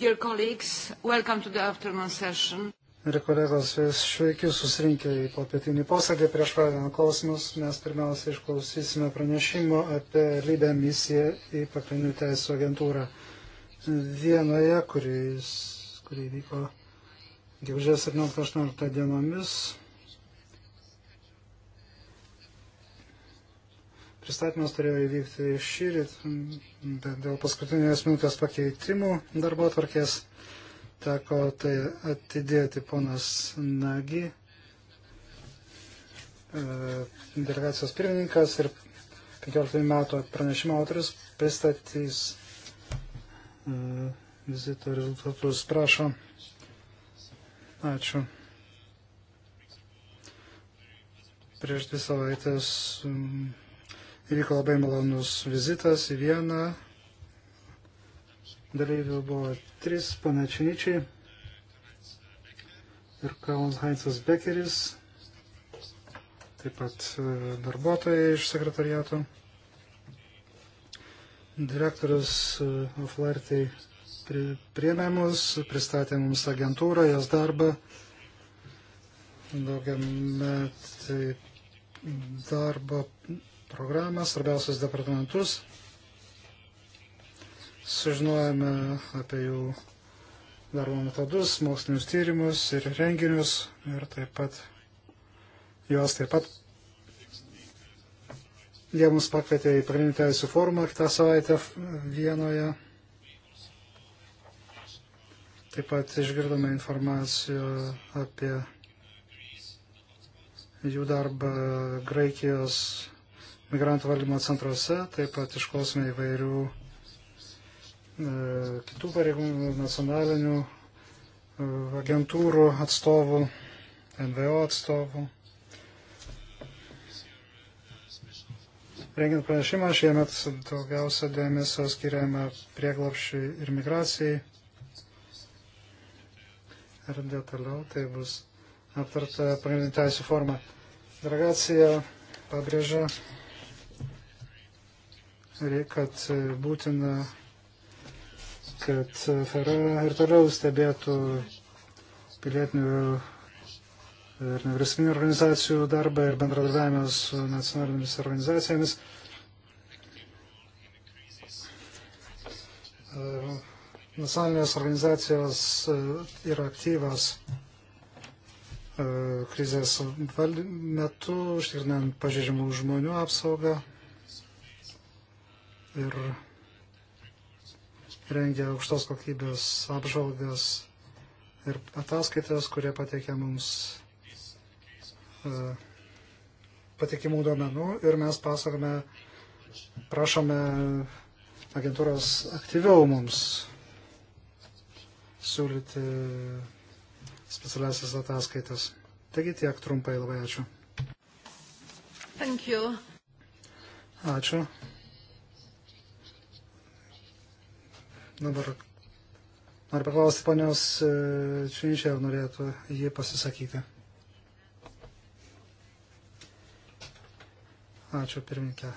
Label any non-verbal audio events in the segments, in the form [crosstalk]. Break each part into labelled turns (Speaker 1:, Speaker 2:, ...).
Speaker 1: Dear colleagues, welcome to the afternoon session.
Speaker 2: Ir kolegos, sveiki susirinkę į popietinį posėdį. Prieš pradedant klausimus, mes pirmiausia išklausysime pranešimo apie lybę misiją į pakrinių teisų agentūrą vienoje, kuris, kurį vyko gegužės 17-18 dienomis. pristatymas turėjo įvykti šyrit dėl paskutinės minutės pakeitimų darbo atvarkės. Teko tai atidėti ponas Nagy, e, delegacijos pirmininkas ir 15 metų pranešimo autoris pristatys e, vizito rezultatus. Prašom. Ačiū prieš dvi savaitės Įvyko labai malonus vizitas į vieną. Dalyvių buvo trys panačiaičiai ir Karlas Heinzas Bekeris, taip pat e, darbuotojai iš sekretariato, direktorius e, Oflartai priėmė mus, pristatė mums agentūrą, jos darbą, daugiametį darbo programą, svarbiausius departamentus. Sužinojame apie jų darbo metodus, mokslinius tyrimus ir renginius ir taip pat juos taip pat. Jie mus pakvietė į pagrindinį teisų forumą kitą savaitę Vienoje. Taip pat išgirdome informaciją apie jų darbą Graikijos migrantų valdymo centruose, taip pat išklausome įvairių e, kitų pareigūnų, nacionalinių e, agentūrų atstovų, NVO atstovų. Rengiant pranešimą, šiemet daugiausia dėmesio skiriame prieglapšiui ir migracijai. Ir detaliau tai bus aptarta pagrindinė teisų forma. Delegacija pabrėžia kad būtina, kad FERA ir toliau stebėtų pilietinių ir nevyriausybinių organizacijų darbą ir bendradarbiavimą su nacionalinėmis organizacijomis. Nacionalinės organizacijos e, yra aktyvas e, krizės metu, užtikrinant pažeidžiamų žmonių apsaugą ir rengia aukštos kokybės apžvalgas ir ataskaitas, kurie pateikia mums e, patikimų duomenų ir mes pasakome, prašome agentūros aktyviau mums siūlyti specialiasias ataskaitas. Taigi tiek trumpai, labai ačiū. Ačiū. Dabar noriu paklausti ponios e, Činičiai, ar norėtų jį pasisakyti. Ačiū pirminkė.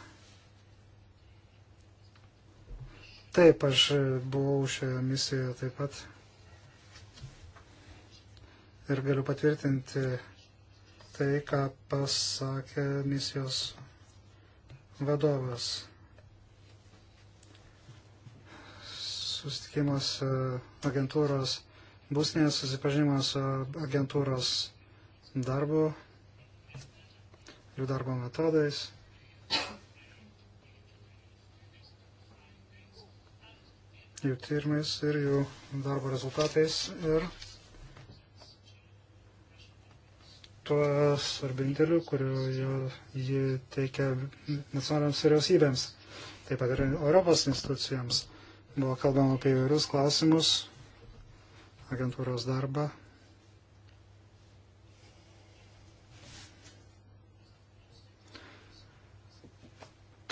Speaker 2: Taip, aš buvau šioje misijoje taip pat. Ir galiu patvirtinti tai, ką pasakė misijos vadovas. susitikimas e, agentūros būsnės, susipažinimas agentūros darbu, jų darbo metodais. jų tyrimais ir jų darbo rezultatais ir tuo svarbiu indėliu, kuriuo ji teikia nacionaliniams vyriausybėms, taip pat ir Europos institucijoms. Buvo kalbama apie įvairius klausimus, agentūros darbą.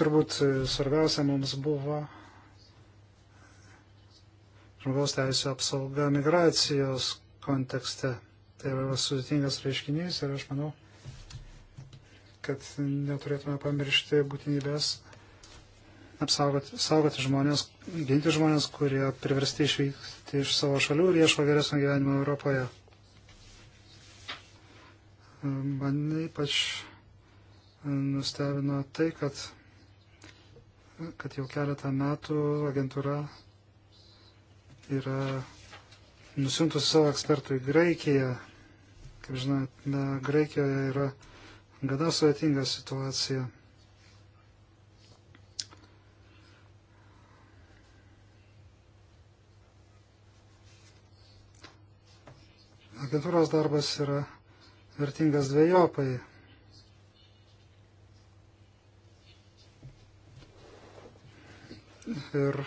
Speaker 2: Turbūt svarbiausia mums buvo žmogaus teisų apsauga migracijos kontekste. Tai yra sudėtingas reiškinys ir aš manau, kad neturėtume pamiršti būtinybės apsaugoti, saugoti žmonės, ginti žmonės, kurie priversti išvykti iš savo šalių ir ieško geresnio gyvenimo Europoje. Man ypač e, nustebino tai, kad, kad jau keletą metų agentūra yra nusintusi savo ekspertų į Graikiją. Kaip žinote, Graikijoje yra gana sudėtinga situacija. Agentūros darbas yra vertingas dviejopai. Ir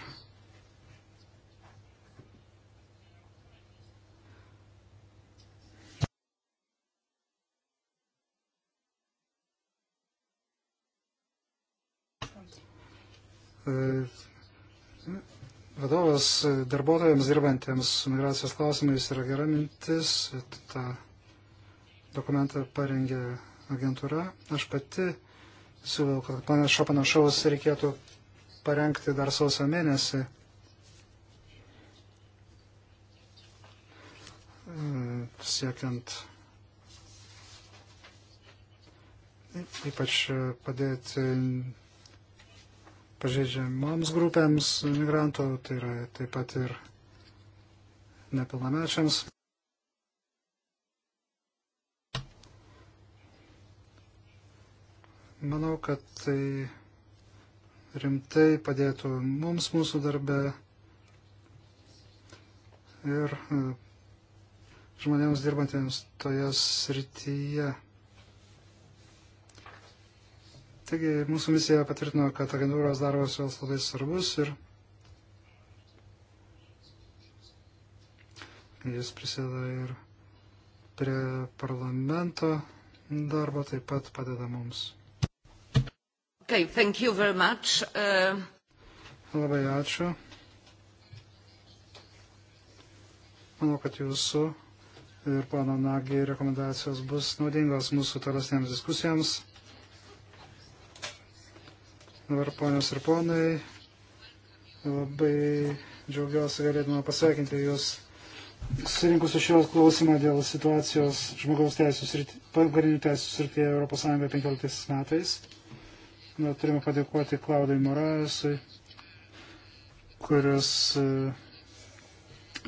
Speaker 2: vietos darbuotojams dirbantiems migracijos klausimais yra gera mintis. Ta dokumentą parengė agentūra. Aš pati siūliau, kad panašo panašaus reikėtų parengti dar sausio mėnesį. E, siekiant ypač padėti pažeidžiamoms grupėms migrantų, tai yra taip pat ir nepilnamečiams. Manau, kad tai rimtai padėtų mums mūsų darbe ir e, žmonėms dirbantiems toje srityje. Taigi mūsų misija patvirtino, kad agentūros darbas yra labai svarbus ir jis prisideda ir prie parlamento darbo, taip pat padeda mums.
Speaker 1: Okay, thank you very much. Uh...
Speaker 2: Labai ačiū. Manau, kad jūsų ir pono Nagi rekomendacijos bus naudingos mūsų tolesnėms diskusijams. Ir ponios ir ponai, labai džiaugiuosi galėdama pasveikinti Jūs susirinkus iš jos klausimą dėl situacijos žmogaus teisų srityje, pagrindinių teisų srityje Europos Sąjungoje 15 metais. Na, turime padėkoti Klaudai Morasui, kuris e,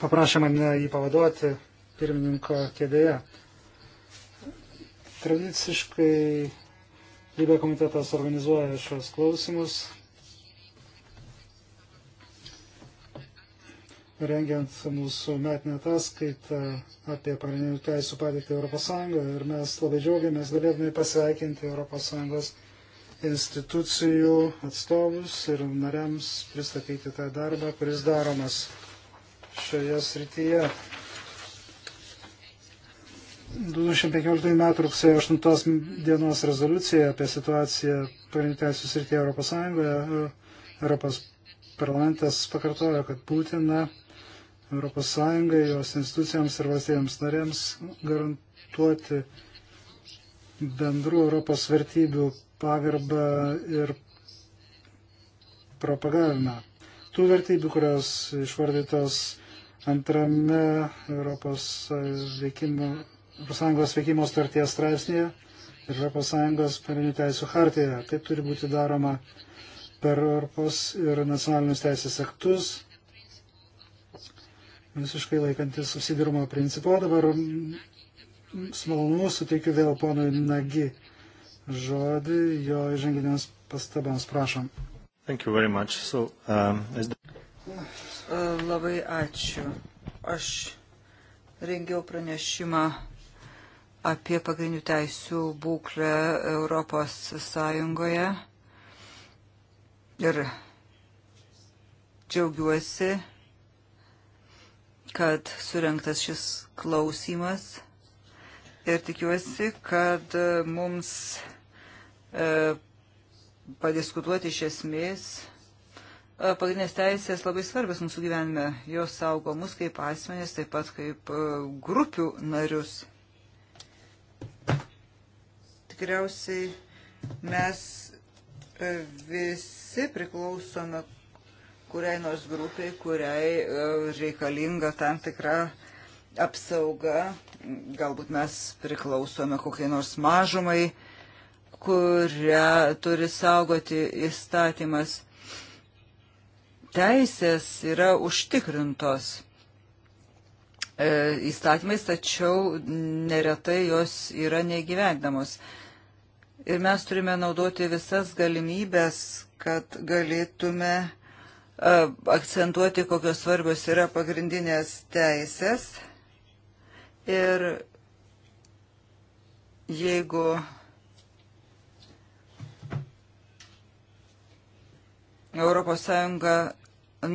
Speaker 2: paprašė mane jį pavaduoti pirmininko kėdėje. Tradiciškai Lybė komitetas organizuoja šios klausimus, rengiant mūsų metinę ataskaitą apie pagrindinių teisų padėtį ES ir mes labai džiaugiamės galėdami pasveikinti ES institucijų atstovus ir nariams pristatyti tą darbą, kuris daromas šioje srityje. 2015 m. rugsėjo 8 dienos rezoliucija apie situaciją pagrindinių teisų srityje Europos Sąjungoje, Europos parlamentas pakartojo, kad būtina Europos Sąjungai, jos institucijoms ir valstybėms narėms garantuoti bendrų Europos vertybių pagarbą ir propagavimą. Tų vertybių, kurios išvardytos antrame Europos veikimo ES veikimo starties straipsnėje ir ES pareinių teisų hartijoje. Tai turi būti daroma per Europos ir nacionalinius teisės aktus, visiškai laikantis susidirumo principo. Dabar su malonumu suteikiu vėl ponui Nagi žodį jo įžanginiams pastabams. Prašom. So, um, as...
Speaker 1: Labai ačiū. Aš rengiau pranešimą apie pagrindinių teisių būklę Europos Sąjungoje. Ir džiaugiuosi, kad surinktas šis klausimas ir tikiuosi, kad mums e, padiskutuoti iš esmės e, pagrindinės teisės labai svarbios mūsų gyvenime. Jos saugo mus kaip asmenės, taip pat kaip e, grupių narius tikriausiai mes e, visi priklausome kuriai nors grupiai, kuriai e, reikalinga tam tikra apsauga. Galbūt mes priklausome kokiai nors mažumai, kurią turi saugoti įstatymas. Teisės yra užtikrintos e, įstatymais, tačiau neretai jos yra negyvendamos. Ir mes turime naudoti visas galimybės, kad galėtume e, akcentuoti, kokios svarbios yra pagrindinės teisės. Ir jeigu ES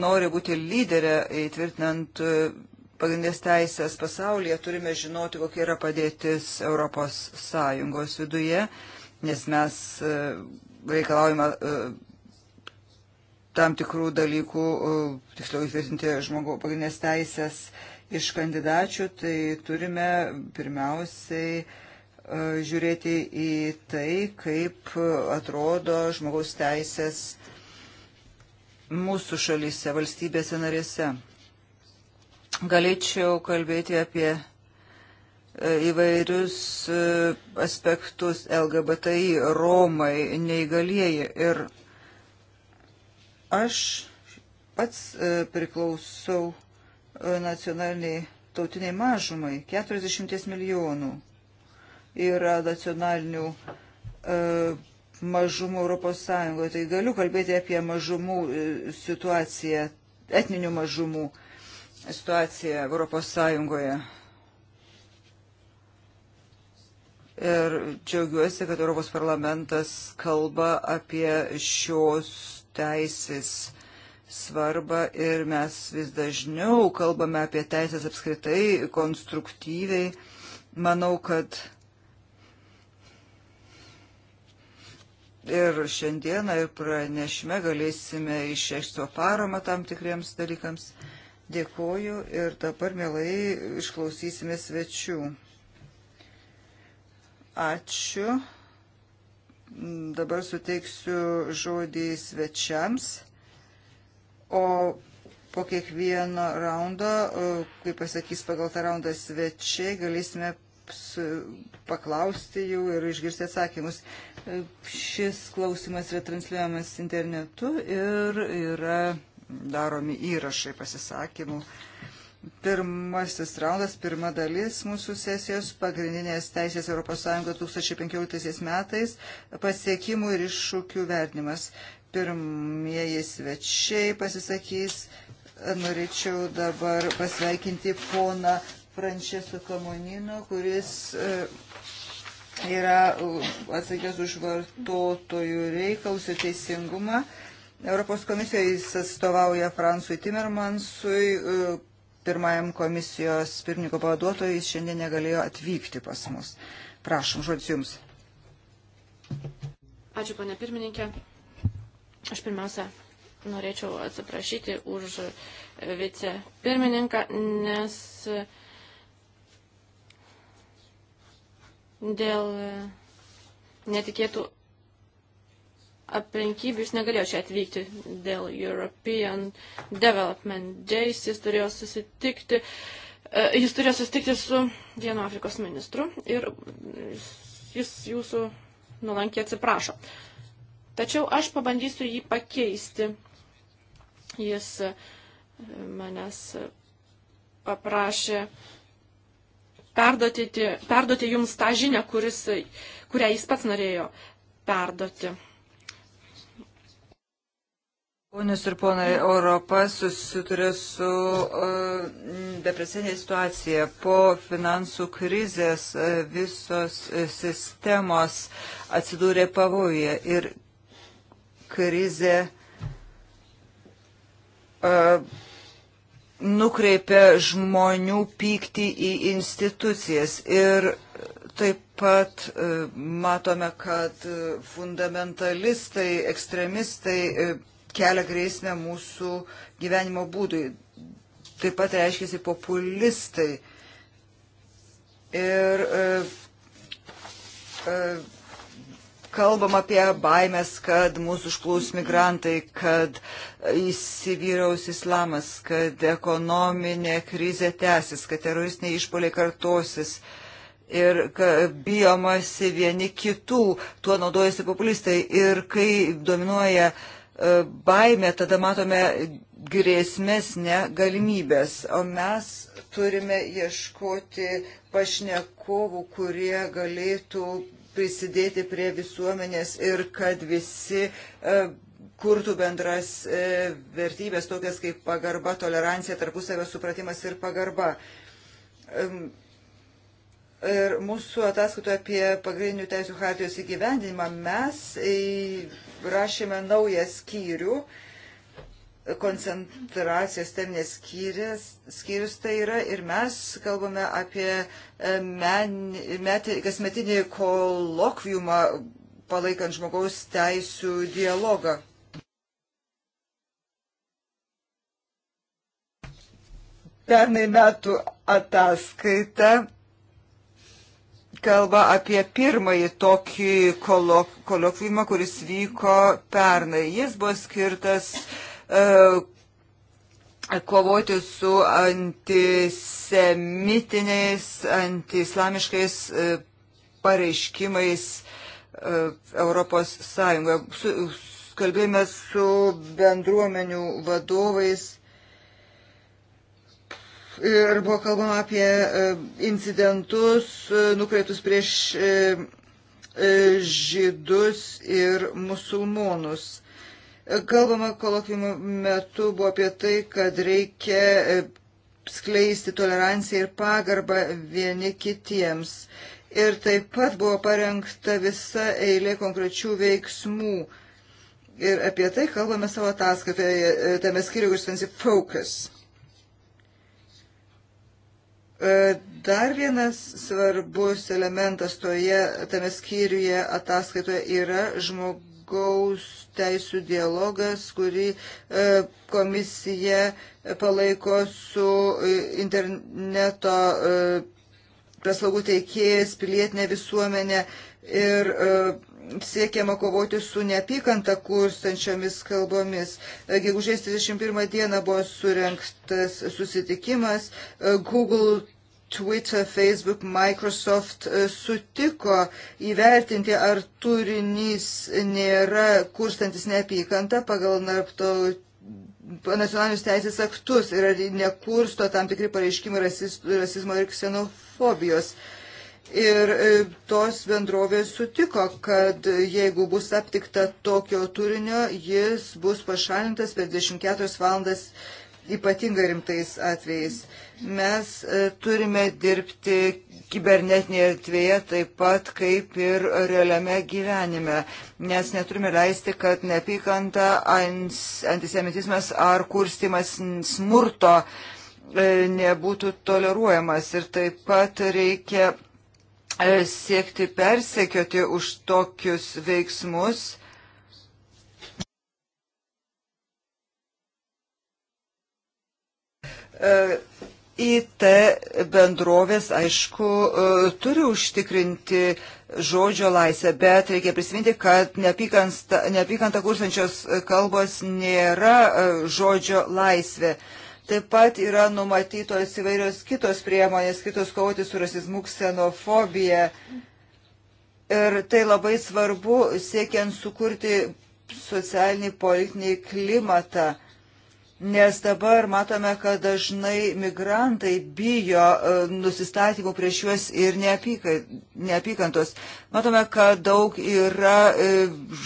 Speaker 1: nori būti lyderė įtvirtinant pagrindės teisės pasaulyje, turime žinoti, kokia yra padėtis ES viduje nes mes e, reikalaujame tam tikrų dalykų, e, tiksliau įtvirtinti žmogų pagrindinės teisės iš kandidačių, tai turime pirmiausiai e, žiūrėti į tai, kaip atrodo žmogaus teisės mūsų šalyse, valstybėse narėse. Galėčiau kalbėti apie E, įvairius e, aspektus LGBTI, Romai, neįgalieji. Ir aš pats e, priklausau nacionaliniai tautiniai mažumai, 40 milijonų yra nacionalinių mažumų Europos Sąjungoje. Tai galiu kalbėti apie mažumų situaciją, etninių mažumų situaciją Europos Sąjungoje. Ir džiaugiuosi, kad Europos parlamentas kalba apie šios teisės svarbą ir mes vis dažniau kalbame apie teisės apskritai konstruktyviai. Manau, kad ir šiandieną ir pranešime galėsime išreikšti paramą tam tikriems dalykams. Dėkoju ir dabar mielai išklausysime svečių. Ačiū. Dabar suteiksiu žodį svečiams. O po kiekvieno raundo, kaip pasakys pagal tą raundą svečiai, galėsime paklausti jų ir išgirsti atsakymus. E, šis klausimas yra transliuojamas internetu ir yra daromi įrašai pasisakymų. Pirmasis raundas, pirma dalis mūsų sesijos pagrindinės teisės ES 2015 metais pasiekimų ir iššūkių vertinimas. Pirmieji svečiai pasisakys. Norėčiau dabar pasveikinti poną Frančesu Kamonino, kuris e, yra atsakingas už vartotojų reikalus ir teisingumą. Europos komisijoje jis atstovauja Fransui Timmermansui, e, pirmajam komisijos pirmininko pavaduotojui, jis šiandien negalėjo atvykti pas mus. Prašom, žodis jums.
Speaker 3: Ačiū, ponė pirmininkė. Aš pirmiausia norėčiau atsiprašyti už vice pirmininką, nes dėl netikėtų aplinkybių jis negalėjo čia atvykti dėl European Development Days, jis turėjo susitikti, e, jis turėjo susitikti su vienu Afrikos ministru ir jis jūsų nulankiai atsiprašo. Tačiau aš pabandysiu jį pakeisti. Jis e, manęs paprašė perduoti, perduoti jums tą žinią, kuris, kurią jis pats norėjo perduoti.
Speaker 1: Ponius ir ponai, Europa susituria su uh, depresinė situacija. Po finansų krizės uh, visos uh, sistemos atsidūrė pavojuje ir krizė uh, nukreipia žmonių pyktį į institucijas. Ir taip pat uh, matome, kad fundamentalistai, ekstremistai. Uh, kelia grėsmę mūsų gyvenimo būdui. Taip pat reiškiasi populistai. Ir e, e, kalbam apie baimės, kad mūsų užplūs migrantai, kad įsivyraus islamas, kad ekonominė krizė tęsis, kad teroristiniai išpoliai kartosis ir bijomasi vieni kitų, tuo naudojasi populistai. Ir kai dominuoja uh, E, baimę, tada matome grėsmės, ne galimybės. O mes turime ieškoti pašnekovų, kurie galėtų prisidėti prie visuomenės ir kad visi e, kurtų bendras e, vertybės, tokias kaip pagarba, tolerancija, tarpusavio supratimas ir pagarba Ir mūsų ataskaitoje apie pagrindinių teisų hartijos įgyvendinimą mes rašėme naują skyrių, koncentracijos teminės skyrius, skyrius tai yra ir mes kalbame apie e, men, met, kasmetinį kolokviumą palaikant žmogaus teisų dialogą. Pernai metų ataskaita kalba apie pirmąjį tokį kolok, kolokvimą, kuris vyko pernai. Jis buvo skirtas uh, kovoti su antisemitiniais, antislamiškais uh, e, pareiškimais uh, Europos Sąjungoje. Su, kalbėjome su bendruomenių vadovais Ir buvo kalbama apie e, incidentus e, nukreitus prieš e, žydus ir musulmonus. Kalbama kolokvimo metu buvo apie tai, kad reikia skleisti toleranciją ir pagarbą vieni kitiems. Ir taip pat buvo parengta visa eilė konkrečių veiksmų. Ir apie tai kalbame savo ataskaitoje, tame skiriu, kur spensi Focus. E, dar vienas svarbus elementas toje, tame skyriuje ataskaitoje yra žmogaus teisų dialogas, kurį e, komisija palaiko su interneto e, paslaugų teikėjas, pilietinė visuomenė ir uh, siekiama kovoti su neapykanta kurstančiomis kalbomis. Gegužės 31 dieną buvo surinktas susitikimas. Google, Twitter, Facebook, Microsoft e, sutiko įvertinti, ar turinys nėra kurstantis neapykantą pagal narptautinį nacionalinius teisės aktus ir ar nekursto tam tikri pareiškimai rasizmo ir ksenofobijos. Uh, Ir e, tos bendrovės sutiko, kad jeigu bus aptikta tokio turinio, jis bus pašalintas per 24 valandas ypatingai rimtais atvejais. Mes e, turime dirbti kibernetinėje erdvėje taip pat kaip ir realiame gyvenime, nes neturime leisti, kad neapykanta, antisemitizmas ar kurstimas smurto e, nebūtų toleruojamas. Ir taip pat reikia E, siekti persekioti už tokius veiksmus. E, IT bendrovės, aišku, e, turi užtikrinti žodžio laisvę, bet reikia prisiminti, kad neapykantą kursančios kalbos nėra žodžio laisvė. Taip pat yra numatytos įvairios kitos priemonės, kitos kovoti su rasizmu, ksenofobija. Ir tai labai svarbu siekiant sukurti socialinį politinį klimatą Nes dabar matome, kad dažnai migrantai bijo e, nusistatymų prieš juos ir neapykantos. Matome, kad daug yra e,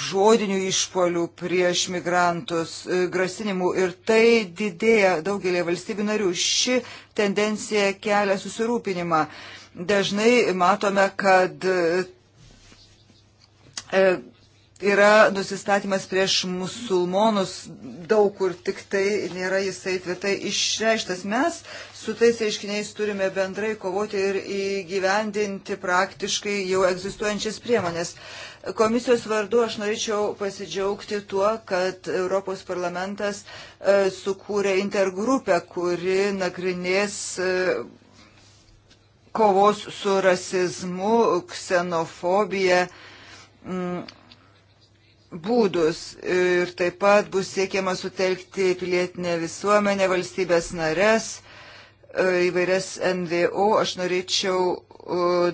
Speaker 1: žodinių išpolių prieš migrantus, e, grasinimų ir tai didėja daugelį valstybių narių. Ši tendencija kelia susirūpinimą. Dažnai matome, kad yra nusistatymas prieš musulmonus daug kur tik tai nėra jisai tvirtai išreištas. Mes su tais aiškiniais turime bendrai kovoti ir įgyvendinti praktiškai jau egzistuojančias priemonės. Komisijos vardu aš norėčiau pasidžiaugti tuo, kad Europos parlamentas e, sukūrė intergrupę, kuri nagrinės e, kovos su rasizmu, ksenofobija. Mm, būdus ir taip pat bus siekiama sutelkti pilietinę visuomenę, valstybės nares, e, įvairias NVO. Aš norėčiau e,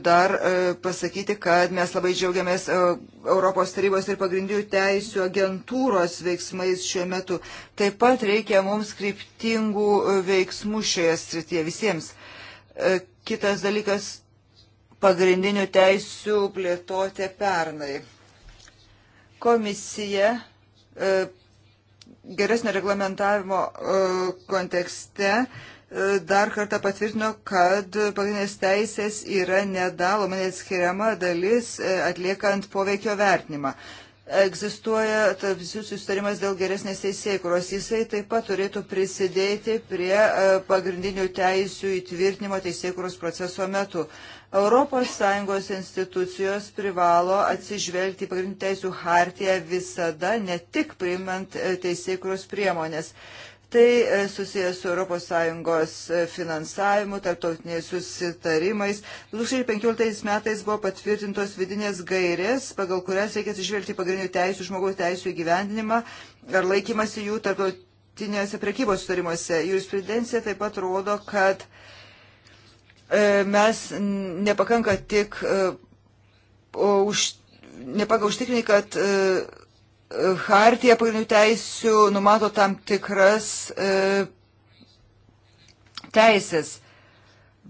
Speaker 1: dar e, pasakyti, kad mes labai džiaugiamės Europos tarybos ir pagrindinių teisų agentūros veiksmais šiuo metu. Taip pat reikia mums kryptingų veiksmų šioje srityje visiems. Kitas dalykas - pagrindinių teisų plėtotė pernai. Komisija e, geresnio reglamentavimo e, kontekste e, dar kartą patvirtino, kad pagrindinės teisės yra nedaloma, neatskiriama dalis atliekant poveikio vertinimą. Egzistuoja tarp visų sustarimas dėl geresnės teisėjai, kurios jisai taip pat turėtų prisidėti prie pagrindinių teisių įtvirtinimo teisėjai, kurios proceso metu. ES institucijos privalo atsižvelgti į pagrindinių teisų hartiją visada, ne tik priimant e, teisėkros priemonės. Tai e, susijęs su ES e, finansavimu, tarptautiniais susitarimais. 2015 metais buvo patvirtintos vidinės gairės, pagal kurias reikia atsižvelgti pagrindinių teisų, žmogaus teisų įgyvendinimą ar laikymasi jų tarptautinėse prekybos sutarimuose. Jurisprudencija taip pat rodo, kad uh, E, mes nepakanka tik e, už, nepakanka užtikrinti, kad e, Hartija pagrindinių teisių numato tam tikras teisės,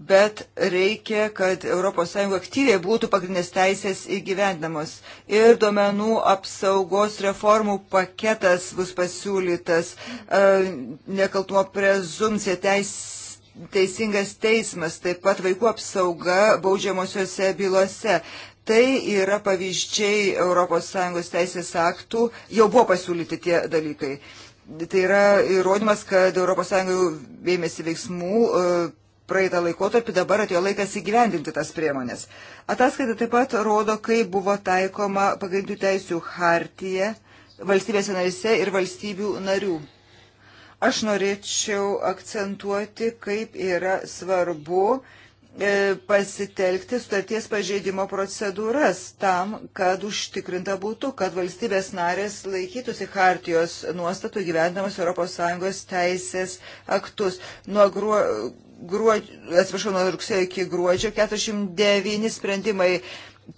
Speaker 1: bet reikia, kad ES aktyviai būtų pagrindinės teisės įgyvendamos. Ir duomenų apsaugos reformų paketas bus pasiūlytas, nekaltumo prezumcija teisė teisingas teismas, taip pat vaikų apsauga baudžiamosiose bylose. Tai yra pavyzdžiai ES teisės aktų, jau buvo pasiūlyti tie dalykai. Tai yra įrodymas, kad ES ėmėsi veiksmų e, praeitą laikotarpį, dabar atėjo laikas įgyvendinti tas priemonės. Ataskaita taip pat rodo, kaip buvo taikoma pagrindų teisių hartija valstybėse narise ir valstybių narių. Aš norėčiau akcentuoti, kaip yra svarbu e, pasitelkti sutarties pažeidimo procedūras tam, kad užtikrinta būtų, kad valstybės narės laikytųsi hartijos nuostatų gyvendamos ES teisės aktus. Nuo gruo, gruodžio, atsiprašau, nuo rugsėjo iki gruodžio 49 sprendimai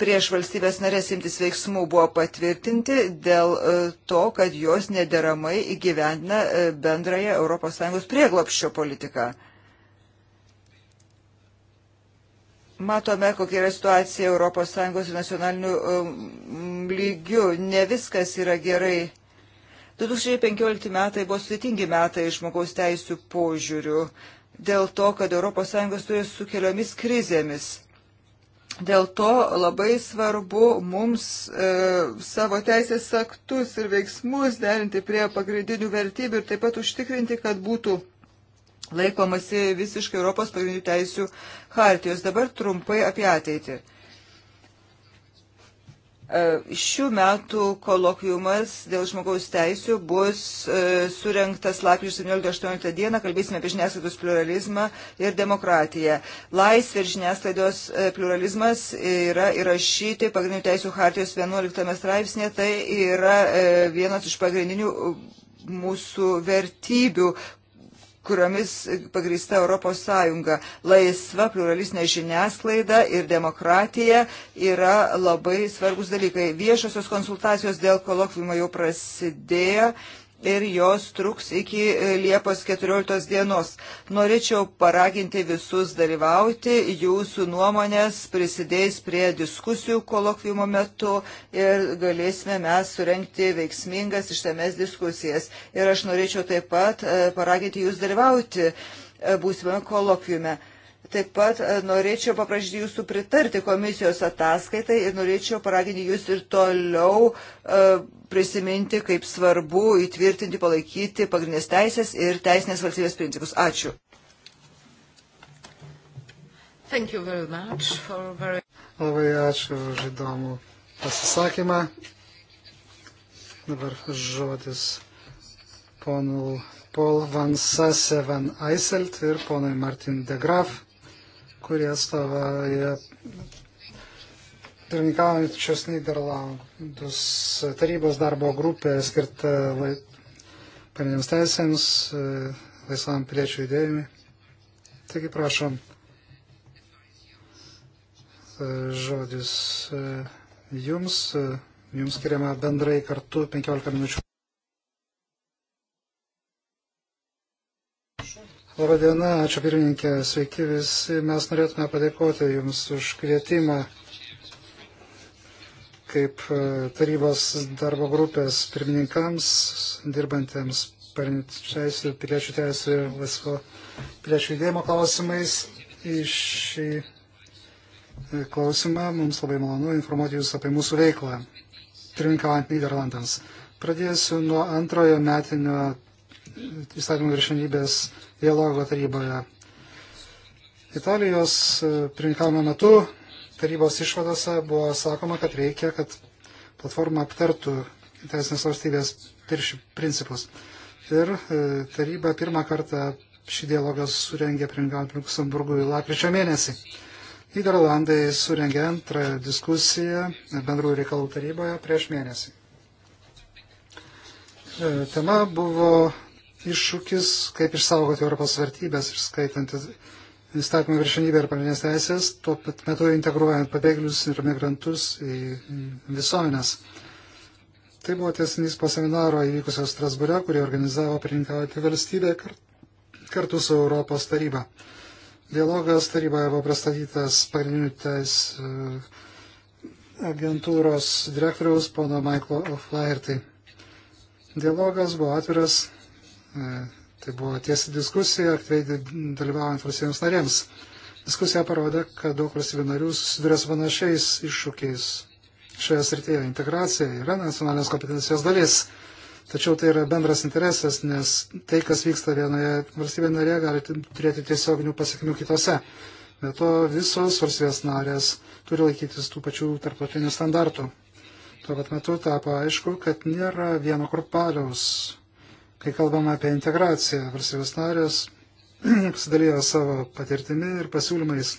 Speaker 1: prieš valstybės narės imtis veiksmų buvo patvirtinti dėl e, to, kad jos nederamai įgyvendina e, bendrąją ES prieglopščio politiką. Matome, kokia yra situacija ES ir nacionalinių e, lygių. Ne viskas yra gerai. 2015 metai buvo sudėtingi metai žmogaus teisų požiūrių dėl to, kad ES turi su keliomis krizėmis Dėl to labai svarbu mums e, savo teisės aktus ir veiksmus derinti prie pagrindinių vertybių ir taip pat užtikrinti, kad būtų laikomasi visiškai Europos pagrindinių teisių hartijos. Dabar trumpai apie ateitį. E, E, šių metų kolokviumas dėl žmogaus teisių bus surinktas lakryčio 17-18 dieną. Kalbėsime apie žiniasklaidos pluralizmą ir demokratiją. Laisvė ir žiniasklaidos e, pluralizmas yra įrašyti pagrindinių teisų hartijos 11 straipsnė. Tai yra e, vienas iš pagrindinių mūsų vertybių, kuriomis pagrįsta Europos Sąjunga. Laisva, pluralistinė žiniasklaida ir demokratija yra labai svarbus dalykai. Viešosios konsultacijos dėl kolokvimo jau prasidėjo. Uh, ir jos truks iki e, Liepos 14 dienos. Norėčiau paraginti visus dalyvauti, jūsų nuomonės prisidės prie diskusijų kolokvimo metu ir galėsime mes surenkti veiksmingas ištames diskusijas. Ir aš norėčiau taip pat e, paraginti jūs dalyvauti e, būsimame kolokviume. Taip pat e, norėčiau paprašyti jūsų pritarti komisijos ataskaitai ir norėčiau paraginti jūs ir toliau e, prisiminti, kaip svarbu įtvirtinti, palaikyti pagrindinės teisės ir teisinės valstybės principus. Ačiū. Very... Labai ačiū už įdomų
Speaker 2: pasisakymą. Dabar žodis ponų Paul Van Sasse Van Eiselt ir ponui Martin de Graf kurie atstovauja pirmininkaujančios Niderlandus tarybos darbo grupė skirta lai, paminėms teisėms, e, laisvam piliečių judėjimui. Taigi prašom e, žodis e, jums, jums skiriama bendrai kartu 15 minučių. Labadiena, ačiū pirmininkė, sveiki visi. Mes norėtume padėkoti Jums už kvietimą kaip e, tarybos darbo grupės pirmininkams, dirbantiems parinčiaisių piliečių teisų ir laisvo piliečių judėjimo klausimais. Iš šį e, klausimą mums labai malonu informuoti Jūs apie mūsų veiklą, pirmininkavant Niderlandams. Pradėsiu nuo antrojo metinio įstatymų viršinybės dialogo taryboje. Italijos e, pirmininkavimo metu tarybos išvadose buvo sakoma, kad reikia, kad platforma aptartų teisinės valstybės principus. Ir e, taryba pirmą kartą šį dialogą surengė pirmininkavant Luksemburgui lapkričio mėnesį. Niderlandai surengė antrą diskusiją bendrųjų reikalų taryboje prieš mėnesį. E, tema buvo iššūkis, kaip išsaugoti Europos vertybės, išskaitant įstatymų viršinybę ir pagrindinės teisės, tuo pat metu integruojant pabėgėlius ir migrantus į visuomenės. Tai buvo tiesinys po seminaro įvykusio Strasbūre, kurį organizavo pirinkauti valstybė kartu su Europos taryba. Dialogas taryboje buvo pristatytas pagrindinių teis e, agentūros direktoriaus pono Michael O'Flaherty. Dialogas buvo atviras E, tai buvo tiesi diskusija, aktyviai dalyvaujant valstybėms narėms. Diskusija parodė, kad daug valstybių narių susiduria su panašiais iššūkiais šioje srityje. Integracija yra nacionalinės kompetencijos dalis. Tačiau tai yra bendras interesas, nes tai, kas vyksta vienoje valstybėje narėje, gali turėti tiesioginių pasiekmių kitose. Be to visos valstybės narės turi laikytis tų pačių tarptautinių standartų. Tuo pat metu tapo aišku, kad nėra vieno kurpaliaus Kai kalbame apie integraciją, valstybės narės [clears throat] pasidalijo savo patirtimi ir pasiūlymais.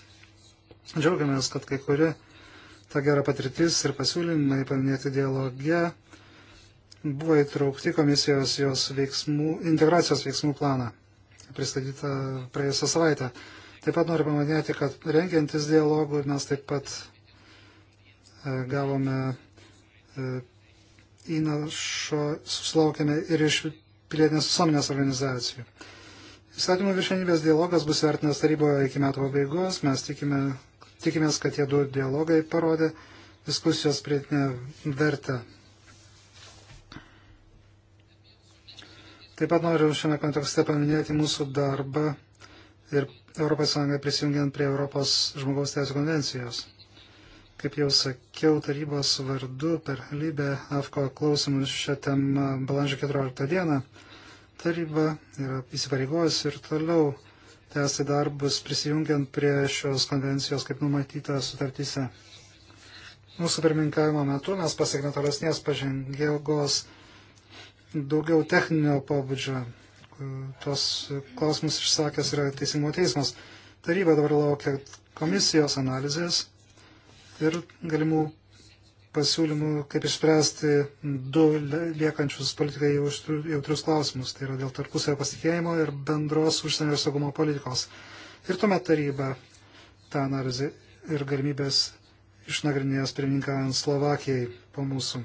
Speaker 2: Džiaugiamės, kad kai kuri ta gera patirtis ir pasiūlymai paminėti dialoge buvo įtraukti komisijos jos veiksmų, integracijos veiksmų planą, pristatytą praėjusią savaitę. Taip pat noriu paminėti, kad rengiantis dialogų mes taip pat e, gavome e, įnašo, susilaukėme ir iš pilietinės visuomenės organizacijų. Įstatymų viršenybės dialogas bus vertinęs taryboje iki metų pabaigos. Mes tikime, tikimės, kad tie du dialogai parodė diskusijos prietinę vertę. Taip pat noriu šiame kontekste paminėti mūsų darbą ir ES prisijungiant prie Europos žmogaus teisų konvencijos. Kaip jau sakiau, tarybos vardu per Libę AFKO klausimus šią temą balandžio 14 dieną. Taryba yra įsipareigojus ir toliau tęsti darbus prisijungiant prie šios konvencijos, kaip numatyta sutartyse. Mūsų pirmininkavimo metu mes pasiekime tolesnės pažengėgos daugiau techninio pobūdžio. Tuos klausimus išsakęs yra Teisingumo teismas. Taryba dabar laukia komisijos analizės ir galimų pasiūlymų, kaip išspręsti du liekančius politikai jautrius klausimus. Tai yra dėl tarpusavio pasitikėjimo ir bendros užsienio ir saugumo politikos. Ir tuomet taryba tą analizę ir galimybės išnagrinėjęs pirmininkavant Slovakijai po mūsų.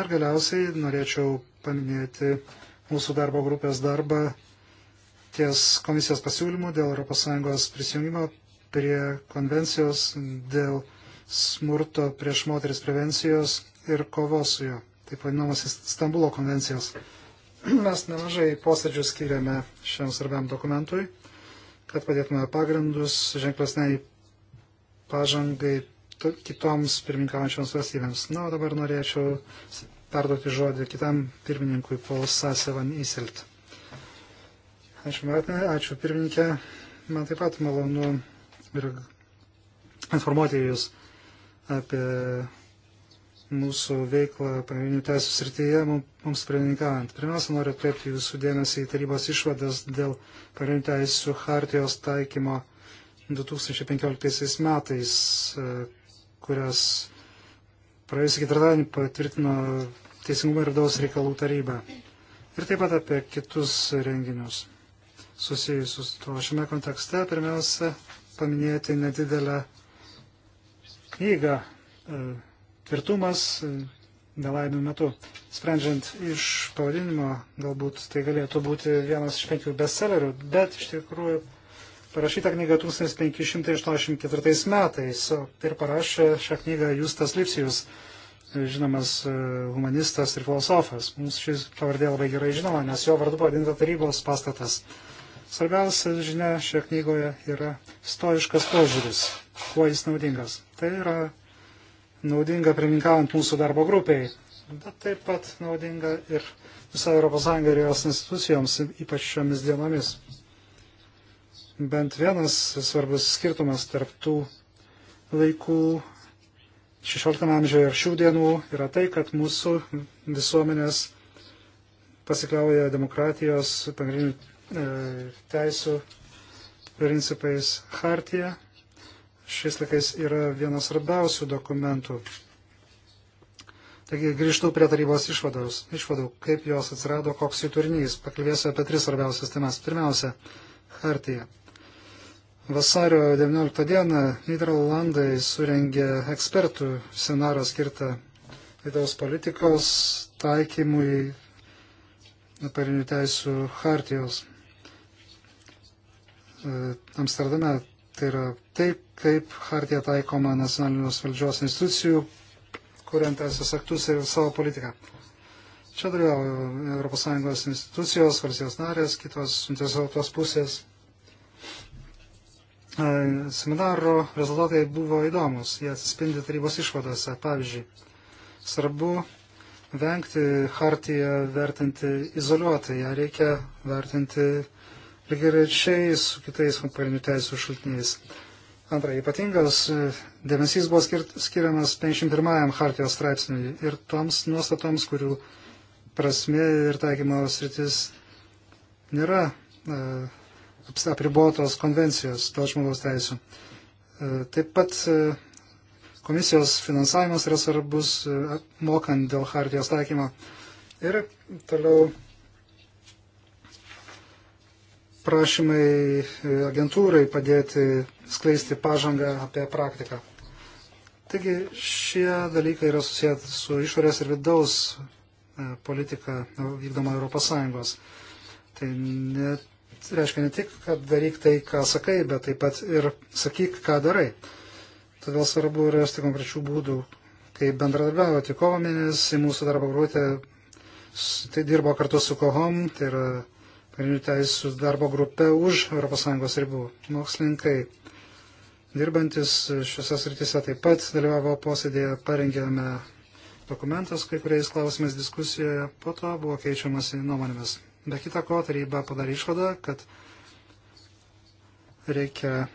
Speaker 2: Ar galiausiai norėčiau paminėti mūsų darbo grupės darbą ties komisijos pasiūlymų dėl ES prisijungimo prie konvencijos dėl smurto prieš moteris prevencijos ir kovos su juo, taip vadinamos Stambulo konvencijos. [clears throat] Mes nemažai posėdžių skiriame šiam svarbiam dokumentui, kad padėtume pagrindus ženklesniai pažangai kitoms pirmininkaujančioms valstybėms. Na, o dabar norėčiau perduoti žodį kitam pirmininkui Paul Sasevan Isilt. Ačiū, Martinai, ačiū pirmininkė. Man taip pat malonu ir informuoti jūs apie mūsų veiklą pagrindinių teisų srityje mums pirmininkavant. Pirmiausia, noriu atkreipti jūsų dėmesį į tarybos išvadas dėl pagrindinių teisų hartijos taikymo 2015 metais, e, kurias praėjusį ketvirtadienį patvirtino Teisingumo ir Daus reikalų taryba. Ir taip pat apie kitus renginius susijusius to šiame kontekste. Pirmiausia, paminėti nedidelę knygą e, Tvirtumas e, nelaimių metu. Sprendžiant iš pavadinimo, galbūt tai galėtų būti vienas iš penkių bestsellerių, bet iš tikrųjų parašyta knyga 1584 metais ir parašė šią knygą Justas Lipsijus, e, žinomas humanistas ir filosofas. Mums šis pavardė labai gerai žinoma, nes jo vardu pavadinta tarybos pastatas. Svarbiausia žinia šioje knygoje yra stoiškas požiūris kuo jis naudingas. Tai yra naudinga priminkavant mūsų darbo grupiai, bet taip pat naudinga ir visai ES ir jos institucijoms, ypač šiomis dienomis. Bent vienas svarbus skirtumas tarp tų laikų 16 amžiuje ir šių dienų yra tai, kad mūsų visuomenės pasikliauja demokratijos pagrindinių e, teisų principais hartija šiais laikais yra vienas svarbiausių dokumentų. Taigi grįžtu prie tarybos išvados, išvadų, kaip jos atsirado, koks jų turinys. Pakalbėsiu apie tris svarbiausias temas. Pirmiausia, Hartija. Vasario 19 dieną Niderlandai surengė ekspertų seminarą skirtą vidaus politikos taikymui parinių teisų hartijos. E, Amsterdame Tai yra taip, kaip Hartija taikoma nacionalinius valdžios institucijų, kuriant teisės aktus ir savo politiką. Čia dalyvauja ES institucijos, valstybės narės, kitos suinteresuotos pusės. E, seminaro rezultatai buvo įdomus, jie atsispindi tarybos išvadose. Pavyzdžiui, svarbu vengti hartiją vertinti izoliuotai, ją reikia vertinti lygiai su kitais komparinių teisų šaltiniais. Antra, ypatingas e, dėmesys buvo skirt, skiriamas 51 hartijos straipsniui ir toms nuostatoms, kurių prasme ir taikymo sritis nėra e, apribotos konvencijos dėl žmogaus teisų. E, taip pat e, komisijos finansavimas yra svarbus e, mokant dėl hartijos taikymo. Ir toliau prašymai e, agentūrai padėti skleisti pažangą apie praktiką. Taigi šie dalykai yra susiję su išorės ir vidaus e, politika vykdoma ES. Tai ne, reiškia ne tik, kad daryk tai, ką sakai, bet taip pat ir sakyk, ką darai. Todėl svarbu rasti konkrečių būdų, kaip bendradarbiauti. Kovo mėnesį mūsų darbo gruotė tai dirbo kartu su KOHOM, tai yra pagrindinių teisų darbo grupę už ES ribų. Mokslininkai dirbantis šiuose srityse taip pat dalyvavo posėdėje, parengėme dokumentus kai kuriais klausimais diskusijoje, po to buvo keičiamasi nuomonėmis. Be kita ko, taryba padarė išvadą, kad reikia e,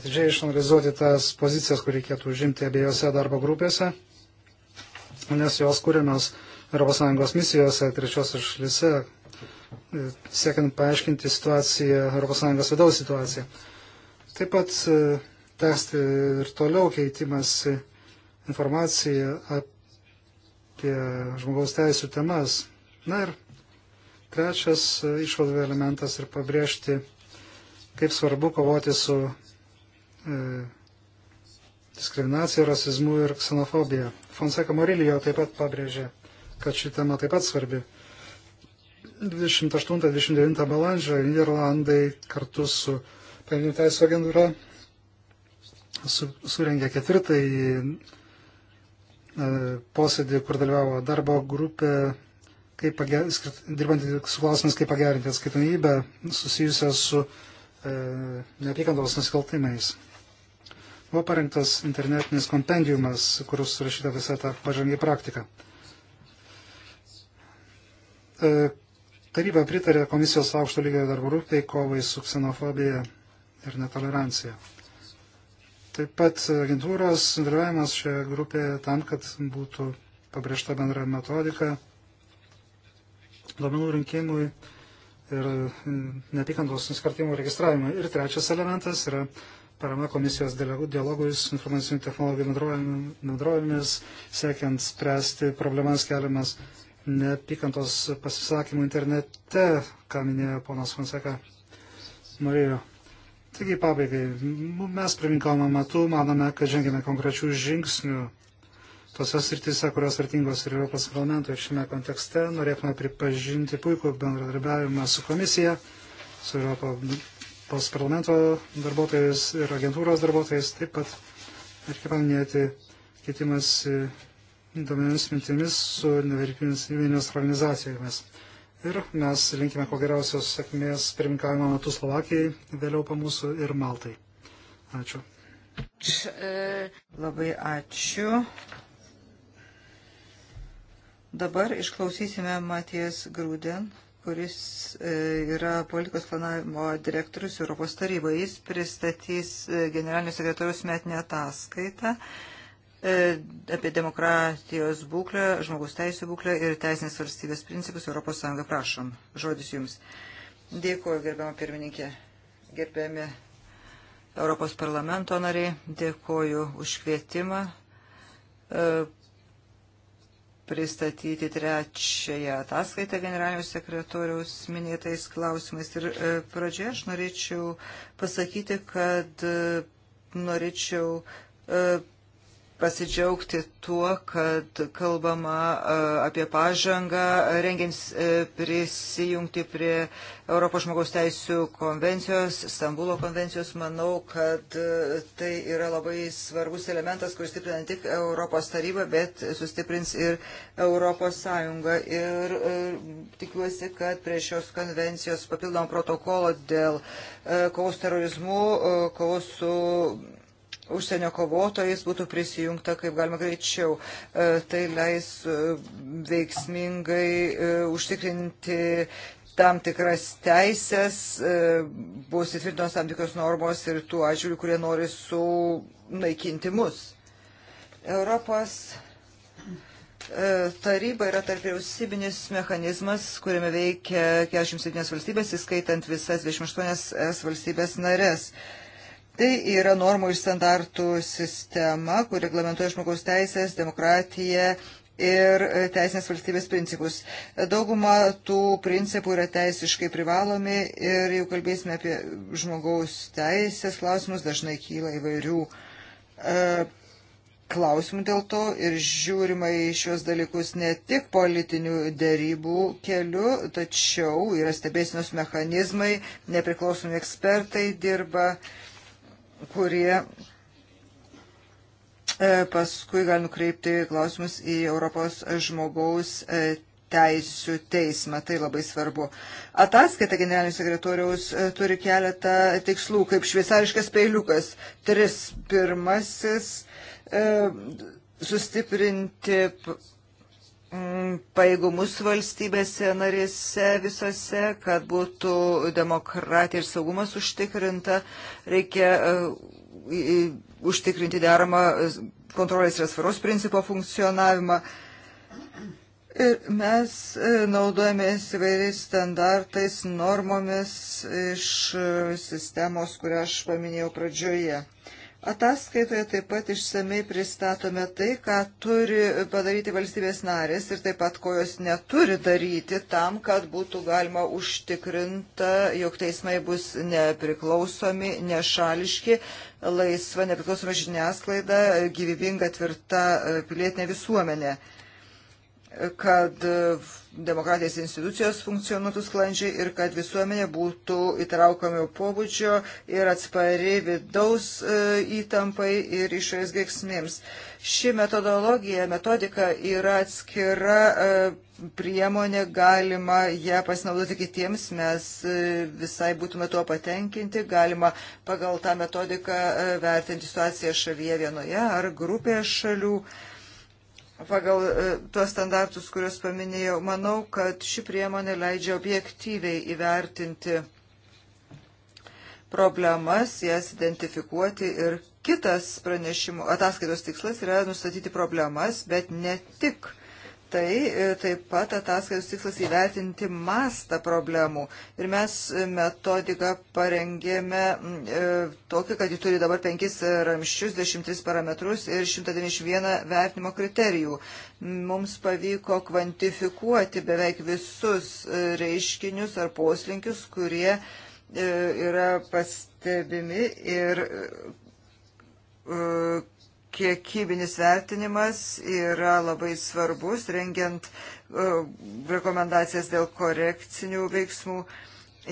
Speaker 2: atidžiai išanalizuoti tas pozicijas, kur reikėtų užimti abiejose darbo grupėse, nes jos kūrinos ES misijose trečios šalise, siekiant paaiškinti situaciją, ES vidaus situaciją. Taip pat e, tęsti ir toliau keitimas informacija apie žmogaus teisų temas. Na ir trečias e, išvadų elementas ir pabrėžti, kaip svarbu kovoti su e, diskriminacija, rasizmu ir ksenofobija. Fonseca Morilijo taip pat pabrėžė, kad ši tema taip pat svarbi. 28-29 balandžio Niderlandai kartu su Pagrindinių teisų agentūra su, surengė ketvirtąjį e, posėdį, kur dalyvavo darbo grupė, kaip pager, skirt, dirbantį su klausimais, kaip pagerinti atskaitomybę susijusią su e, neapykantos nusikaltimais. Buvo parengtas internetinis kompendiumas, kuris surašyta visą tą pažangį praktiką. E, Taryba pritarė komisijos aukšto lygio darbo grupiai kovai su ksenofobija ir netolerancija. Taip pat agentūros dalyvavimas šioje grupėje tam, kad būtų pabrėžta bendra metodika duomenų rinkimui ir neapykantos nusikartimų registravimui. Ir trečias elementas yra parama komisijos dialogui su informacinių technologijų bendrovėmis, siekiant spręsti problemas keliamas neapykantos pasisakymų internete, ką minėjo ponas Fonseka Marijo. Taigi pabaigai, mes priminkavome metu, manome, kad žengėme konkrečių žingsnių tose srityse, kurios vertingos ir Europos parlamento ir šiame kontekste. Norėtume pripažinti puikų bendradarbiavimą su komisija, su Europos parlamento darbuotojais ir agentūros darbuotojais. Taip pat reikia paminėti kitimas įdomiamis mintimis su nevyriausybinės organizacijomis. Ir mes linkime ko geriausios sėkmės pirmininkavimo metu Slovakijai, vėliau po mūsų ir Maltai.
Speaker 1: Ačiū. Labai ačiū. Dabar išklausysime Matijas Grūden, kuris e, yra politikos planavimo direktorius Europos taryboje. Jis pristatys e, generalinio sekretorius metinę ataskaitą. E, apie demokratijos būklę, žmogus teisų būklę ir teisinės valstybės principus Europos Sąjunga. Prašom, žodis jums. Dėkuoju, gerbiamą pirmininkę, gerbiami Europos parlamento nariai, dėkuoju už kvietimą e, pristatyti trečiąją ataskaitą generalinio sekretoriaus minėtais klausimais. Ir e, pradžioje aš norėčiau pasakyti, kad norėčiau pasidžiaugti tuo, kad kalbama e, apie pažangą, rengiant e, prisijungti prie Europos žmogaus teisų konvencijos, Stambulo konvencijos. Manau, kad e, tai yra labai svarbus elementas, kuris stiprina ne tik Europos tarybą, bet sustiprins ir Europos sąjungą. Ir tikiuosi, kad prie šios konvencijos papildomo protokolo dėl kovos terorizmų, kovos su užsienio kovotojais būtų prisijungta kaip galima greičiau. E, tai leis e, veiksmingai e, užtikrinti tam tikras teisės, bus įtvirtinos tam tikros normos ir tų atžiūrių, kurie nori sunaikinti mus. Europos taryba yra tarp vyriausybinis mechanizmas, kuriame veikia 47 valstybės, įskaitant visas 28 valstybės narės. Tai yra normų ir standartų sistema, kur reglamentuoja žmogaus teisės, demokratiją ir teisinės valstybės principus. Dauguma tų principų yra teisiškai privalomi ir jau kalbėsime apie žmogaus teisės klausimus, dažnai kyla įvairių e, klausimų dėl to ir žiūrima į šios dalykus ne tik politinių dėrybų keliu, tačiau yra stebėsinos mechanizmai, nepriklausomi ekspertai dirba. E, kurie e, paskui gali nukreipti klausimus į Europos žmogaus e, teisų teismą. Tai labai svarbu. Ataskaita generalinio sekretoriaus e, turi keletą tikslų, kaip šveicariškas peiliukas. Tris pirmasis sustiprinti Mm, paėgumus valstybėse narėse visose, kad būtų demokratija ir saugumas užtikrinta, reikia e, užtikrinti deramą e, kontrolės ir svaros principo funkcionavimą. Ir mes e, naudojamės įvairiais standartais, normomis iš sistemos, kurią aš paminėjau pradžioje. Ataskaitoje taip pat išsamei pristatome tai, ką turi padaryti valstybės narės ir taip pat ko jos neturi daryti tam, kad būtų galima užtikrinta, jog teismai bus nepriklausomi, nešališki, laisva, nepriklausoma žiniasklaida, gyvybinga, tvirta e, pilietinė visuomenė kad e, demokratijos institucijos funkcionuotų sklandžiai ir kad visuomenė būtų įtraukami pobūdžio ir atspari vidaus e, įtampai ir išorės veiksmėms. Ši metodologija, metodika yra atskira e, priemonė, galima ją pasinaudoti kitiems, mes visai būtume tuo patenkinti, galima pagal tą metodiką vertinti situaciją šalyje vienoje ar grupėje šalių pagal e, tuos standartus, kuriuos paminėjau, manau, kad ši priemonė leidžia objektyviai įvertinti problemas, jas identifikuoti ir kitas pranešimų ataskaitos tikslas yra nustatyti problemas, bet ne tik problemas tai e, taip pat ataskaitos tikslas įvertinti mastą problemų. Ir mes e, metodiką parengėme e, tokį, kad ji turi dabar penkis ramščius, dešimtis parametrus ir 191 vertinimo kriterijų. Mums pavyko kvantifikuoti beveik visus reiškinius ar poslinkius, kurie yra pastebimi ir kiekybinis vertinimas yra labai svarbus, rengiant e, rekomendacijas dėl korekcinių veiksmų.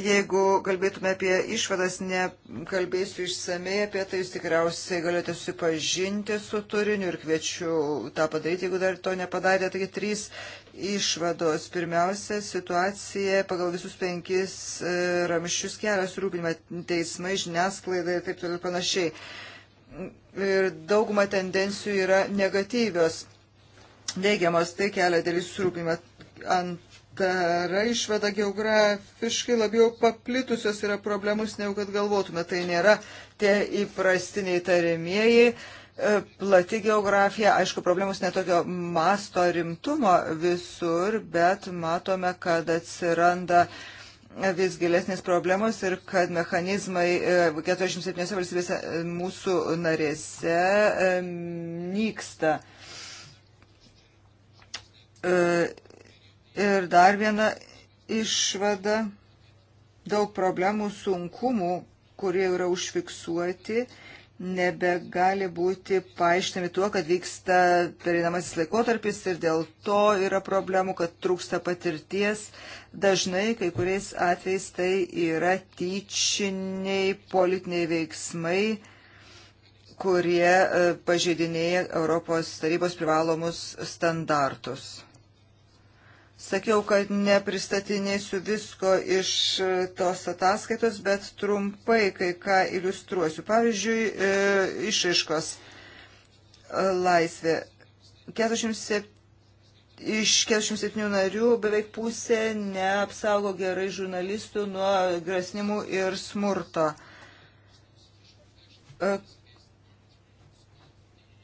Speaker 1: Jeigu kalbėtume apie išvadas, nekalbėsiu išsamei apie tai, jūs tikriausiai galite susipažinti su turiniu ir kviečiu tą padaryti, jeigu dar to nepadarė. Taigi trys išvados. Pirmiausia, situacija pagal visus penkis e, ramščius kelias rūpinimą teismai, žiniasklaida ir taip toliau panašiai ir dauguma tendencijų yra negatyvios, neigiamos, tai kelia dėlį surūpimą. Antara išvada geografiškai labiau paplitusios yra problemus, negu kad galvotume. Tai nėra tie įprastiniai tariamieji, e, plati geografija, aišku, problemus netokio masto rimtumo visur, bet matome, kad atsiranda uh, vis gilesnės problemos ir kad mechanizmai 47 e, valstybėse e, mūsų narėse e, nyksta. Ir dar viena išvada, daug problemų, sunkumų, kurie yra užfiksuoti, nebegali būti paaiškinami tuo, kad vyksta pereinamasis laikotarpis ir dėl to yra problemų, kad trūksta patirties. Dažnai kai kuriais atvejais tai yra tyčiniai politiniai veiksmai, kurie e, pažeidinėja Europos tarybos privalomus standartus. Sakiau, kad nepristatinėsiu visko iš tos ataskaitos, bet trumpai kai ką iliustruosiu. Pavyzdžiui, e, išaiškos e, laisvė. 47, iš 47 narių beveik pusė neapsaugo gerai žurnalistų nuo grasnimų ir smurto.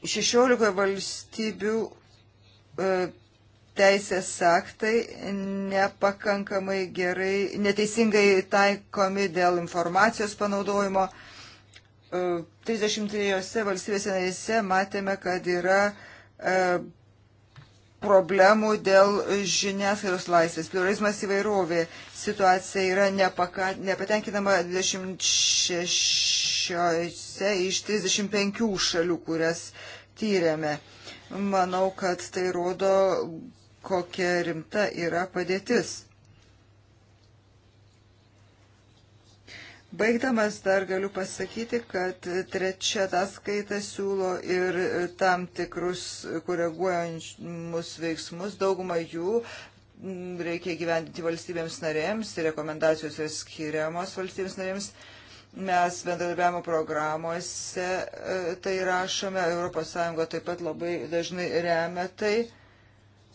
Speaker 1: 16 e, valstybių teisės aktai nepakankamai gerai, neteisingai taikomi dėl informacijos panaudojimo. 33 e, valstybėse narėse matėme, kad yra e, problemų dėl žiniasklaidos laisvės, pluralizmas įvairovė, situacija yra nepaka, nepatenkinama 26 iš 35 šalių, kurias tyrėme. Manau, kad tai rodo kokia rimta yra padėtis. Baigdamas dar galiu pasakyti, kad trečia ataskaita siūlo ir tam tikrus koreguojančius veiksmus. Daugumą jų reikia gyventi valstybėms narėms ir rekomendacijos yra skiriamos valstybėms narėms. Mes bendradarbiavimo programuose e, tai rašome, ES taip pat labai dažnai remia tai.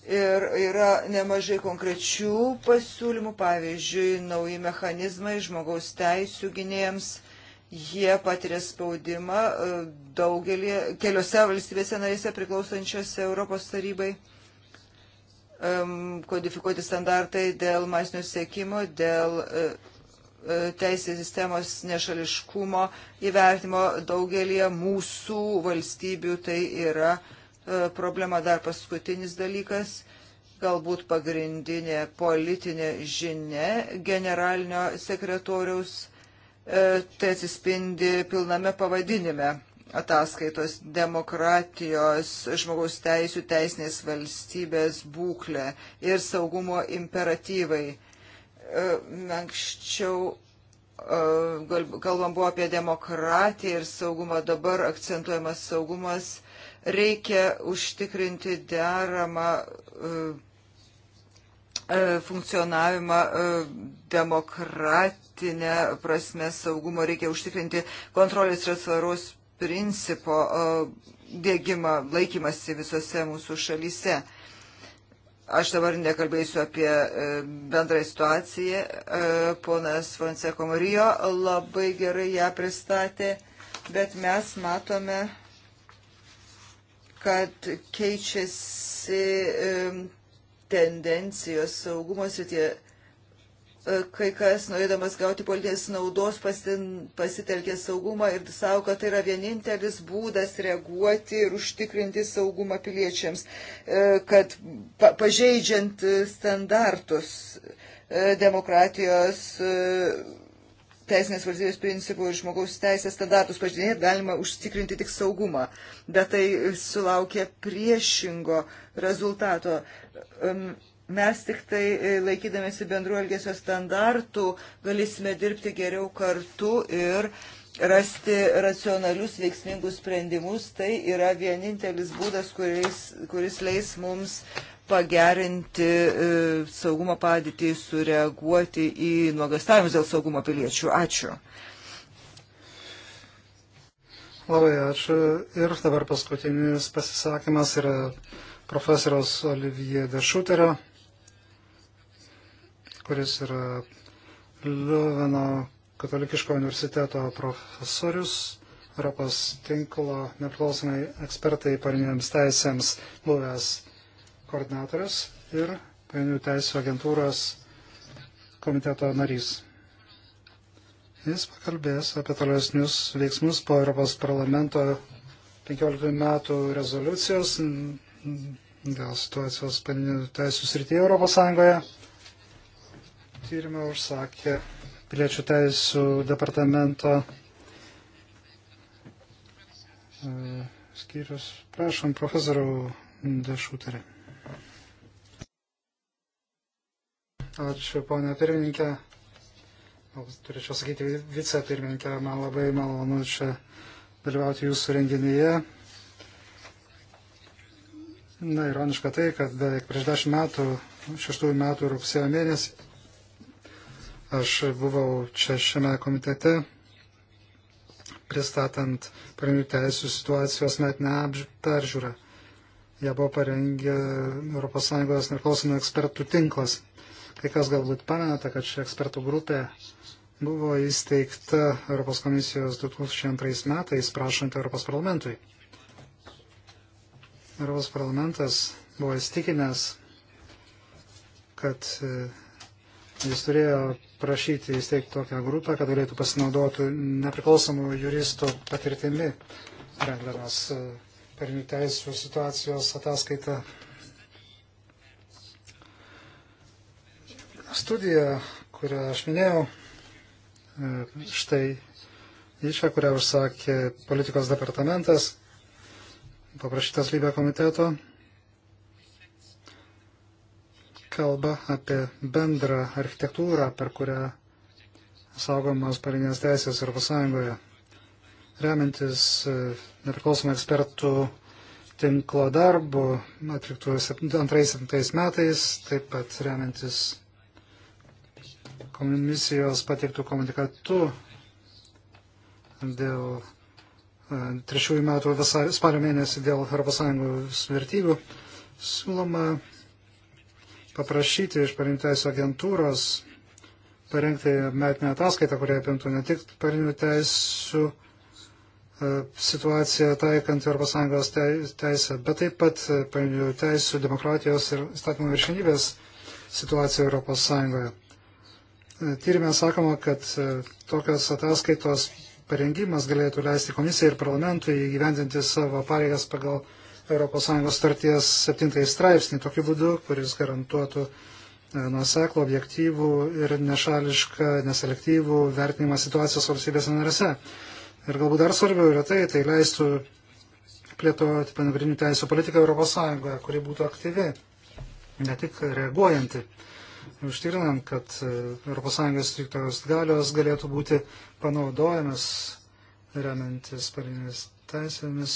Speaker 1: Ir yra nemažai konkrečių pasiūlymų, pavyzdžiui, nauji mechanizmai žmogaus teisų gynėjams. Jie patiria spaudimą e, daugelį, keliose valstybėse narėse priklausančiose Europos tarybai. Kodifikuoti standartai dėl masinio sėkimo, dėl e, e, teisės sistemos nešališkumo įvertimo daugelie mūsų valstybių tai yra uh, E, problema. Dar paskutinis dalykas, galbūt pagrindinė politinė žinia generalinio sekretoriaus, e, tai atsispindi pilname pavadinime ataskaitos demokratijos, žmogaus teisų, teisinės valstybės būklė ir saugumo imperatyvai. Anksčiau e, E, kalbam buvo apie demokratiją ir saugumą, dabar akcentuojamas saugumas, reikia užtikrinti deramą e, e, funkcionavimą demokratinę prasme saugumo, reikia užtikrinti kontrolės ir atsvaros principo dėgymą, laikymasi visose mūsų šalyse. Aš dabar nekalbėsiu apie e, bendrą situaciją. E, ponas Fonseko Marijo labai gerai ją pristatė, bet mes matome, kad keičiasi e, tendencijos saugumo srityje E, kai kas, norėdamas gauti politinės naudos, pasitelkė saugumą ir savo, kad tai yra vienintelis būdas reaguoti ir užtikrinti saugumą piliečiams, e, kad pažeidžiant standartus e, demokratijos teisinės valstybės principų ir žmogaus teisės standartus pažinėti galima užtikrinti tik saugumą, bet tai sulaukia priešingo rezultato. Um, Mes tik tai e, laikydamėsi bendru elgesio standartų galėsime dirbti geriau kartu ir rasti racionalius veiksmingus sprendimus. Tai yra vienintelis būdas, kuris, kuris leis mums pagerinti e, saugumo padėtį, sureaguoti į nuogastavimus dėl saugumo piliečių. Ačiū.
Speaker 2: Labai ačiū. Ir dabar paskutinis pasisakymas yra profesoriaus Olivier Dešuterio kuris yra Liuveno katalikiško universiteto profesorius, Europos tinklo nepriklausomai ekspertai pareiginiams teisėms buvęs koordinatorius ir pareiginių teisų agentūros komiteto narys. Jis pakalbės apie tolesnius veiksmus po Europos parlamento 15 metų rezoliucijos dėl situacijos pareiginių teisų srityje Europos Sąjungoje tyrimą užsakė Piliečių teisų departamento e, skyrius. Prašom, profesoriau Dešuterį. Ačiū, ponia pirmininkė. Turėčiau sakyti vicepirmininkė, man labai malonu čia dalyvauti jūsų renginyje. Na, ironiška tai, kad beveik prieš dešimt metų, šeštųjų metų rugsėjo mėnesį, Aš buvau čia šiame komitete pristatant pagrindinių teisų situacijos metinę peržiūrą. Ja buvo parengę ES nepriklausomų ekspertų tinklas. Kai kas galbūt pamenate, kad ši ekspertų grupė buvo įsteigta Europos komisijos 2002 metais, prašant Europos parlamentui. Europos parlamentas buvo įstikinęs, kad jis turėjo prašyti įsteigti tokią grupę, kad galėtų pasinaudotų nepriklausomų juristų patirtimi, rengdamas e, karinių teisų situacijos ataskaitą. Studija, kurią aš minėjau, e, štai išą, kurią užsakė politikos departamentas, paprašytas lygio komiteto, kalba apie bendrą architektūrą, per kurią saugomos pagrindinės teisės Europos Sąjungoje. Remiantis e, nepriklausomų ekspertų tinklo darbu atliktų 2002-2007 metais, taip pat remiantis komisijos pateiktų komunikatų dėl e, trečiųjų metų vasar, spalio mėnesį dėl ES vertybių, siūloma paprašyti iš parengteisų agentūros parengti metinę ataskaitą, kurie apimtų ne tik parinių teisų e, situaciją taikant ES teisę, bet taip pat parinių teisų, demokratijos ir statymų viršinybės situaciją ES. E, Tyrimė sakoma, kad e, tokios ataskaitos parengimas galėtų leisti komisijai ir parlamentui įgyvendinti savo pareigas pagal ES starties 7 straipsnį tokiu būdu, kuris garantuotų e, nuoseklų, objektyvų ir nešališką, neselektyvų vertinimą situacijos valstybės narėse. Ir galbūt dar svarbiau yra tai, tai leistų plėtoti pagrindinių teisų politiką ES, kuri būtų aktyvi, ne tik reaguojanti, užtikrinant, kad ES triktos galios galėtų būti panaudojamas remiantis pagrindinės teisėmis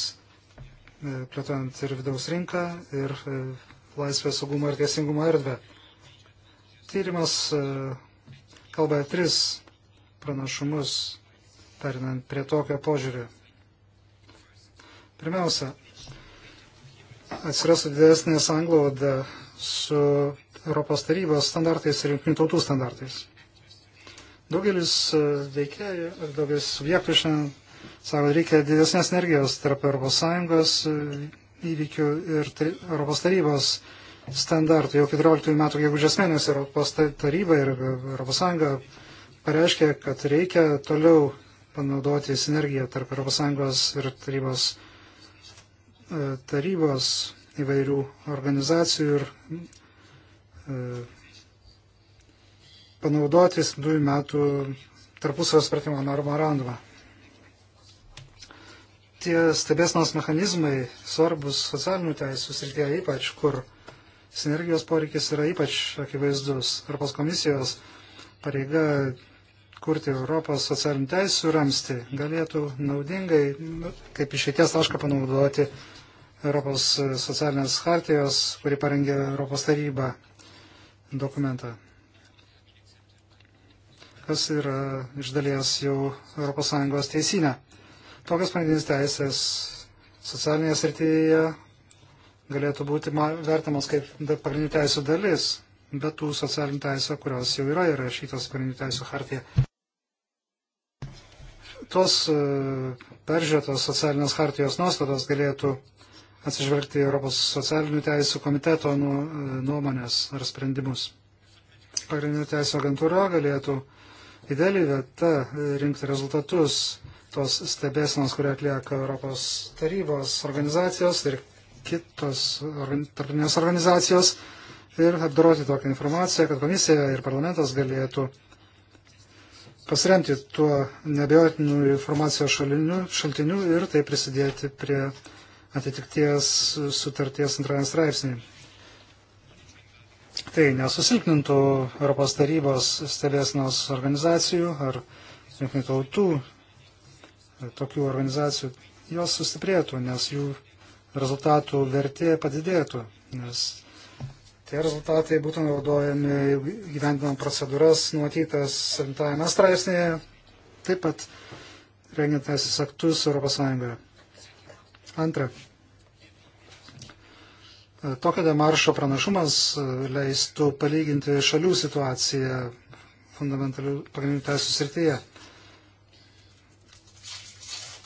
Speaker 2: E, plėtojant ir vidaus rinką, ir e, laisvės saugumo ir teisingumo erdvę. Tyrimas e, kalba tris pranašumus, perinant prie tokio požiūrio. Pirmiausia, atsirastų didesnė sanglauda su Europos tarybos standartais ir jungtinių tautų standartais. Daugelis veikėjų, daugelis subjektų šiandien Sako, reikia didesnės energijos tarp ES įvykių ir tai Europos tarybos standartų. Jau 14 metų gegužės mėnesį Europos taryba ir ES pareiškė, kad reikia toliau panaudoti sinergiją tarp ES ir tarybos, e, tarybos įvairių organizacijų ir e, panaudoti dujų metų tarpusavio supratimo memorandumą tie stebėsnos mechanizmai svarbus socialinių teisų srityje ypač, kur sinergijos poreikis yra ypač akivaizdus. Europos komisijos pareiga kurti Europos socialinių teisų ramsti galėtų naudingai, nu, kaip išeities tašką panaudoti Europos socialinės hartijos, kuri parengė Europos taryba dokumentą kas yra iš dalies jau ES teisinė. Tokios pagrindinės teisės socialinėje srityje galėtų būti vertinamos kaip pagrindinių teisų dalis, bet tų socialinių teisų, kurios jau yra įrašytos pagrindinių teisų hartija. Tos e, peržiūrėtos socialinės hartijos nuostatos galėtų atsižvelgti Europos socialinių teisų komiteto nu-, e, nuomonės ar sprendimus. Pagrindinių teisų agentūra galėtų idealiai vieta e, rinkti rezultatus tos stebėsinos, kurią atlieka Europos tarybos organizacijos ir kitos tarptautinės organizacijos ir apdoroti tokią informaciją, kad komisija ir parlamentas galėtų pasiremti tuo nebejotiniu informacijos šaliniu, šaltiniu ir tai prisidėti prie atitikties sutarties antrajam straipsniui. Tai nesusilpnintų Europos tarybos stebėsinos organizacijų ar jungtinių tautų tokių organizacijų, jos sustiprėtų, nes jų rezultatų vertė padidėtų, nes tie rezultatai būtų naudojami gyvendinant procedūras numatytas 7 straipsnėje, taip pat rengiant teisės aktus ES. Antra. Tokio demaršo pranašumas leistų palyginti šalių situaciją fundamentalių pagrindinių teisų srityje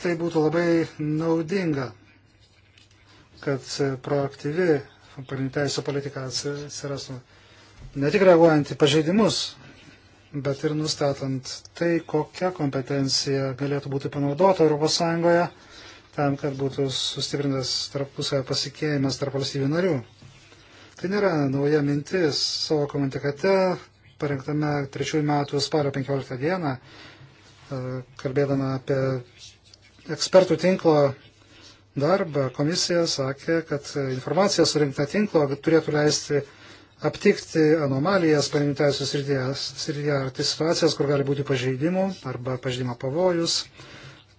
Speaker 2: tai būtų labai naudinga, kad proaktyvi pagrindinteisų politika atsirastų ne tik reaguojant į pažeidimus, bet ir nustatant tai, kokia kompetencija galėtų būti panaudota ES tam, kad būtų sustiprintas tarpusavio pasikėjimas tarp valstybių narių. Tai nėra nauja mintis. Savo komunikate, parengtame trečiųjų metų spalio 15 dieną, kalbėdama apie ekspertų tinklo darbą komisija sakė, kad informacija surinkta tinklo turėtų leisti aptikti anomalijas pareigų teisų srityje ar tai situacijas, kur gali būti pažeidimų arba pažeidimo pavojus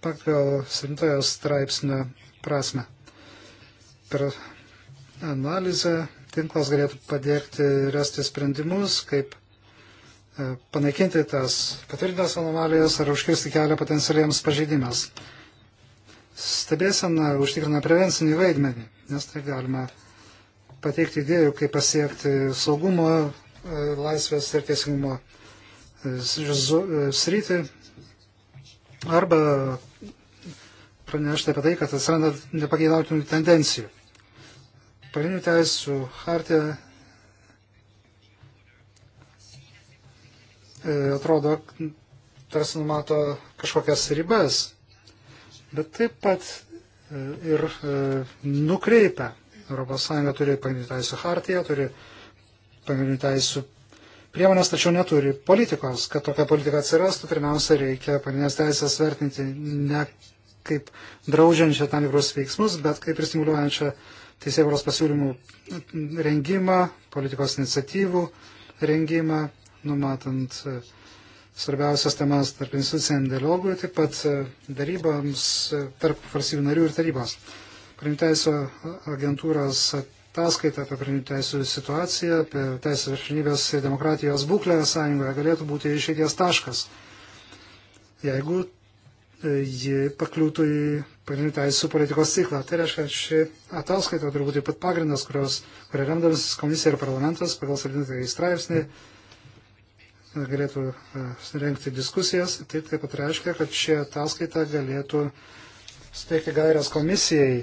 Speaker 2: pagal 7 straipsnio prasme. Per analizę tinklas galėtų padėkti rasti sprendimus, kaip e, panaikinti tas patvirtintas anomalijas ar užkirsti kelią potencialiems pažeidimams. Stebėsena užtikrina prevencinį vaidmenį, nes tai galima pateikti idėjų, kaip pasiekti saugumo, e, laisvės ir teisingumo e, e, sritį arba pranešti apie tai, kad atsiranda nepageidautinų tendencijų. Pagrindinių teisų hartija atrodo, tarsi numato kažkokias ribas, bet taip pat e, ir e, nukreipia. ES turi pagrindinių teisų hartiją, turi pagrindinių teisų priemonės, tačiau neturi politikos. Kad tokia politika atsirastų, pirmiausia, reikia pagrindinės teisės vertinti ne kaip draudžiančią tam tikrus veiksmus, bet kaip ir stimuliuojančią teisėvaros pasiūlymų rengimą, politikos iniciatyvų rengimą, numatant uh, svarbiausias temas tarp instituciniam dialogui, taip pat e, daryboms e, tarp valstybių narių ir tarybos. Karinių teisų agentūros ataskaita apie karinių teisų situaciją, apie teisės viršinybės ir demokratijos būklę sąjungoje galėtų būti išeities taškas, jeigu e, ji pakliūtų į pagrindinių teisų politikos ciklą. Tai reiškia, kad ši ataskaita turi būti pat pagrindas, kurios, kuria remdamas komisija ir parlamentas pagal 7 straipsnį. Mm galėtų e, rengti diskusijas. Tai taip pat reiškia, kad ši ataskaita galėtų suteikti gairias komisijai,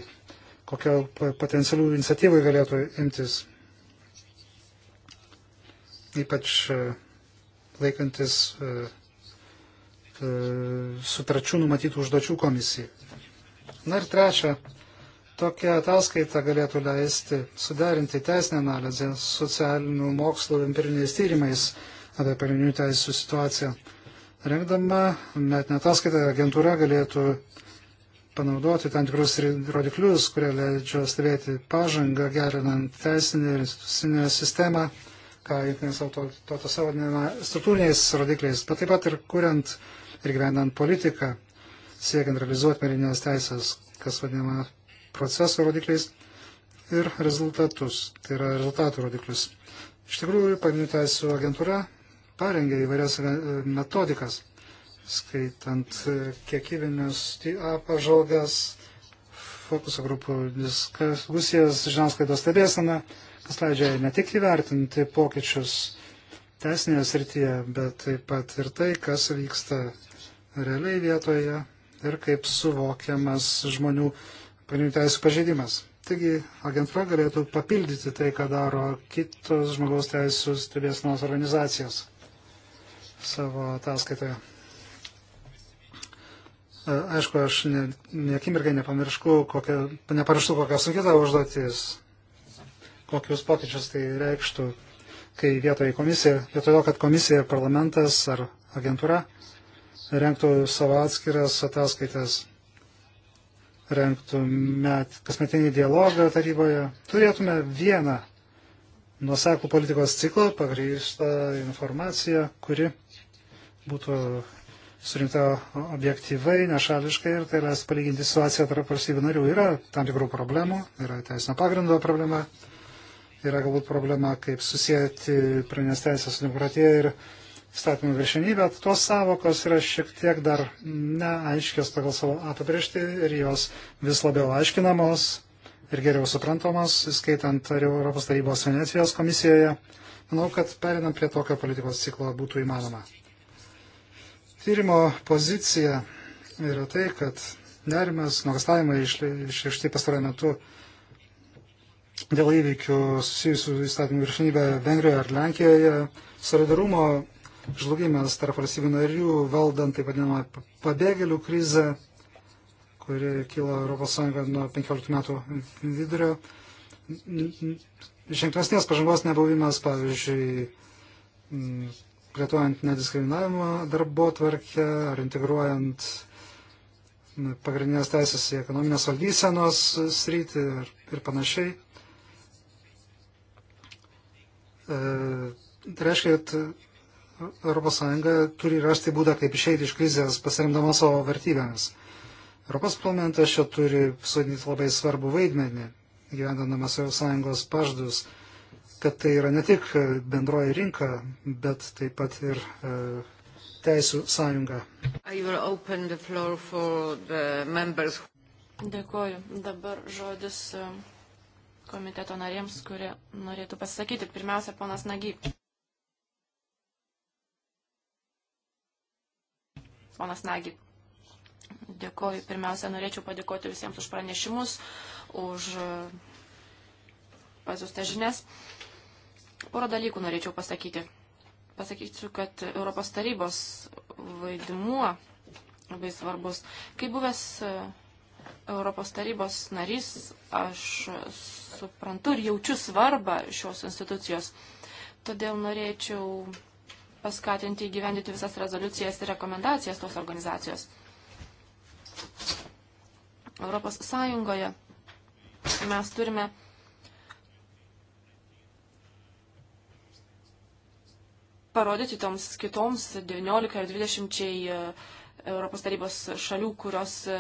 Speaker 2: kokio potencialių iniciatyvų galėtų imtis. Ypač e, laikantis e, sutarčių numatytų užduočių komisijai. Na ir trečia, tokia ataskaita galėtų leisti suderinti teisinę analizę socialinių mokslo empiriniais tyrimais apie pagrindinių teisų situaciją. Rengdama metinę ataskaitą agentūra galėtų panaudoti tam tikrus rodiklius, kurie leidžia stebėti pažangą, gerinant teisinę ir institucinę sistemą, ką jungtinės tautose vadinama struktūriniais rodikliais, bet taip pat ir kuriant ir gyvenant politiką, siekiant realizuoti merinės teisės, kas vadinama proceso rodikliais ir rezultatus, tai yra rezultatų rodiklius. Iš tikrųjų, pagrindinių teisų agentūra parengė įvairias e, metodikas, skaitant e, kiekybinius pažalgas, fokuso grupų diskusijas, žiniasklaidos stebėseną, kas leidžia ne tik įvertinti pokyčius teisinėje srityje, bet taip pat ir tai, kas vyksta realiai vietoje ir kaip suvokiamas žmonių pagrindinių teisų pažeidimas. Taigi agentūra galėtų papildyti tai, ką daro kitos žmogaus teisų stebėsinos organizacijos savo ataskaitoje. Aišku, aš niekimirkai ne, ne nepamirštu, kokia, nepamirštu kokią sunkią užduotis, kokius pokyčius tai reikštų, kai vietoje komisija, vietoje to, kad komisija, parlamentas ar agentūra renktų savo atskiras ataskaitas, renktų met, kasmetinį dialogą taryboje, turėtume vieną nuoseklų politikos ciklą pagrįstą informaciją, kuri būtų surinkta objektyvai, nešališkai ir tai leis palyginti situaciją tarp valstybių narių. Yra tam tikrų problemų, yra teisinio pagrindo problema, yra galbūt problema, kaip susijęti pranės teisės su demokratija ir statymų viršinybė. Tos savokos yra šiek tiek dar neaiškios pagal savo apibriežtį ir jos vis labiau aiškinamos ir geriau suprantamos, skaitant ar Europos tarybos Venecijos komisijoje. Manau, kad perinam prie tokio politikos ciklo būtų įmanoma. Tyrimo pozicija yra tai, kad nerimas, nuogastavimai išreikšti pastaruoju metu dėl įvykių susijusių įstatymų viršinybę Vengrijoje ar Lenkijoje, solidarumo žlugimas tarp valstybių narių, valdant taip vadinamą pabėgėlių krizę, kuri kilo ES nuo 15 metų vidurio. Ženklesnės pažangos nebuvimas, pavyzdžiui, plėtojant nediskriminavimo darbo tvarkę ar integruojant pagrindinės teisės į ekonominės valdysenos sritį ir, ir panašiai. E, tai reiškia, kad ES turi rasti būdą, kaip išeiti iš krizės, pasiremdama savo vertybėmis. Europos parlamentas čia turi suvaidinti labai svarbu vaidmenį, gyvendinamas ES pažadus kad tai yra ne tik bendroji rinka, bet taip pat ir e, teisų sąjunga.
Speaker 3: Dėkuoju. Dabar žodis e, komiteto narėms, kurie norėtų pasakyti. Pirmiausia, ponas Nagy. Ponas Nagy. Dėkoju. Pirmiausia, norėčiau padėkoti visiems už pranešimus, už e, pasiustą žinias. Uh, Porą dalykų norėčiau pasakyti. Pasakysiu, kad Europos tarybos vaidmuo labai svarbus. Kai buvęs e, Europos tarybos narys, aš suprantu ir jaučiu svarbą šios institucijos. Todėl norėčiau paskatinti įgyvendyti visas rezoliucijas ir rekomendacijas tos organizacijos. Europos Sąjungoje mes turime parodyti toms kitoms 19 ar 20 Europos tarybos šalių, kurios e,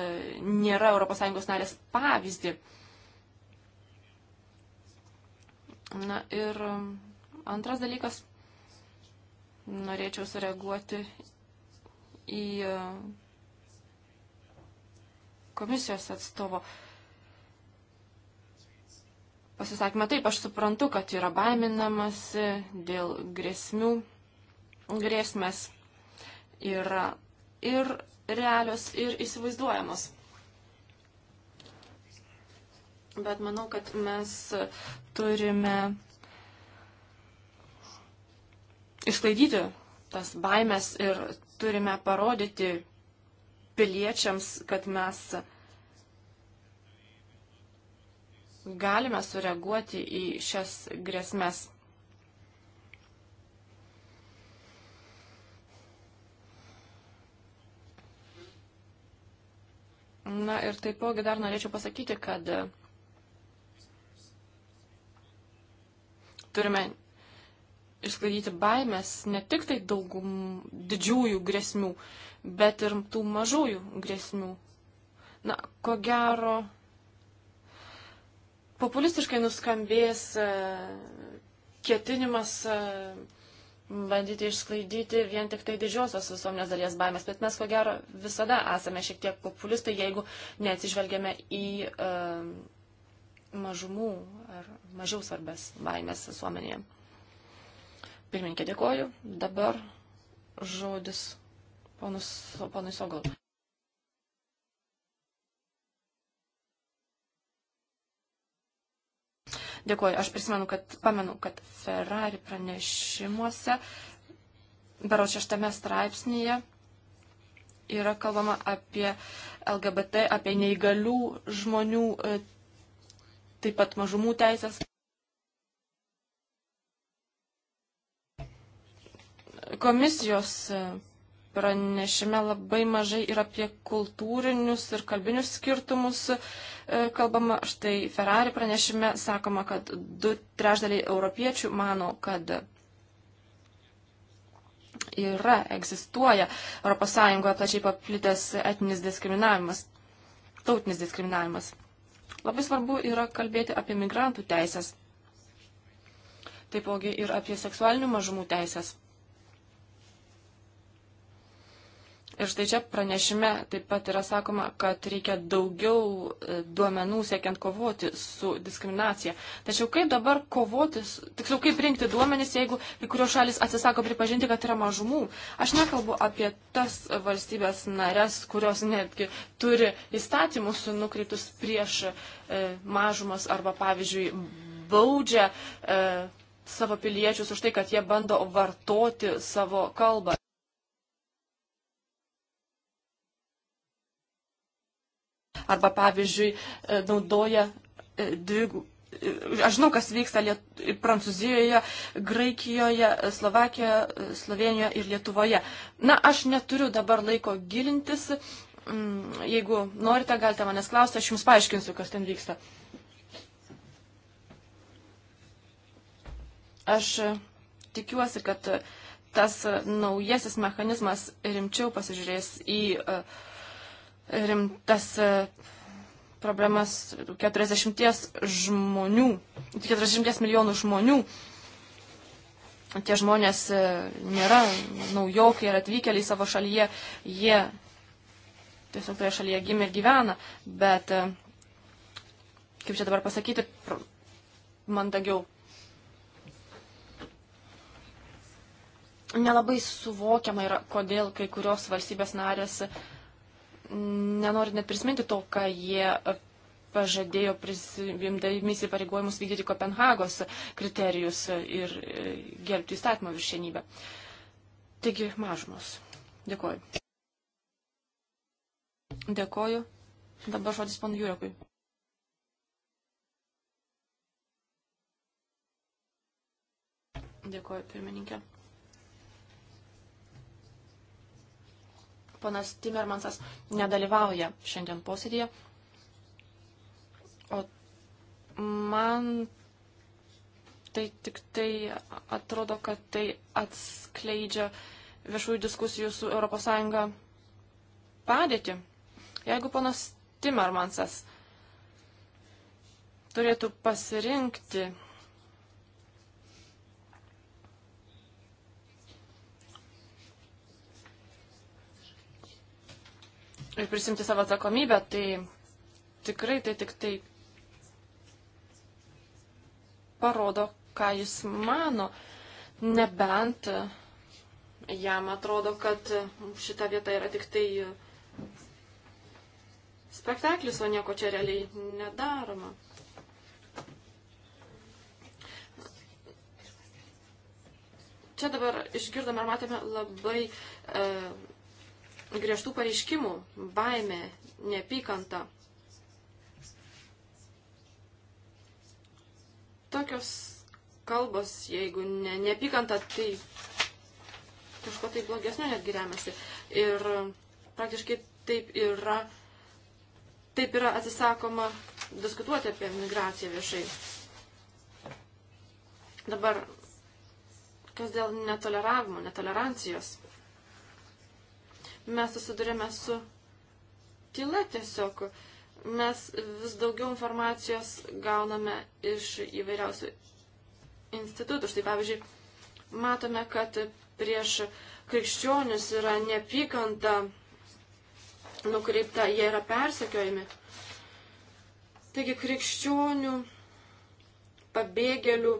Speaker 3: nėra ES narės pavyzdį. Na ir e, antras dalykas, norėčiau sureaguoti į e, komisijos atstovo pasisakymą. Taip, aš suprantu, kad yra baiminamasi dėl grėsmių grėsmės yra ir realios, ir įsivaizduojamos. Bet manau, kad mes turime išlaidyti tas baimės ir turime parodyti piliečiams, kad mes galime sureaguoti į šias grėsmės. Na ir taipogi dar norėčiau pasakyti, kad e, turime išsklaidyti baimės ne tik tai daugum didžiųjų grėsmių, bet ir tų mažųjų grėsmių. Na, ko gero, populistiškai nuskambės e, ketinimas e, bandyti išsklaidyti vien tik tai didžiosios visuomenės dalies baimės, bet mes ko gero visada esame šiek tiek populistai, jeigu neatsižvelgiame į uh, mažumų ar mažiau svarbės baimės visuomenėje. Pirminkė, dėkoju. Dabar žodis ponus, ponui Sogalui. Dėkuoju, aš prisimenu, kad pamenu, kad Ferrari pranešimuose, bero šeštame straipsnėje, yra kalbama apie LGBT, apie neįgalių žmonių, e, taip pat mažumų teisės. Komisijos e, pranešime labai mažai ir apie kultūrinius ir kalbinius skirtumus e, kalbama. Štai Ferrari pranešime sakoma, kad du trešdaliai europiečių mano, kad yra, egzistuoja ES plačiai paplitęs etinis diskriminavimas, tautinis diskriminavimas. Labai svarbu yra kalbėti apie migrantų teisės, taipogi ir apie seksualinių mažumų teisės. Ir štai čia pranešime taip pat yra sakoma, kad reikia daugiau e, duomenų siekiant kovoti su diskriminacija. Tačiau kaip dabar kovoti, tiksliau kaip rinkti duomenys, jeigu kai kurios šalis atsisako pripažinti, kad yra mažumų. Aš nekalbu apie tas valstybės nares, kurios netgi turi įstatymus nukreiptus prieš e, mažumas arba, pavyzdžiui, baudžia. E, savo piliečius už tai, kad jie bando vartoti savo kalbą. arba pavyzdžiui e, naudoja e, dvigų. E, aš žinau, kas vyksta Liet... Prancūzijoje, Graikijoje, Slovakijoje, Slovenijoje ir Lietuvoje. Na, aš neturiu dabar laiko gilintis. Mm, jeigu norite, galite manęs klausti, aš jums paaiškinsiu, kas ten vyksta. Aš tikiuosi, kad tas naujasis mechanizmas rimčiau pasižiūrės į uh, rimtas e, problemas 40 žmonių, 40 milijonų žmonių. Tie žmonės e, nėra naujokai ir atvykėliai savo šalyje, jie tiesiog toje šalyje gimė ir gyvena, bet, e, kaip čia dabar pasakyti, mandagiau. Nelabai suvokiama yra, kodėl kai kurios valstybės narės uh, nenoriu net prisiminti to, ką jie pažadėjo prisimdami įsipareigojimus vykdyti Kopenhagos kriterijus ir e, gerbti įstatymo viršienybę. Taigi, mažumos. Dėkuoju. Dėkuoju. Dabar žodis panu Jurekui. Dėkuoju, pirmininkė. Panas Timermansas nedalyvauja šiandien posėdėje. O man tai tik tai atrodo, kad tai atskleidžia viešųjų diskusijų su ES padėtį. Jeigu panas Timermansas turėtų pasirinkti ir prisimti savo atsakomybę, tai tikrai tai tik tai parodo, ką jis mano. Nebent jam atrodo, kad šita vieta yra tik tai spektaklis, o nieko čia realiai nedaroma. Čia dabar išgirdome ir matėme labai e, griežtų pareiškimų, baime, neapykanta. Tokios kalbos, jeigu ne, neapykanta, tai kažko tai blogesnio netgi remiasi. Ir praktiškai taip yra, taip yra atsisakoma diskutuoti apie migraciją viešai. Dabar, kas dėl netoleravimo, netolerancijos mes susidurėme su tyla tiesiog. Mes vis daugiau informacijos gauname iš įvairiausių institutų. Štai pavyzdžiui, matome, kad prieš krikščionius yra neapykanta nukreipta, jie yra persekiojami. Taigi krikščionių pabėgėlių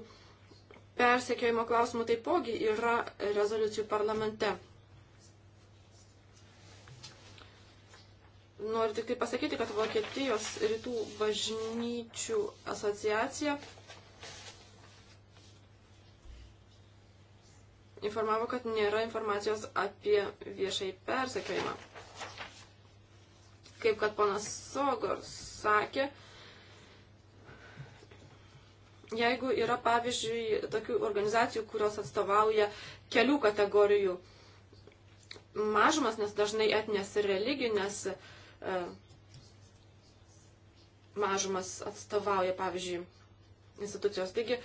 Speaker 3: persekiojimo klausimų taipogi yra rezoliucijų parlamente. Noriu tik tai pasakyti, kad Vokietijos rytų bažnyčių asociacija informavo, kad nėra informacijos apie viešai persekiojimą. Kaip kad ponas Sogor sakė, jeigu yra pavyzdžiui tokių organizacijų, kurios atstovauja kelių kategorijų mažumas, nes dažnai etnės ir religinės, uh, E, mažumas atstovauja, pavyzdžiui, institucijos. Taigi,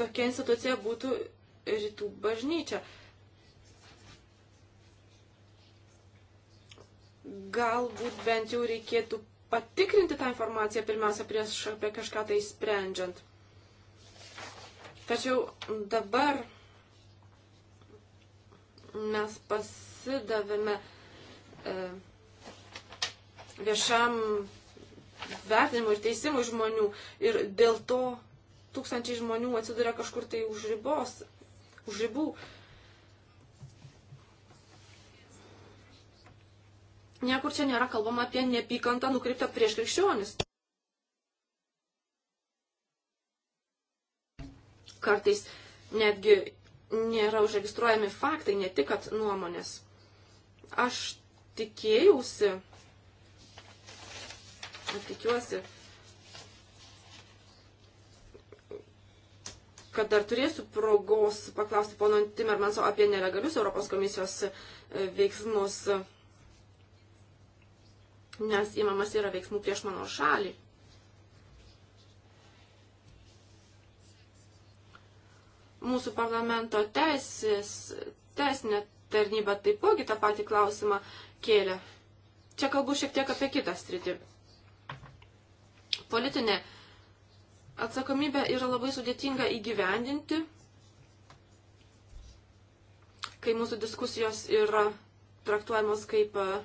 Speaker 3: tokia institucija būtų rytų bažnyčia. Galbūt bent jau reikėtų patikrinti tą informaciją pirmiausia prieš apie kažką tai sprendžiant. Tačiau dabar mes pasidavėme e, viešam vertinimui ir teisimui žmonių ir dėl to tūkstančiai žmonių atsiduria kažkur tai už ribos, už ribų. Niekur čia nėra kalbama apie neapykantą nukreiptą prieš krikščionis. kartais netgi nėra užregistruojami faktai, ne tik kad nuomonės. Aš tikėjausi, tikiuosi, kad dar turėsiu progos paklausti pono Timermanso apie nelegalius Europos komisijos e, veiksmus, nes įmamas yra veiksmų prieš mano šalį. mūsų parlamento teisės, teisinė tarnyba taipogi tą patį klausimą kėlė. Čia kalbu šiek tiek apie kitą sritį. Politinė atsakomybė yra labai sudėtinga įgyvendinti, kai mūsų diskusijos yra traktuojamos kaip e,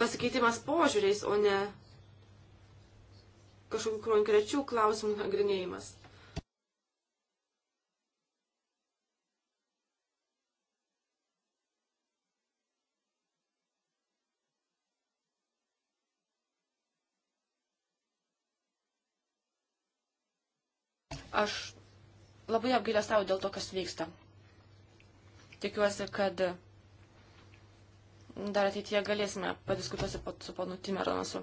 Speaker 3: pasikeitimas požiūriais, o ne kažkokių konkrečių klausimų nagrinėjimas. Aš labai apgailę savo dėl to, kas vyksta. Tikiuosi, kad dar ateityje galėsime padiskutuosi su ponu Timeronasu.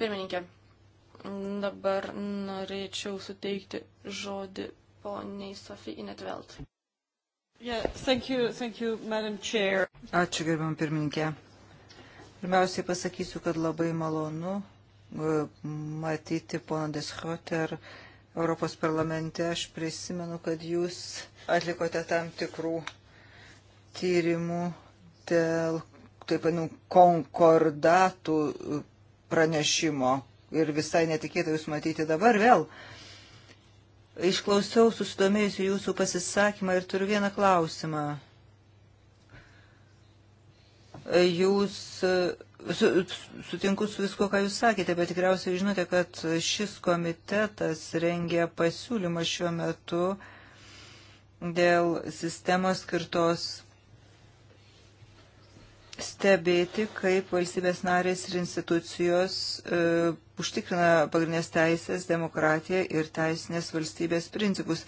Speaker 3: Pirmininkė, dabar norėčiau suteikti žodį poniai Sofijai Inetvelt. Yeah, thank you,
Speaker 1: thank you, Madam Chair. Ačiū, gerbiam pirmininkė. Pirmiausiai pasakysiu, kad labai malonu e, matyti poną Deschoter Europos parlamente. Aš prisimenu, kad jūs atlikote tam tikrų tyrimų dėl, taip vadinų, konkordatų pranešimo. Ir visai netikėtai jūs matyti dabar vėl. Išklausiau susidomėjusiu jūsų pasisakymą ir turiu vieną klausimą jūs su, sutinku su visko, ką jūs sakėte, bet tikriausiai žinote, kad šis komitetas rengia pasiūlymą šiuo metu dėl sistemos skirtos stebėti, kaip valstybės narės ir institucijos e, užtikrina pagrindinės teisės, demokratiją ir teisinės valstybės principus.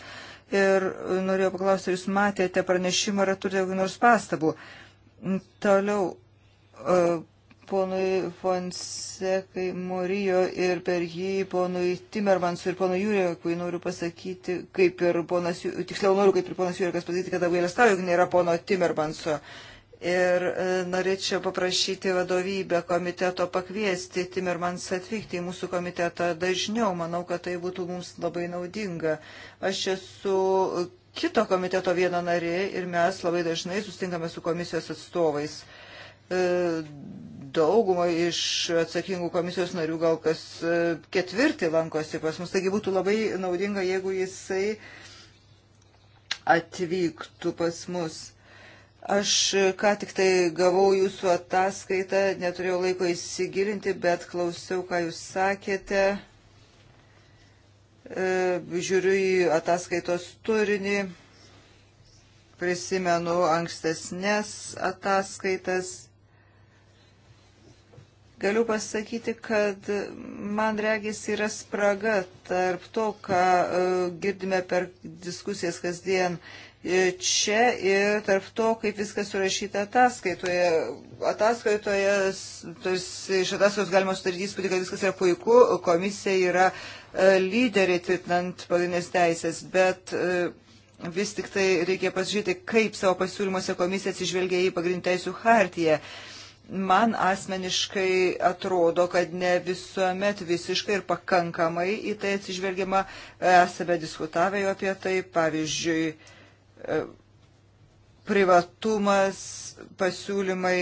Speaker 1: Ir norėjau paklausti, ar jūs matėte pranešimą, ar turite kokių nors pastabų? E, Toliau e, ponui Fonsekai Morijo ir per jį ponui Timermansui ir ponui Jurekui noriu pasakyti, kaip ir ponas, tiksliau noriu kaip ir ponas Jurekas pasakyti, kad apgailestauju, jog nėra pono Timermanso. Ir e, norėčiau paprašyti vadovybę komiteto pakviesti Timermans atvykti į mūsų komitetą dažniau. Manau, kad tai būtų mums labai naudinga. Aš esu kito komiteto vieną narį ir mes labai dažnai sustinkame su komisijos atstovais. E, Daugumo iš atsakingų komisijos narių gal kas e, ketvirtį lankosi pas mus, taigi būtų labai naudinga, jeigu jisai atvyktų pas mus. Aš ką tik tai gavau jūsų ataskaitą, neturėjau laiko įsigilinti, bet klausiau, ką jūs sakėte E, žiūriu į ataskaitos turinį, prisimenu ankstesnės ataskaitas. Galiu pasakyti, kad man regis yra spraga tarp to, ką e, girdime per diskusijas kasdien e, čia ir tarp to, kaip viskas surašyta ataskaitoje. Ataskaitoje, tarsi iš ataskaitos galima sudaryti įspūdį, kad viskas yra puiku, komisija yra uh, E, lyderiai tvirtinant pagrindinės teisės, bet e, vis tik tai reikia pasižiūrėti, kaip savo pasiūlymuose komisija atsižvelgia į pagrindinę teisų hartiją. Man asmeniškai atrodo, kad ne visuomet visiškai ir pakankamai į tai atsižvelgiama. Esame diskutavę jau apie tai, pavyzdžiui, e, privatumas, pasiūlymai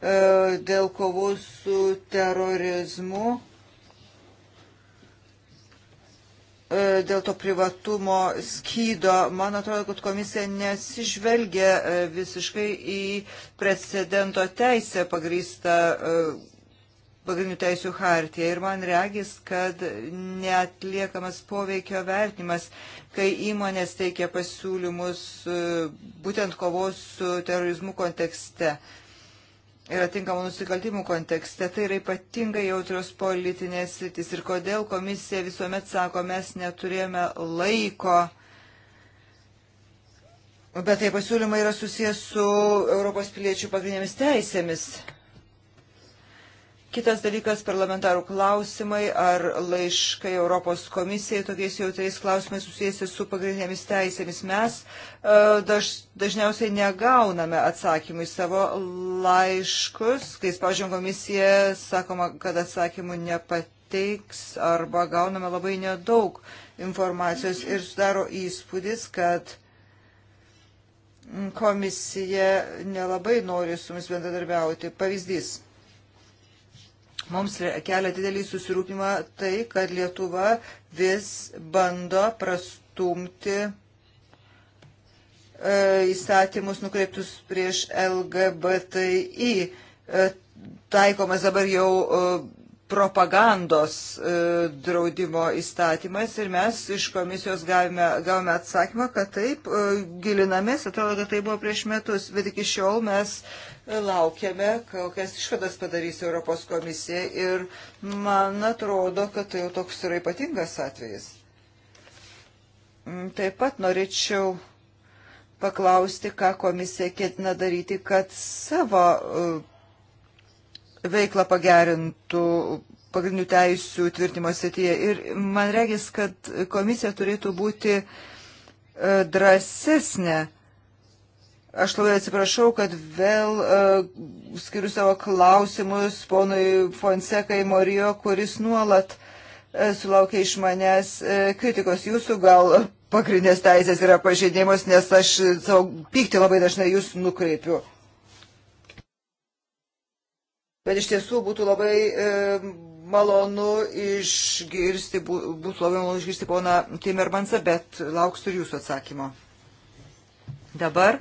Speaker 1: E, dėl kovos su terorizmu, e, dėl to privatumo skydo. Man atrodo, kad komisija nesižvelgia e, visiškai į precedento teisę pagrįstą pagrindinių teisių hartiją. Ir man regis, kad netliekamas poveikio vertinimas, kai įmonės teikia pasiūlymus būtent kovos su terorizmu kontekste ir atinkamų nusikaltimų kontekste. Tai yra ypatingai jautrios politinės sritis. Ir kodėl komisija visuomet sako, mes neturėjome laiko. Bet tai pasiūlymai yra susijęs su Europos piliečių pagrindinėmis teisėmis. Kitas dalykas - parlamentarų klausimai ar laiškai Europos komisijai tokiais jautriais klausimais susijęsi su pagrindinėmis teisėmis. Mes e, daž, dažniausiai negauname atsakymų į savo laiškus, kai spaudžiam komisiją, sakoma, kad atsakymų nepateiks arba gauname labai nedaug informacijos ir sudaro įspūdis, kad komisija nelabai nori su mumis bendradarbiauti. Pavyzdys Mums kelia didelį susirūpimą tai, kad Lietuva vis bando prastumti e, įstatymus nukreiptus prieš LGBTI. E, taikomas dabar jau e, propagandos draudimo įstatymas ir mes iš komisijos gavome, gavome atsakymą, kad taip gilinamės, atrodo, kad tai buvo prieš metus, bet iki šiol mes uh, laukiame, kokias išvadas padarys Europos komisija ir man atrodo, kad tai jau toks yra ypatingas atvejis. Taip pat norėčiau paklausti, ką komisija ketina daryti, kad savo e, veiklą pagerintų pagrindinių teisių tvirtimo srityje. Ir man regis, kad komisija turėtų būti e, drąsesnė Aš labai atsiprašau, kad vėl uh, skiriu savo klausimus ponui Fonsekai Morijo, kuris nuolat uh, sulaukia iš manęs uh, kritikos jūsų, gal pagrindinės teisės yra pažeidimos, nes aš savo pyktį labai dažnai jūs nukreipiu. Bet iš tiesų būtų labai e, malonu išgirsti, bū, būtų labai malonu išgirsti poną Timermansą, bet lauksiu ir jūsų atsakymo. Dabar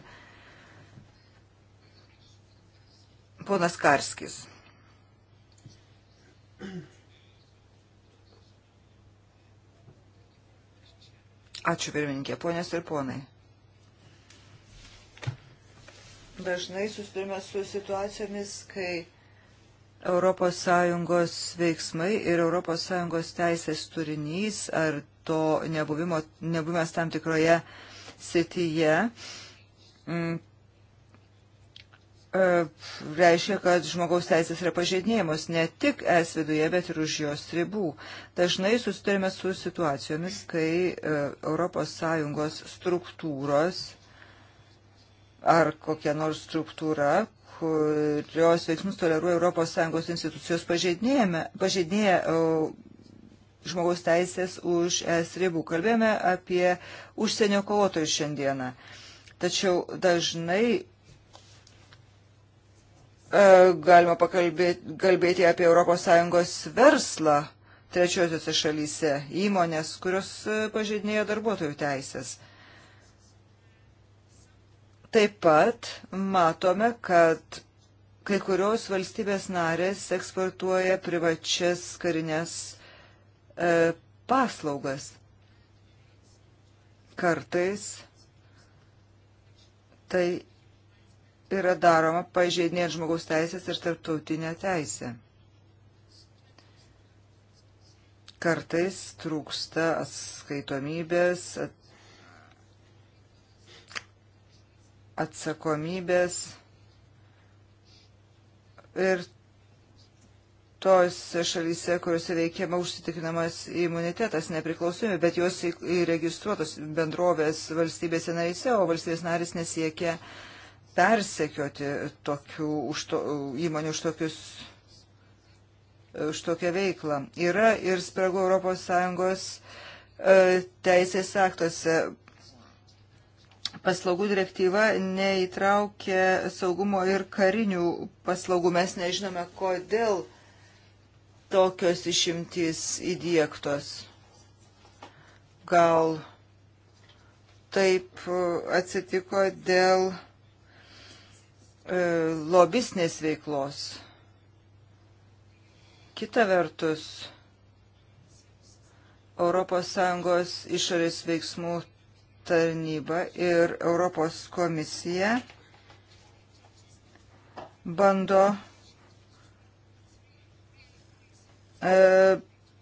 Speaker 1: Ponas Karskis. Ačiū pirmininkė, ponės ir ponai. Dažnai susidurime su situacijomis, kai ES veiksmai ir ES teisės turinys ar to nebuvimo, nebuvimas tam tikroje sityje mm, E, reiškia, kad žmogaus teisės yra pažeidinėjamos ne tik es viduje, bet ir už jos ribų. Dažnai susitarime su situacijomis, kai ES struktūros ar kokia nors struktūra, kurios veiksmus toleruoja ES institucijos pažeidinėja e, žmogaus teisės už es ribų. Kalbėjome apie užsienio kovotojus šiandieną. Tačiau dažnai E, galima pakalbėti kalbėti apie ES verslą trečiosiuose šalyse, įmonės, kurios e, pažeidinėja darbuotojų teisės. Taip pat matome, kad kai kurios valstybės narės eksportuoja privačias karinės e, paslaugas. Kartais tai yra daroma pažeidinėjant žmogaus teisės ir tarptautinę teisę. Kartais trūksta atskaitomybės, atsakomybės ir tose šalyse, kuriuose veikiama užsitikrinamas imunitetas nepriklausomybė, bet jos įregistruotos bendrovės valstybėse narise, o valstybės narys nesiekia uh, persekioti tokių, už to, įmonių už, tokius, už tokią veiklą. Yra ir spragų ES e, teisės aktuose. Paslaugų direktyva neįtraukė saugumo ir karinių paslaugų. Mes nežinome, kodėl tokios išimtys įdėktos. Gal taip e, atsitiko dėl E, lobisnės veiklos. Kita vertus, ES išorės veiksmų tarnyba ir Europos komisija bando e,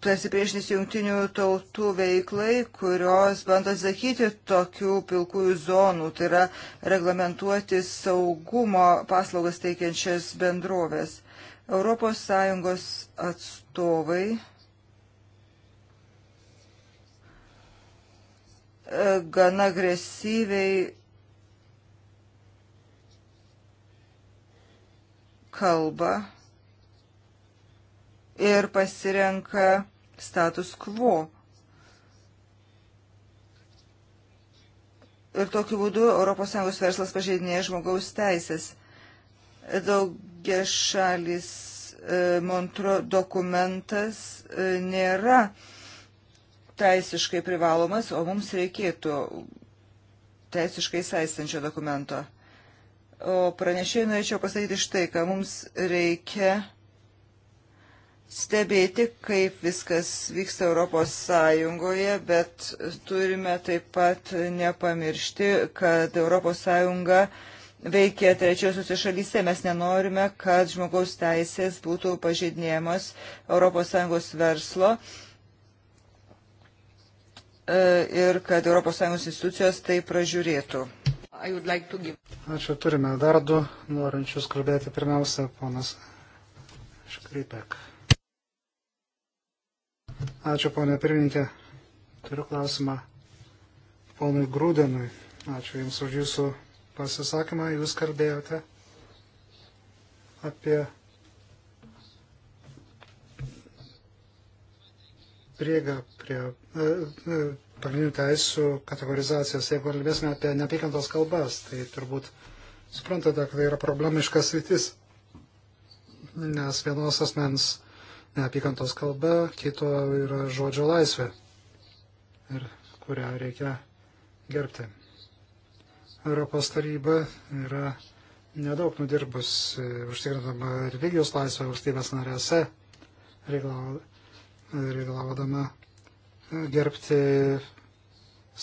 Speaker 1: pasipriešinęs jungtinių tautų veiklai, kurios bando atsakyti tokių pilkųjų zonų, tai yra reglamentuoti saugumo paslaugas teikiančias bendrovės. ES atstovai e, gana agresyviai kalba ir pasirenka status quo. Ir tokiu būdu ES verslas pažeidinėja žmogaus teisės. Daugia šalis e, Montro dokumentas e, nėra teisiškai privalomas, o mums reikėtų teisiškai saistančio dokumento. O pranešėjai norėčiau pasakyti štai, ką mums reikia stebėti, kaip viskas vyksta Europos Sąjungoje, bet turime taip pat nepamiršti, kad Europos Sąjunga veikia trečiosiuose šalyse. Mes nenorime, kad žmogaus teisės būtų pažeidinėjamos Europos Sąjungos verslo e, ir kad Europos Sąjungos institucijos tai pražiūrėtų. Like give...
Speaker 2: Ačiū, turime dar du norinčius kalbėti. Pirmiausia, ponas Škripek. Ačiū, ponė pirmininkė. Turiu klausimą ponui Grūdenui. Ačiū Jums už Jūsų pasisakymą. Jūs kalbėjote apie prieigą prie e, e, pagrindinių teisų kategorizacijos. Jeigu kalbėsime apie neapykantos kalbas, tai turbūt suprantate, kad tai yra problemiškas rytis, nes vienos asmens neapykantos kalba, kito yra žodžio laisvė, ir kurią reikia gerbti. Europos taryba yra nedaug nudirbus, e, užtikrindama religijos laisvę valstybės narėse, reikalaudama e, gerbti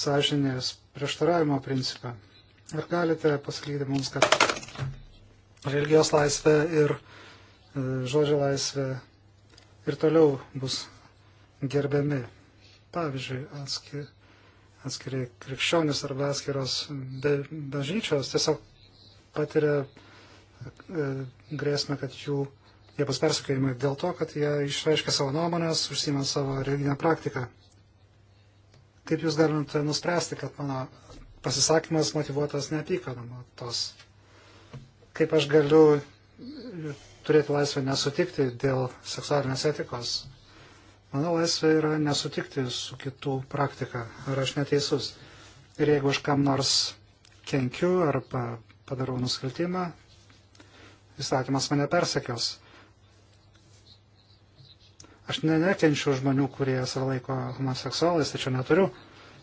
Speaker 2: sąžinės prieštaravimo principą. Ar galite pasakyti mums, kad religijos laisvė ir e, žodžio laisvė ir toliau bus gerbiami. Pavyzdžiui, atskiri, atskiri krikščionis arba atskiros bažnyčios tiesiog patiria e, grėsmę, kad jų, jie bus persikėjimai dėl to, kad jie išreiškia savo nuomonės, užsima savo religinę praktiką. Kaip jūs galite nuspręsti, kad mano pasisakymas motivuotas neapykantam tos? Kaip aš galiu turėti laisvę nesutikti dėl seksualinės etikos. Mano laisvė yra nesutikti su kitų praktika, ar aš neteisus. Ir jeigu aš kam nors kenkiu ar padarau nusikaltimą, įstatymas mane persekios. Aš ne, nekenčiu žmonių, kurie save laiko homoseksualais, tačiau neturiu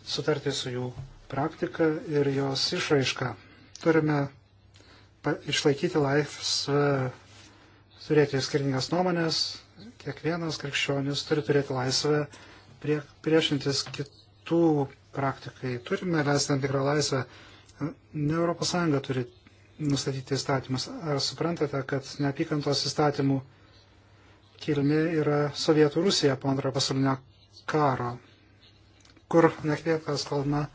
Speaker 2: sutarti su jų praktika ir jos išraiška. Turime išlaikyti laisvę turėti skirtingas nuomonės, kiekvienas krikščionis turi turėti laisvę prie, priešintis kitų praktikai. Turime leisti tam tikrą laisvę. Ne Europos Sąjunga turi nustatyti įstatymus. Ar suprantate, kad neapykantos įstatymų kilmė yra Sovietų Rusija po antrojo pasaulinio karo, kur nekvietas kalna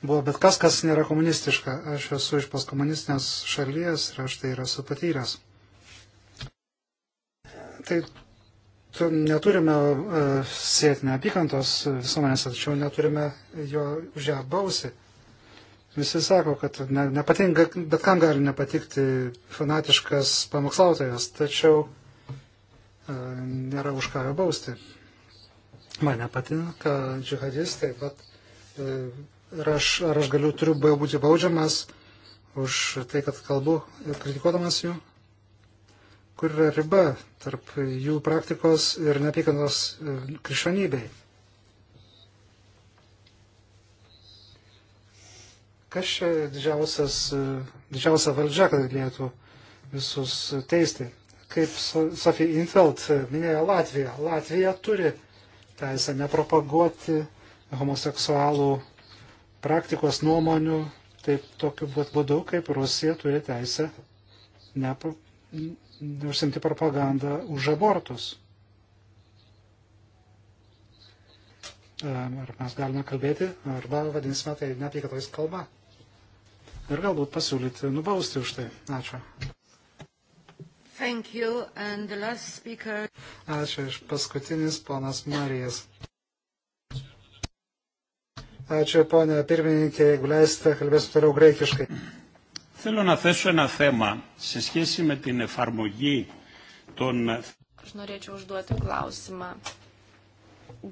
Speaker 2: buvo bet kas, kas nėra komunistiška. Aš esu iš paskomunistinės šalies ir aš tai yra supatyręs tai neturime e, sėti neapykantos visuomenės, tačiau neturime jo už ją bausi. Visi sako, kad ne, nepatinka, bet kam gali nepatikti fanatiškas pamokslautojas, tačiau e, nėra už ką jo bausti. Man nepatinka džihadistai, bet ar e, aš, ar aš galiu, turiu būti baudžiamas už tai, kad kalbu ir kritikuodamas jų kur yra riba tarp jų praktikos ir neapykantos e, krikščionybei. Kas čia didžiausias, e, didžiausia valdžia, kad galėtų visus teisti? Kaip Sofija Infeld minėjo Latviją. Latvija turi teisę nepropaguoti homoseksualų praktikos nuomonių taip tokiu būdu, kaip Rusija turi teisę nepro užsimti propagandą už abortus. Ar mes galime kalbėti, arba vadinsime tai neapykatos kalba. Ir galbūt pasiūlyti nubausti už tai. Ačiū.
Speaker 1: Thank you. And the last speaker...
Speaker 2: Ačiū iš paskutinis ponas Marijas. Ačiū ponė pirmininkė, jeigu leisite, kalbėsiu toliau greikiškai. Θέλω να θέσω ένα θέμα σε σχέση με την εφαρμογή των...
Speaker 3: Aš norėčiau užduoti klausimą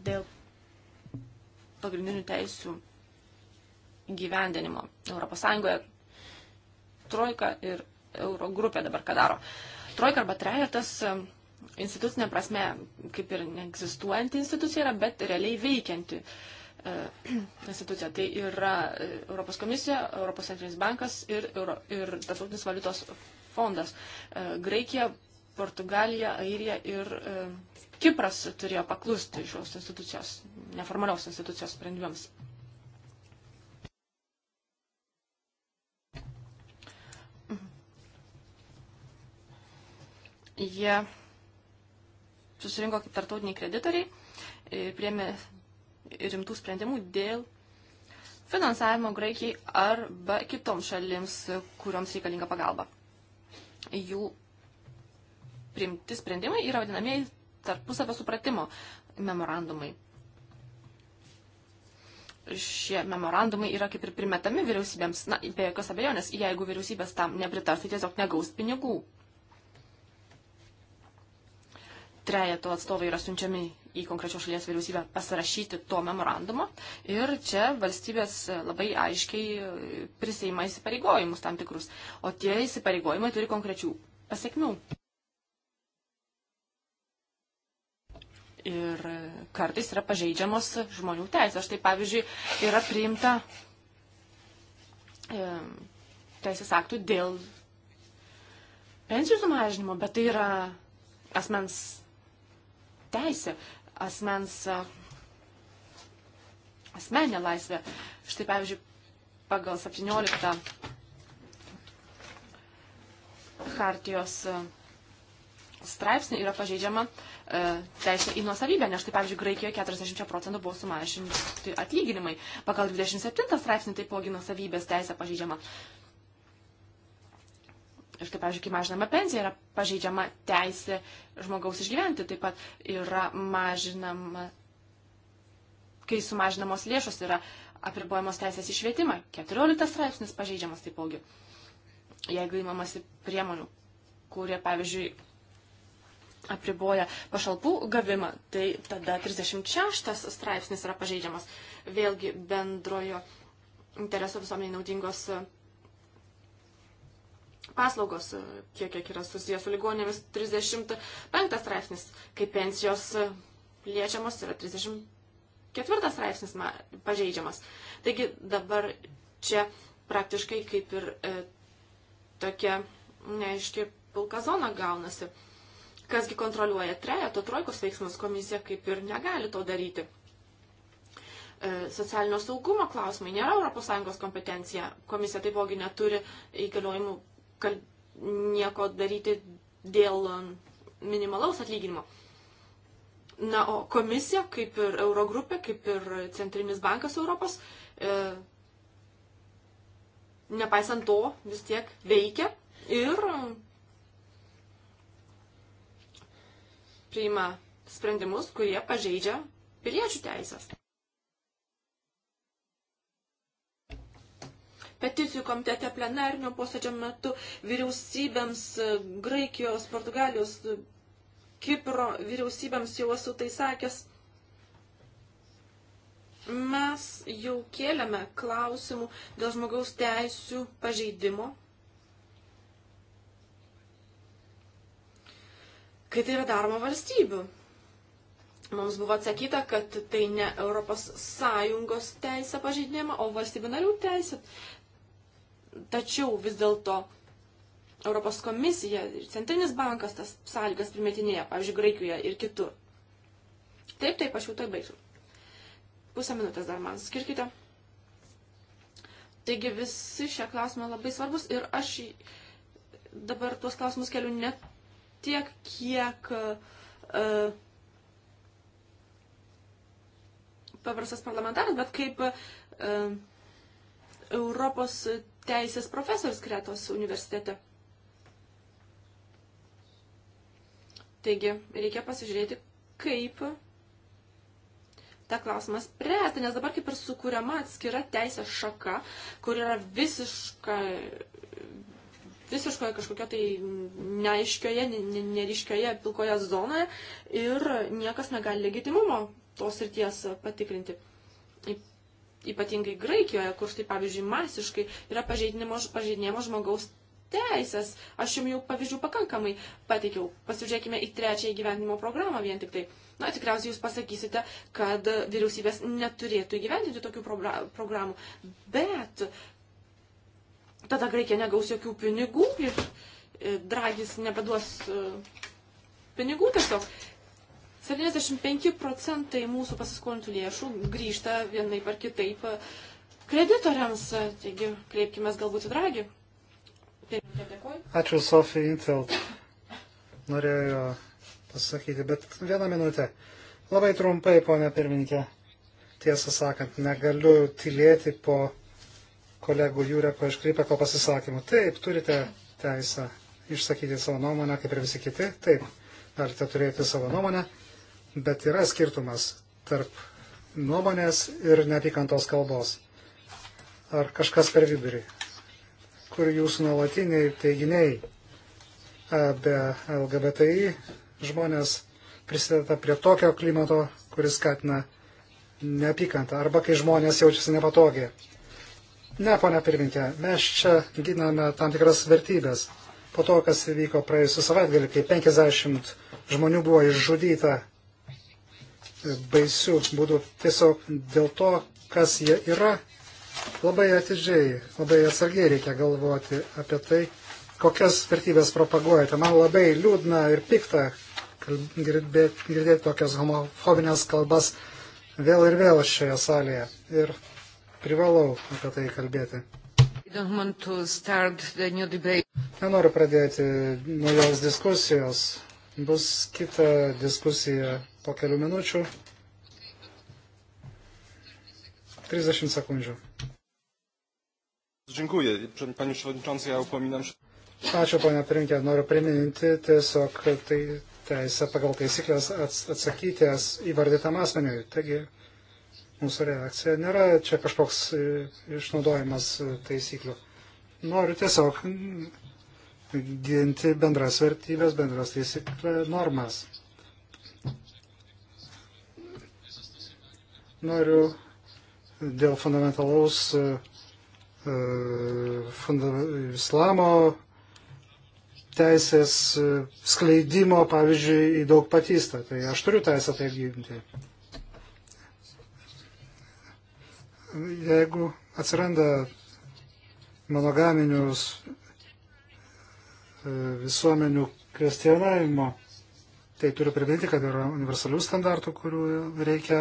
Speaker 3: dėl pagrindinių teisių gyvendinimo ES. Trojka ir Eurogrupė dabar ką daro. Trojka arba trejetas e, institucinė prasme kaip ir neegzistuojanti institucija yra, bet realiai veikianti. Uh, E, [clears throat] institucija. Tai yra e, Europos komisija, Europos centrinis bankas ir, Euro, ir Tarptautinis valiutos fondas. E, Graikija, Portugalija, Airija ir Kipras turėjo paklusti šios institucijos, neformalios institucijos sprendimams. Mhm. Jie susirinko kaip tartautiniai kreditoriai, priemė rimtų sprendimų dėl finansavimo Graikijai arba kitoms šalims, kuriuoms reikalinga pagalba. Jų priimti sprendimai yra vadinamieji tarpusavio supratimo memorandumai. Šie memorandumai yra kaip ir primetami vyriausybėms, na, be jokios abejonės, jeigu vyriausybės tam nepritars, tai tiesiog negaus pinigų. Trejeto atstovai yra siunčiami į konkrečios šalies vyriausybę pasirašyti to memorandumo. Ir čia valstybės labai aiškiai prisėima įsipareigojimus tam tikrus. O tie įsipareigojimai turi konkrečių pasiekmių. Ir kartais yra pažeidžiamos žmonių teisės. Štai pavyzdžiui, yra priimta e, teisės aktų dėl pensijų sumažinimo, bet tai yra asmens teisė asmens asmenę laisvę. Štai pavyzdžiui, pagal 17 hartijos straipsnį yra pažeidžiama e, teisė į nuosavybę, nes štai, pavyzdžiui, Graikijoje 40 procentų buvo sumažinti atlyginimai. Pagal 27 straipsnį taipogi nuosavybės teisė pažeidžiama. Ir kaip, pavyzdžiui, kai mažinama pensija, yra pažeidžiama teisė žmogaus išgyventi, taip pat yra mažinama, kai sumažinamos lėšos yra apribojamos teisės išvietimą. 14 straipsnis pažeidžiamas taipogi. Jeigu įmamasi priemonių, kurie, pavyzdžiui, apriboja pašalpų gavimą, tai tada 36 straipsnis yra pažeidžiamas. Vėlgi bendrojo interesų visuomeniai naudingos paslaugos, tiek e, kiek yra susijęs su ligonėmis. 35 straipsnis, kai pensijos e, liečiamos, yra 34 straipsnis pažeidžiamas. Taigi dabar čia praktiškai kaip ir e, tokia neaiški pilka zona gaunasi. Kasgi kontroliuoja trejato trojkos veiksmus, komisija kaip ir negali to daryti e, socialinio saugumo klausimai nėra ES kompetencija. Komisija taipogi neturi įgaliojimų nieko daryti dėl minimalaus atlyginimo. Na, o komisija, kaip ir Eurogrupė, kaip ir Centrinis bankas Europos, e, nepaisant to vis tiek veikia ir priima sprendimus, kurie pažeidžia piliečių teisės. peticijų komitete plenarnio posėdžio metu vyriausybėms e, Graikijos, Portugalijos, e, Kipro vyriausybėms jau esu tai sakęs. Mes jau kėlėme klausimų dėl žmogaus teisų pažeidimo. Kai tai yra daroma valstybių. Mums buvo atsakyta, kad tai ne Europos Sąjungos teisė pažeidinėma, o valstybių narių teisė. Tačiau vis dėlto Europos komisija ir Centrinis bankas tas sąlygas primetinėja, pavyzdžiui, Graikijoje ir kitur. Taip, taip, aš jau tai baigsiu. Pusę minutės dar man skirkite. Taigi visi šie klausimai labai svarbus ir aš dabar tuos klausimus keliu ne tiek, kiek uh, paprastas parlamentaras, bet kaip uh, Europos teisės profesorius Kretos universitete. Taigi, reikia pasižiūrėti, kaip tą klausimą spręsti, nes dabar kaip ir sukūriama atskira teisės šaka, kur yra visiška, visiškoje kažkokio tai neaiškioje, neriškioje pilkoje zonoje ir niekas negali legitimumo tos ir ties patikrinti ypatingai Graikijoje, kur štai pavyzdžiui masiškai yra pažeidinėjamos žmogaus teisės. Aš jums jau pavyzdžių pakankamai pateikiau. Pasižiūrėkime į trečiąją gyvenimo programą vien tik tai. Na, tikriausiai jūs pasakysite, kad vyriausybės neturėtų įgyvendinti tokių programų, bet tada Graikija negaus jokių pinigų ir e, Dragis nebeduos e, pinigų tiesiog. 75 procentai mūsų pasiskolintų lėšų grįžta vienaip ar kitaip e, kreditoriams. E, taigi, kreipkime galbūt į dragį.
Speaker 2: Ačiū, Sofija Intelt. Norėjo pasakyti, bet vieną minutę. Labai trumpai, ponia pirmininkė. Tiesą sakant, negaliu tylėti po kolegų Jūreko iš Krypeko pasisakymų. Taip, turite teisę išsakyti savo nuomonę, kaip ir visi kiti. Taip, galite turėti savo nuomonę bet yra skirtumas tarp nuomonės ir neapykantos kalbos. Ar kažkas per vidurį, kur jūsų nuolatiniai teiginiai apie LGBTI žmonės prisideda prie tokio klimato, kuris skatina neapykantą, arba kai žmonės jaučiasi nepatogiai. Ne, ponia pirminkė, mes čia giname tam tikras vertybės. Po to, kas įvyko praėjusią savaitgalį, kai 50 žmonių buvo išžudyta baisių būdų tiesiog dėl to, kas jie yra. Labai atidžiai, labai atsargiai reikia galvoti apie tai, kokias vertybės propaguojate. Man labai liūdna ir pikta girdėti tokias homofobinės kalbas vėl ir vėl šioje salėje. Ir privalau apie tai kalbėti. Nenoriu pradėti naujos diskusijos. Bus kita diskusija po kelių minučių. 30 sekundžių. Dziękuję. Panie Przewodniczący, ja upominam się. Ačiū, ponia Prinkė. Noriu priminti tiesiog tai teisę pagal taisyklės atsakyti įvardytam asmeniui. Taigi mūsų reakcija nėra čia kažkoks e, išnaudojimas e, taisyklių. Noriu tiesiog ginti bendras vertybės, bendras taisyklę normas. Noriu dėl fundamentalaus e, funda, islamo teisės skleidimo, pavyzdžiui, į daug patystą. Tai aš turiu teisę tai ginti. Jeigu atsiranda monogaminius e, visuomenių kvestionavimo, tai turiu priminti, kad yra universalių standartų, kurių reikia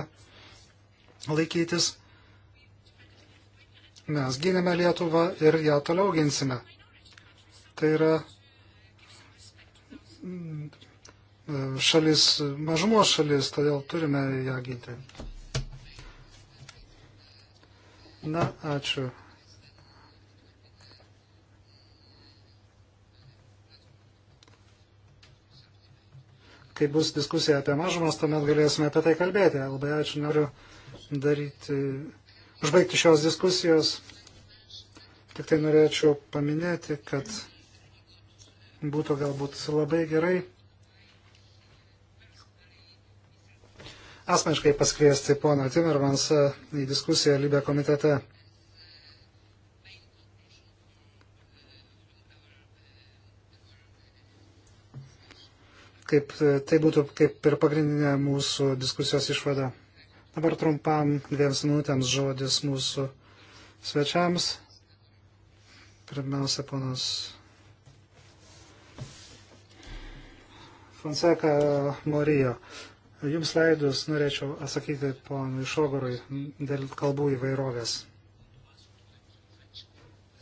Speaker 2: laikytis. Mes gynėme Lietuvą ir ją toliau ginsime. Tai yra mm, šalis, mažumos šalis, todėl turime ją ginti. Na, ačiū. kai bus diskusija apie mažumas, tuomet galėsime apie tai kalbėti. Labai ačiū, noriu daryti, užbaigti šios diskusijos. Tik tai norėčiau paminėti, kad būtų galbūt labai gerai asmeniškai paskviesti poną Timmermansą į diskusiją Libė komitete. Kaip, tai būtų kaip ir pagrindinė mūsų diskusijos išvada. Dabar trumpam dviems minutėms žodis mūsų svečiams. Pirmiausia, ponas Fonseca Morijo. Jums leidus norėčiau atsakyti ponui Šogorui dėl kalbų įvairovės.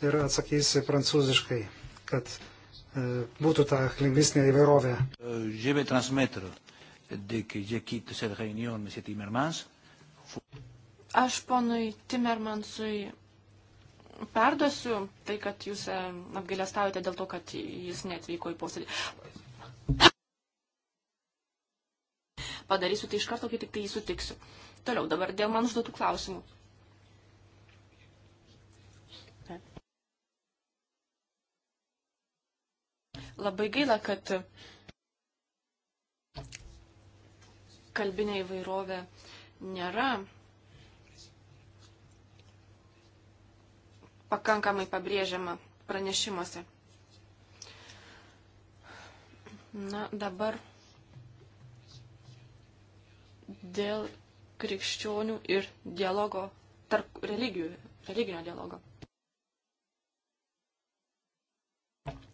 Speaker 2: Ir atsakysi prancūziškai, kad e, būtų ta lingvistinė įvairovė. Je vais transmettre dès que je quitte cette réunion, M. Timmermans,
Speaker 3: Aš ponui Timermansui perduosiu tai, kad jūs e, apgailestavote dėl to, kad jis netvyko į posėdį. Padarysiu tai iš karto, kai tik tai jį sutiksiu. Toliau, dabar dėl man užduotų klausimų. Labai gaila, kad kalbinė įvairovė uh, nėra pakankamai pabrėžiama pranešimuose. Na, dabar dėl krikščionių ir dialogo tarp religijų, religinio dialogo.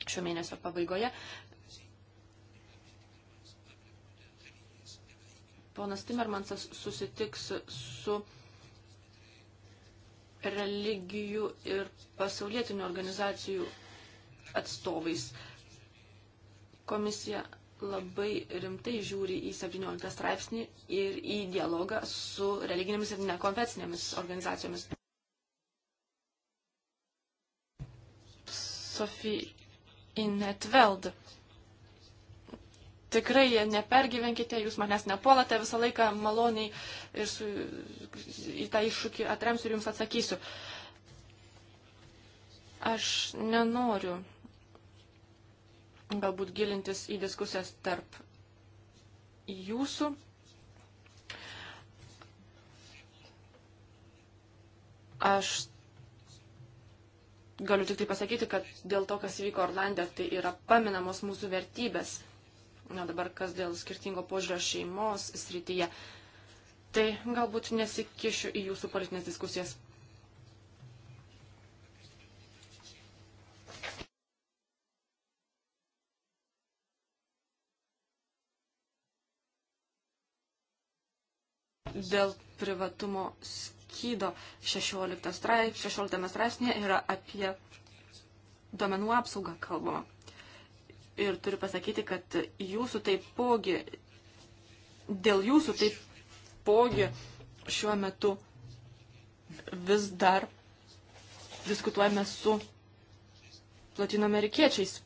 Speaker 3: Šio mėnesio pabaigoje ponas Timermansas susitiks su religijų ir pasaulietinių organizacijų atstovais. Komisija labai rimtai žiūri į 17 straipsnį ir į dialogą su religinėmis ir nekonfesinėmis organizacijomis. Sophie Inetveld tikrai nepergyvenkite, jūs manęs nepuolate visą laiką maloniai ir su, į tą iššūkį atremsiu ir jums atsakysiu. Aš nenoriu galbūt gilintis į diskusijas tarp jūsų. Aš galiu tik tai pasakyti, kad dėl to, kas vyko Orlandė, tai yra paminamos mūsų vertybės. Na dabar kas dėl skirtingo požiūrio šeimos srityje. Tai galbūt nesikišiu į jūsų politinės diskusijas. Dėl privatumo skydo 16 straipsnėje yra apie duomenų apsaugą kalbama ir turiu pasakyti, kad jūsų taipogi, dėl jūsų taipogi šiuo metu vis dar diskutuojame su latinoamerikiečiais.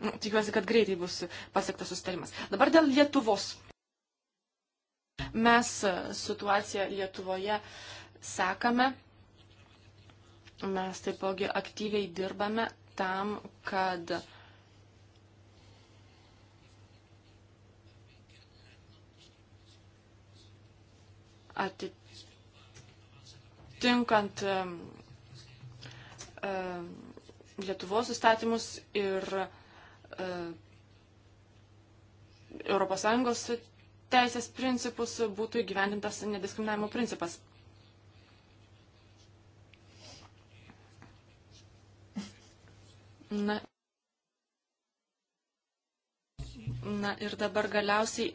Speaker 3: Nu, tikiuosi, kad greitai bus pasiektas sustarimas. Dabar dėl Lietuvos. Mes e, situaciją Lietuvoje sekame. Mes taipogi aktyviai dirbame tam, kad uh, atitinkant Lietuvos įstatymus ir e, ES teisės principus būtų įgyvendintas nediskriminavimo principas. Na, na ir dabar galiausiai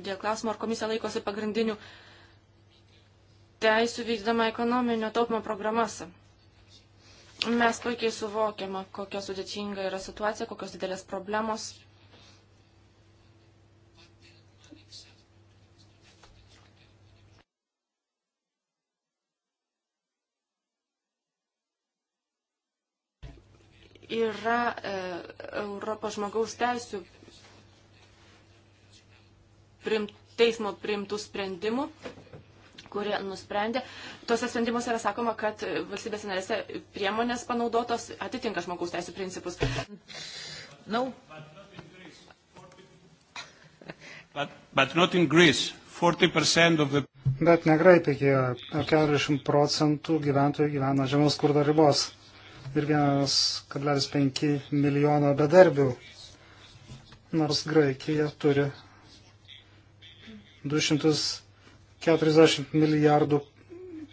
Speaker 3: dėl klausimo, ar komisija laikosi pagrindinių teisų vykdama ekonominio taupimo programas. Mes puikiai suvokiame, kokia sudėtinga yra situacija, kokios didelės problemos. Yra e, Europos žmogaus teisų prim, teismo priimtų sprendimų kurie nusprendė. Tuose sprendimuose yra sakoma, kad valstybės narėse priemonės panaudotos atitinka žmogaus teisų principus. No.
Speaker 2: But, but not in Greece. 40% of the... Bet ne Graikijoje 40 procentų gyventojų gyvena žemiaus skurdo ribos ir 1,5 milijono bedarbių, nors Graikija turi 240 milijardų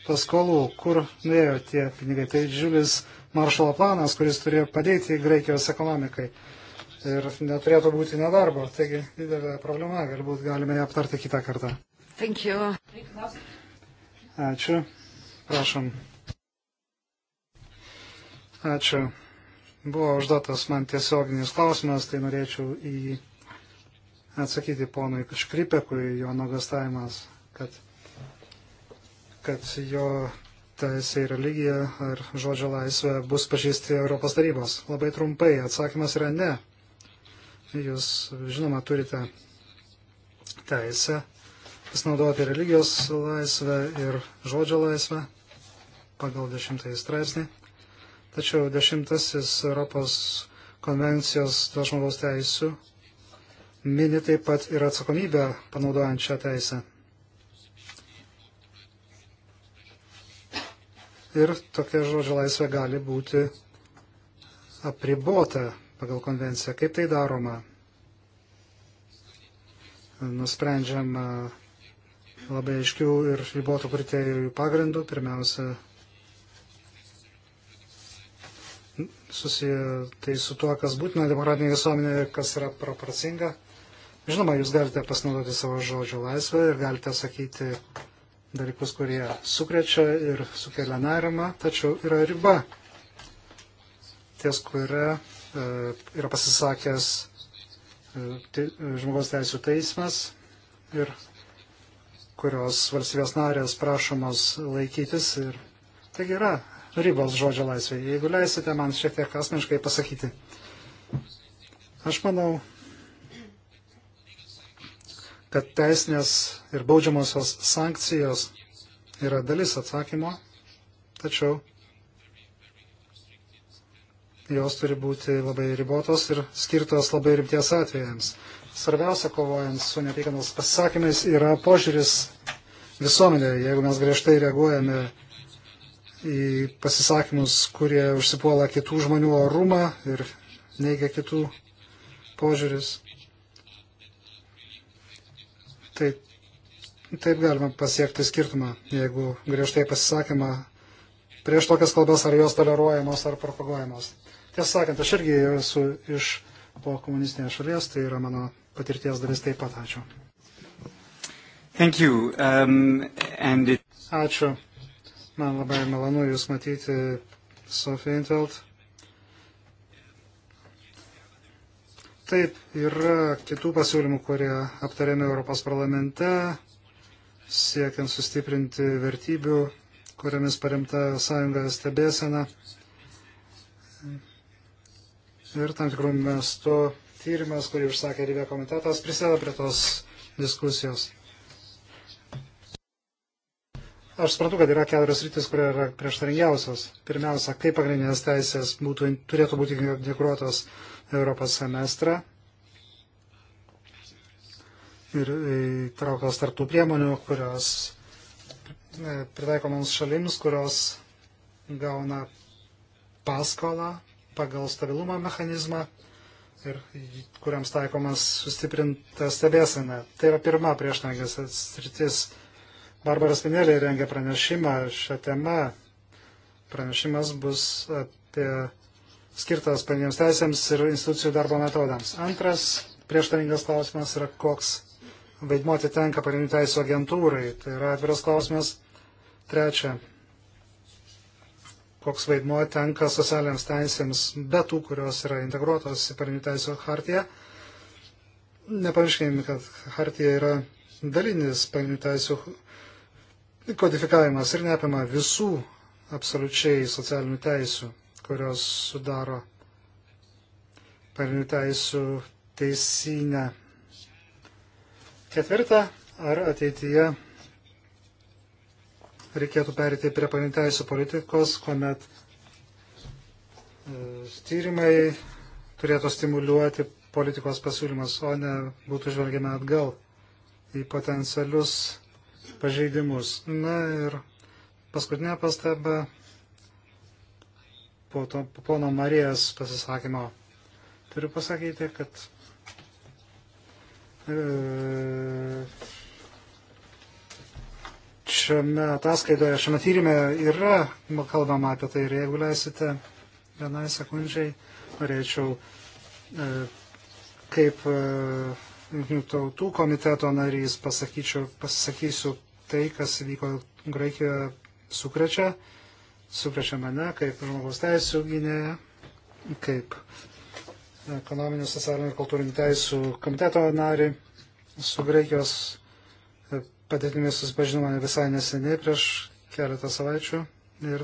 Speaker 2: paskolų, kur nuėjo tie pinigai. Tai didžiulis maršalo planas, kuris turėjo padėti Graikijos ekonomikai ir neturėtų būti nedarbo. Taigi didelė problema, galbūt galime ją aptarti kitą kartą. Thank you. Ačiū. Prašom. Ačiū. Buvo užduotas man tiesioginis klausimas, tai norėčiau į jį atsakyti ponui Škripekui jo nuogastavimas, kad, kad jo teisė į religiją ar žodžio laisvę bus pažįsti Europos tarybos. Labai trumpai atsakymas yra ne. Jūs, žinoma, turite teisę pasinaudoti religijos laisvę ir žodžio laisvę pagal dešimtąjį straipsnį. Tačiau dešimtasis Europos konvencijos dėl žmogaus teisų mini taip pat ir atsakomybę panaudojant šią teisę. Ir tokia žodžio laisvė gali būti apribota pagal konvenciją. Kaip tai daroma? Nusprendžiama labai aiškių ir ribotų kriterijų pagrindų. Pirmiausia, susiję tai su tuo, kas būtina demokratinė visuomenė ir kas yra proporcinga. Žinoma, jūs galite pasinaudoti savo žodžio laisvę ir galite sakyti dalykus, kurie sukrečia ir sukelia nerimą, tačiau yra riba, ties kuria e, yra pasisakęs e, e žmogaus teisų teismas ir kurios valstybės narės prašomos laikytis. Ir taigi yra ribos žodžio laisvėje. Jeigu leisite man šiek tiek asmeniškai pasakyti. Aš manau, kad teisinės ir baudžiamosios sankcijos yra dalis atsakymo, tačiau jos turi būti labai ribotos ir skirtos labai rimties atvejams. Svarbiausia, kovojant su neapykantos pasisakymais, yra požiūris visuomenėje. Jeigu mes griežtai reaguojame į pasisakymus, kurie užsipuola kitų žmonių orumą ir neigia kitų požiūris, Taip, taip galima pasiekti skirtumą, jeigu griežtai pasisakymą prieš tokias kalbas, ar jos toleruojamos ar propaguojamos. Tiesą sakant, aš irgi esu iš po komunistinės šalies, tai yra mano patirties dalis taip pat. Ačiū.
Speaker 1: Thank you. Um, and it...
Speaker 2: Ačiū. Man labai malonu Jūs matyti, Sofija Intveld. Taip, yra kitų pasiūlymų, kurie aptarėme Europos parlamente, siekiant sustiprinti vertybių, kuriamis paremta sąjunga stebėsena. Ir tam tikrų mestų tyrimas, kurį užsakė Rybė komitetas, prisėda prie tos diskusijos. Aš suprantu, kad yra keturios rytis, kurie yra prieštaringiausios. Pirmiausia, kaip pagrindinės teisės būtų, turėtų būti integruotos Europos semestrą ir įtrauktos tarptų priemonių, kurios e, pritaikomoms šalims, kurios gauna paskolą pagal stabilumo mechanizmą ir kuriams taikomas sustiprinta stebėsena. Tai yra pirma priešnagės sritis. Barbara Spinelė rengia pranešimą šią temą. Pranešimas bus apie skirtas pagrindiniams teisėms ir institucijų darbo metodams. Antras prieštaringas klausimas yra, koks vaidmuo atitenka pagrindinių teisų agentūrai. Tai yra atviras klausimas. Trečia, koks vaidmuo tenka socialiniams teisėms be tų, kurios yra integruotos į pagrindinių teisų hartiją. Nepamirškime, kad hartija yra dalinis pagrindinių teisų kodifikavimas ir neapima visų absoliučiai socialinių teisų kurios sudaro parinių teisų teisinę. Ketvirta, ar ateityje reikėtų perėti prie parinių teisų politikos, kuomet e, tyrimai turėtų stimuliuoti politikos pasiūlymas, o ne būtų žvelgiame atgal į potencialius pažeidimus. Na ir paskutinė pastaba po to, po pono Marijos pasisakymo. Turiu pasakyti, kad e, šiame ataskaitoje, šiame tyrimė yra kalbama apie tai ir jeigu leisite vienai sekundžiai, norėčiau e, kaip Junktinių e, tautų komiteto narys pasakysiu tai, kas vyko Graikijoje sukrečia. E, sukrečia mane kaip žmogaus teisų gynėja, kaip ekonominių, socialinių ir kultūrinių teisų komiteto narį su Graikijos padėtimi susipažinome visai neseniai prieš keletą savaičių ir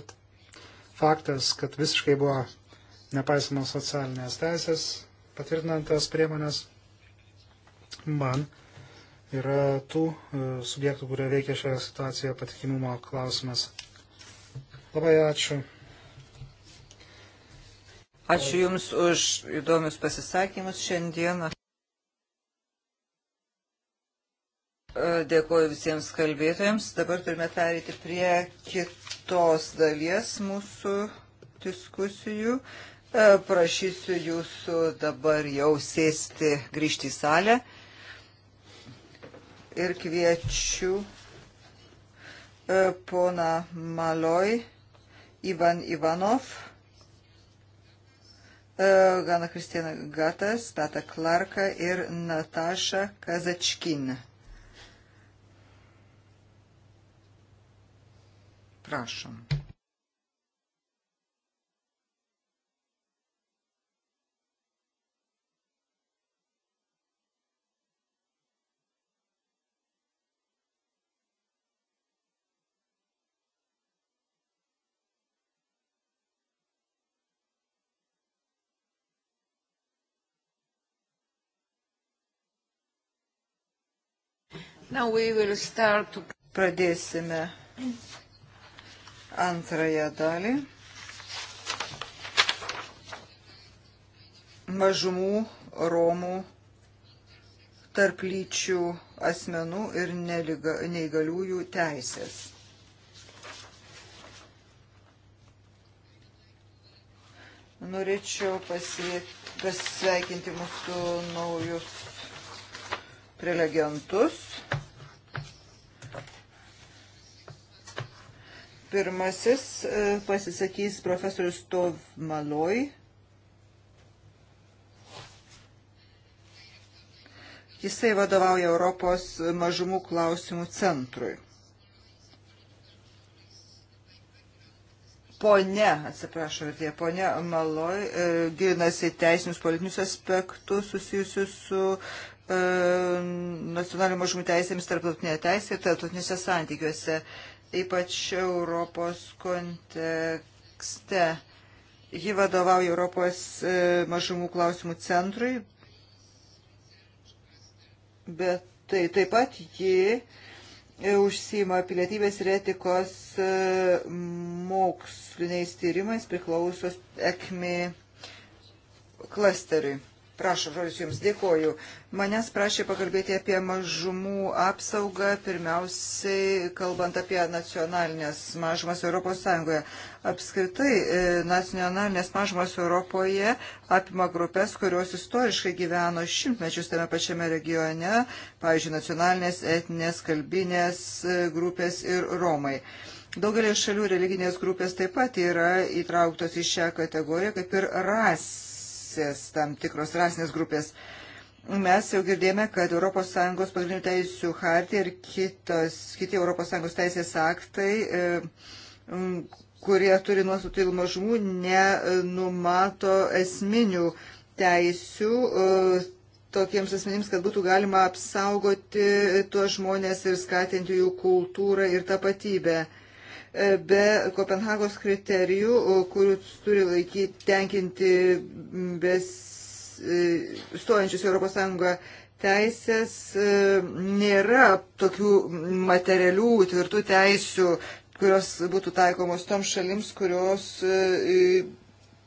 Speaker 2: faktas, kad visiškai buvo nepaisamos socialinės teisės, patvirtinant tas priemonės, man yra tų e, subjektų, kurie veikia šioje situacijoje patikimumo klausimas. Labai ačiū.
Speaker 1: Ačiū Jums už įdomius pasisakymus šiandieną. Dėkuoju visiems kalbėtojams. Dabar turime perėti prie kitos dalies mūsų diskusijų. E, prašysiu Jūsų dabar jau sėsti grįžti į salę ir kviečiu e, poną Maloj Ivan Ivanov, e, Gana Kristina Gatas, Peta Klarka ir Nataša Kazačkin.
Speaker 2: Prašom.
Speaker 1: To... Pradėsime antrąją dalį. Mažumų, romų, tarplyčių asmenų ir neįgaliųjų teisės. Norėčiau pasveikinti mūsų naujus prelegentus. Pirmasis e, pasisakys profesorius Tov Maloj. Jisai vadovauja Europos mažumų klausimų centrui. Pone, atsiprašau, tie ponė Maloj e, gilinasi teisinius politinius aspektus susijusius su E, nacionalinių mažumų teisėmis tarptautinėje teisėje ir tarptautinėse santykiuose, ypač Europos kontekste. Ji vadovauja Europos e, mažumų klausimų centrui, bet tai taip pat ji e, užsima pilietybės ir etikos moksliniais tyrimais priklausos ekmi klasteriui. Prašau, žodis Jums dėkoju. Manęs prašė pakalbėti apie mažumų apsaugą, pirmiausiai kalbant apie nacionalinės mažumas Europos Sąjungoje. Apskritai, e, nacionalinės mažumas Europoje apima grupės, kurios istoriškai gyveno šimtmečius tame pačiame regione, pavyzdžiui, nacionalinės, etinės, kalbinės e, grupės ir Romai. Daugelio šalių religinės grupės taip pat yra įtrauktos į šią kategoriją, kaip ir ras teisės, tam tikros rasinės grupės. Mes jau girdėjome, kad ES pagrindinių teisų hartė ir kitos, kiti ES teisės aktai, e, kurie turi nuostatų dėl mažumų, nenumato esminių teisių e, tokiems asmenims, kad būtų galima apsaugoti tuos žmonės ir skatinti jų kultūrą ir tapatybę. E, E, be Kopenhagos kriterijų, kurių turi laikyti tenkinti bes, e, stojančius ES teisės, e, nėra tokių materialių tvirtų teisių, kurios būtų taikomos toms šalims, kurios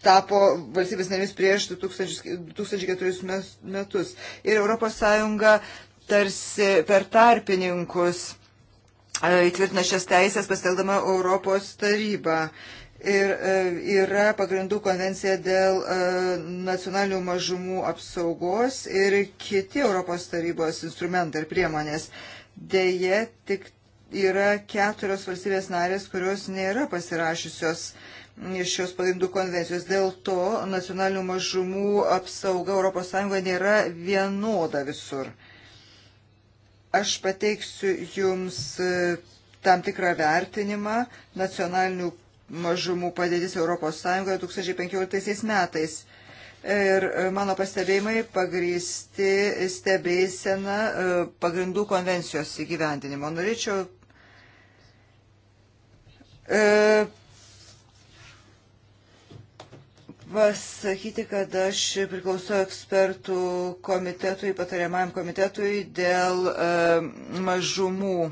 Speaker 1: tapo valstybės narėmis prieš 2004 metus. Ir ES tarsi per tarpininkus E, įtvirtina šias teisės pasitelkdama Europos tarybą. Ir e, yra pagrindų konvencija dėl e, nacionalinių mažumų apsaugos ir kiti Europos tarybos instrumentai ir priemonės. Deja, tik yra keturios valstybės narės, kurios nėra pasirašiusios iš šios pagrindų konvencijos. Dėl to nacionalinių mažumų apsauga ES nėra vienoda visur. Aš pateiksiu Jums e, tam tikrą vertinimą nacionalinių mažumų padėtis Europos Sąjungoje 2015 metais. Ir e, mano pastebėjimai pagrysti stebėsena e, pagrindų konvencijos įgyvendinimo. Norėčiau pasakyti, kad aš priklausau ekspertų komitetui, patariamajam komitetui dėl e, mažumų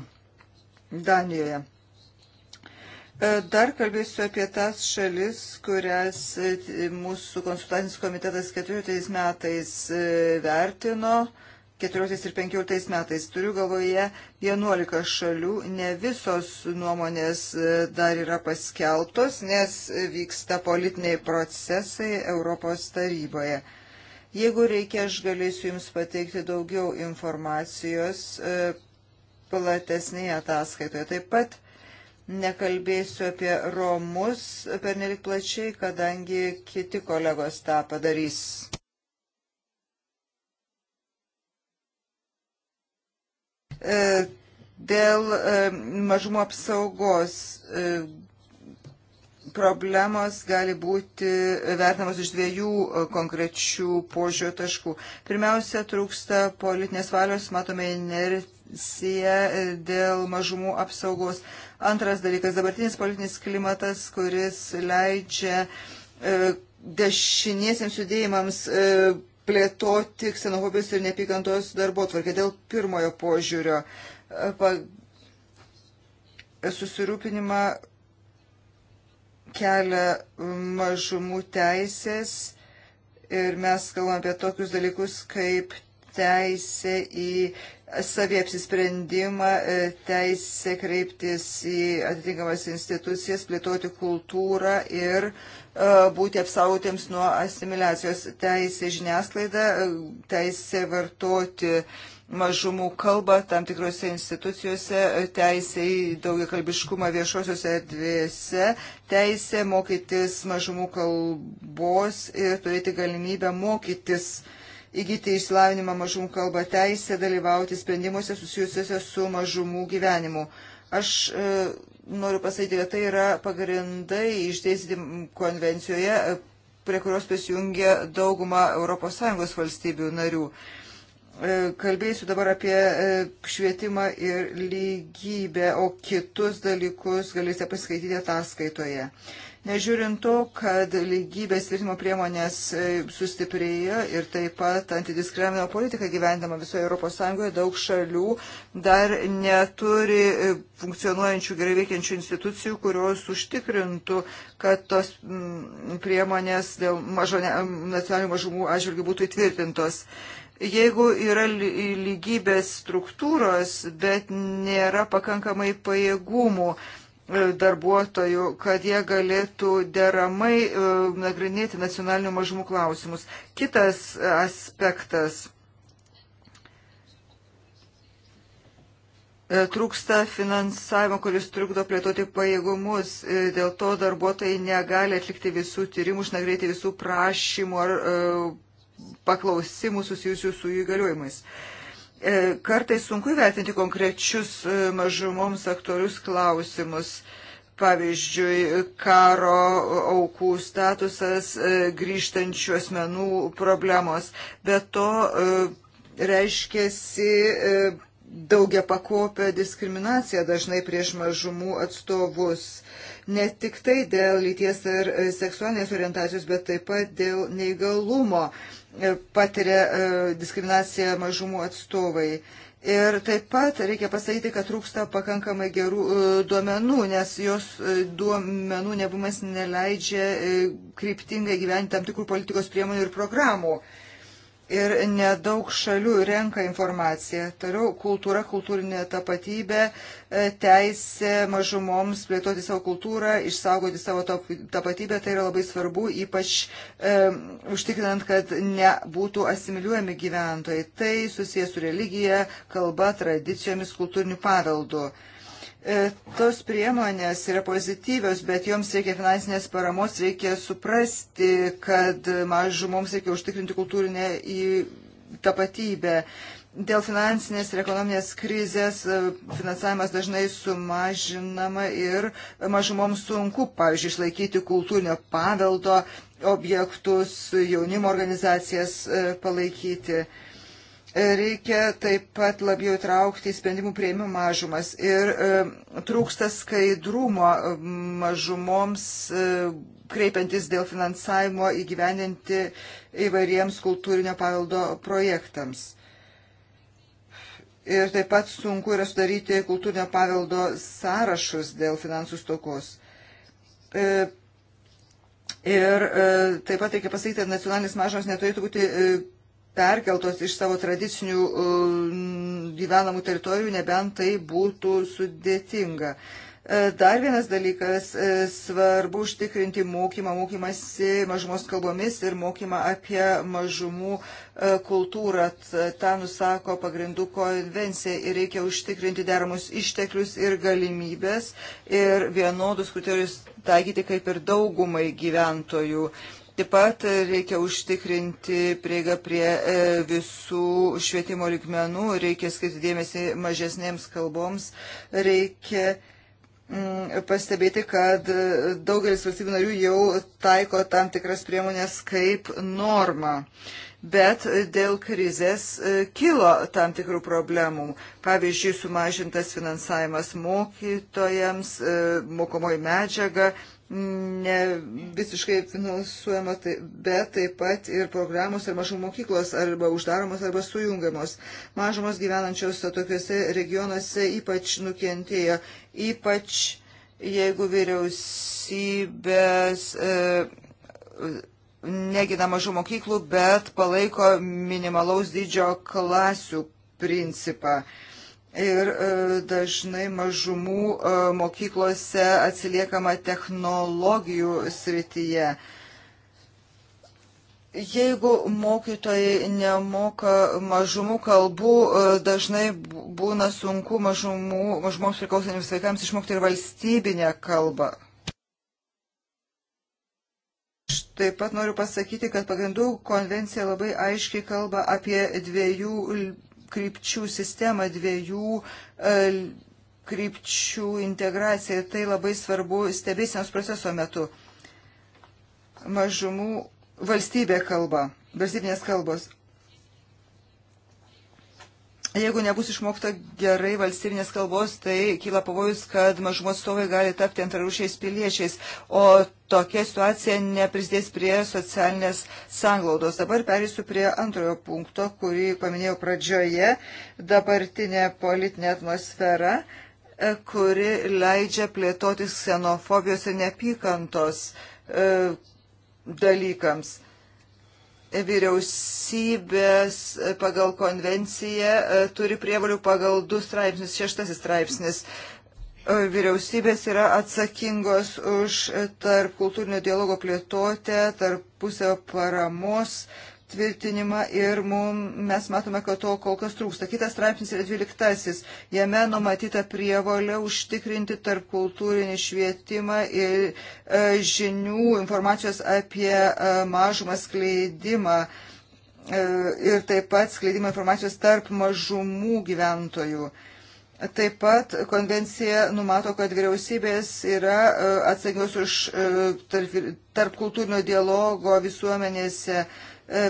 Speaker 1: Danijoje. E, dar kalbėsiu apie tas šalis, kurias e, mūsų konsultacinis komitetas 14 metais e, vertino. E, 14 ir 15 metais. Turiu galvoje 11 šalių, ne visos nuomonės e, dar yra paskeltos, nes vyksta politiniai procesai Europos taryboje. Jeigu reikia, aš galėsiu Jums pateikti daugiau informacijos e, platesnėje ataskaitoje. Taip pat nekalbėsiu apie Romus per nelik plačiai, kadangi kiti kolegos tą padarys. E, dėl e, mažumo apsaugos e, problemos gali būti vertinamos iš dviejų konkrečių požiūrio taškų. Pirmiausia, trūksta politinės valios, matome inerciją dėl mažumų apsaugos. Antras dalykas, dabartinis politinis klimatas, kuris leidžia dešiniesiems judėjimams plėtoti ksenofobijos ir neapykantos darbo tvarkę. Dėl pirmojo požiūrio e, pa, susirūpinimą kelia mažumų teisės ir mes kalbame apie tokius dalykus kaip teisė į saviapsisprendimą, e, teisė kreiptis į atitinkamas institucijas, plėtoti kultūrą ir E, būti apsaugotiems nuo asimiliacijos teisė žiniasklaida, e, teisė vartoti mažumų kalbą tam tikrose institucijose, teisė į daugiakalbiškumą viešosiuose erdvėse, teisė mokytis mažumų kalbos ir turėti galimybę mokytis įgyti išsilavinimą mažumų kalbą, teisė dalyvauti sprendimuose susijusiuose su mažumų gyvenimu. Aš e, noriu pasakyti, kad tai yra pagrindai išdėstyti konvencijoje, prie kurios prisijungia dauguma ES valstybių narių. E, kalbėsiu dabar apie e, švietimą ir lygybę, o kitus dalykus galėsite paskaityti ataskaitoje. skaitoje. Nežiūrint to, kad lygybės tvirtimo priemonės e, sustiprėjo ir taip pat antidiskriminavimo politika gyvendama visoje ES daug šalių dar neturi e, funkcionuojančių gerai veikiančių institucijų, kurios užtikrintų, kad tos mm, priemonės dėl mažo, nacionalinių mažumų atžvilgių būtų įtvirtintos. Jeigu yra lygybės struktūros, bet nėra pakankamai pajėgumų, darbuotojų, kad jie galėtų deramai e, nagrinėti nacionalinių mažumų klausimus. Kitas aspektas. E, trūksta finansavimo, kuris trukdo plėtoti pajėgumus, e, dėl to darbuotojai negali atlikti visų tyrimų, išnagrinėti visų prašymų ar paklausimų susijusių su jų įgaliojimais. E, E, kartais sunku įvertinti konkrečius e, mažumoms aktualius klausimus. Pavyzdžiui, karo aukų statusas, e, grįžtančių asmenų problemos. Be to reiškėsi daugia pakopę diskriminaciją dažnai prieš mažumų atstovus. Ne tik tai dėl lyties ar seksualinės orientacijos, bet taip pat dėl neįgalumo. E, patiria e, diskriminaciją mažumų atstovai. Ir taip pat reikia pasakyti, kad trūksta pakankamai gerų e, duomenų, nes jos duomenų nebumas neleidžia kryptingai gyventi tam tikrų politikos priemonių ir programų. Uh, ir nedaug šalių renka informaciją. Toliau kultūra, kultūrinė tapatybė, e, teisė mažumoms plėtoti savo kultūrą, išsaugoti savo tapatybę, tai yra labai svarbu, ypač e, užtikrinant, kad nebūtų asimiliuojami gyventojai. Tai susijęs su religija, kalba, tradicijomis, kultūriniu paveldu. E, E, tos priemonės yra pozityvios, bet joms reikia finansinės paramos, reikia suprasti, kad mažumoms reikia užtikrinti kultūrinę tapatybę. Dėl finansinės ir ekonominės krizės e, finansavimas dažnai sumažinama ir mažumoms sunku, pavyzdžiui, išlaikyti kultūrinio paveldo objektus, jaunimo organizacijas e, palaikyti Reikia taip pat labiau įtraukti į sprendimų prieimimą mažumas ir e, trūksta skaidrumo e, mažumoms e, kreipiantis dėl finansavimo įgyveninti įvairiems kultūrinio paveldo projektams. Ir taip pat sunku yra sudaryti kultūrinio paveldo sąrašus dėl finansų stokos. E, ir e, taip pat reikia pasakyti, kad nacionalinis mažas neturėtų būti. E, perkeltos iš savo tradicinių e, gyvenamų teritorijų, nebent tai būtų sudėtinga. E, dar vienas dalykas e, - svarbu užtikrinti mokymą, mokymasi mažumos kalbomis ir mokymą apie mažumų kultūrą. Ta nusako pagrindų konvencija ir reikia užtikrinti deramus išteklius ir galimybės ir vienodus kriterijus taikyti kaip ir daugumai gyventojų. Uh, Taip pat reikia užtikrinti prieigą prie e, visų švietimo likmenų, reikia skirti dėmesį mažesnėms kalboms, reikia mm, pastebėti, kad daugelis valstybių narių jau taiko tam tikras priemonės kaip norma. Bet dėl krizės e, kilo tam tikrų problemų. Pavyzdžiui, sumažintas finansavimas mokytojams, e, mokomoji medžiaga, ne visiškai finansuojama, tai- bet taip pat ir programos ir mažų mokyklos arba uždaromos arba sujungiamos. Mažumos gyvenančios tokiuose regionuose ypač nukentėjo, ypač jeigu vyriausybės. E, negina mažų mokyklų, bet palaiko minimalaus dydžio klasių principą. E, ir e, dažnai mažumų e, mokyklose atsiliekama technologijų srityje. Jeigu mokytojai nemoka mažumų kalbų, e, dažnai būna sunku mažumų, mažumoms priklausomiems vaikams išmokti ir valstybinę kalbą. Aš taip pat noriu pasakyti, kad pagrindų konvencija labai aiškiai kalba apie dviejų krypčių sistemą, dviejų e, krypčių integraciją ir tai labai svarbu stebėsienos proceso metu. Mažumų valstybė kalba, valstybinės kalbos. Jeigu nebus išmokta gerai valstybinės kalbos, tai kyla pavojus, kad mažumo atstovai gali tapti antrarūšiais piliečiais, o tokia situacija neprisidės prie socialinės sanglaudos. Dabar perėsiu prie antrojo punkto, kurį paminėjau pradžioje, dabartinė politinė atmosfera, e, kuri leidžia plėtoti ksenofobijos ir nepykantos e, dalykams vyriausybės e, pagal konvenciją e, turi prievalių pagal du straipsnius, šeštasis straipsnis. E, vyriausybės yra atsakingos už tarp kultūrinio dialogo plėtotę, tarp pusę paramos tvirtinimą ir mum, mes matome, kad to kol kas trūksta. Kitas straipsnis yra dvyliktasis. Jame numatyta prievolė užtikrinti tarp kultūrinį švietimą ir e, žinių informacijos apie e, mažumą skleidimą e, ir taip pat skleidimą informacijos tarp mažumų gyventojų. E, Taip pat konvencija numato, kad vyriausybės yra e, atsakingos už e, tarp, tarp kultūrinio dialogo visuomenėse e,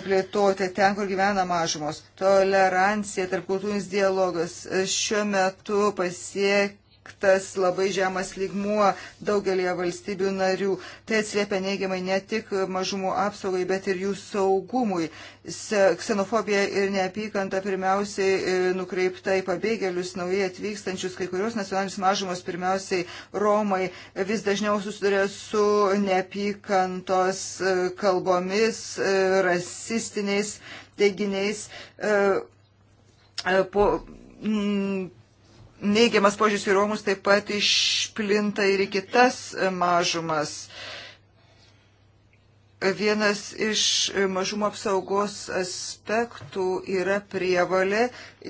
Speaker 1: plėtoti ten, kur gyvena mažumos. Tolerancija, tarpkultūrinis dialogas šiuo metu pasiek pasiektas labai žemas lygmuo daugelie valstybių narių. Tai atsiliepia neigiamai ne tik mažumų apsaugai, bet ir jų saugumui. Ksenofobija ir neapykanta pirmiausiai e, nukreipta į pabėgėlius, naujai atvykstančius, kai kurios nacionalinės mažumos, pirmiausiai Romai, vis dažniau susiduria su neapykantos e, kalbomis, e, rasistiniais teiginiais. Po, mm, neigiamas požiūris į Romus taip pat išplinta ir į kitas mažumas. Vienas iš mažumo apsaugos aspektų yra prievalė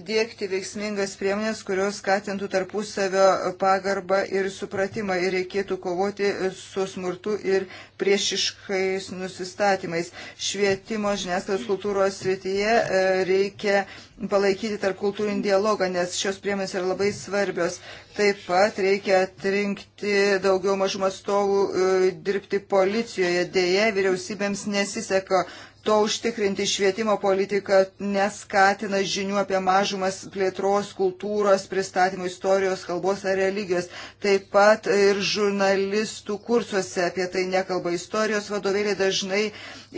Speaker 1: dėkti veiksmingas priemonės, kurios skatintų tarpusavio pagarbą ir supratimą ir reikėtų kovoti su smurtu ir priešiškais nusistatymais. Švietimo žiniasklaidos kultūros srityje e, reikia palaikyti tarp kultūrinį dialogą, nes šios priemonės yra labai svarbios. Taip pat reikia atrinkti daugiau mažumo atstovų, e, dirbti policijoje. Deja, vyriausybėms nesiseka to užtikrinti švietimo politiką neskatina žinių apie mažumas plėtros, kultūros, pristatymų istorijos, kalbos ar religijos. Taip pat ir žurnalistų kursuose apie tai nekalba. Istorijos vadovėliai dažnai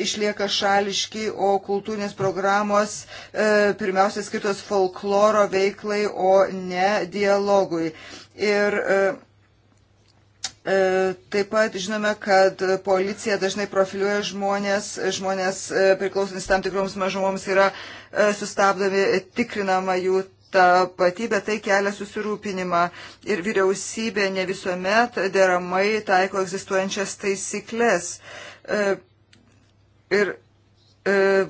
Speaker 1: išlieka šališki, o kultūrinės programos e, pirmiausia skirtos folkloro veiklai, o ne dialogui. Ir, e, E, taip pat žinome, kad policija dažnai profiliuoja žmonės, žmonės e, priklausantis tam tikroms mažumoms yra e, sustabdomi, tikrinama jų tapatybė, tai kelia susirūpinimą ir vyriausybė ne visuomet deramai taiko egzistuojančias taisyklės. Ir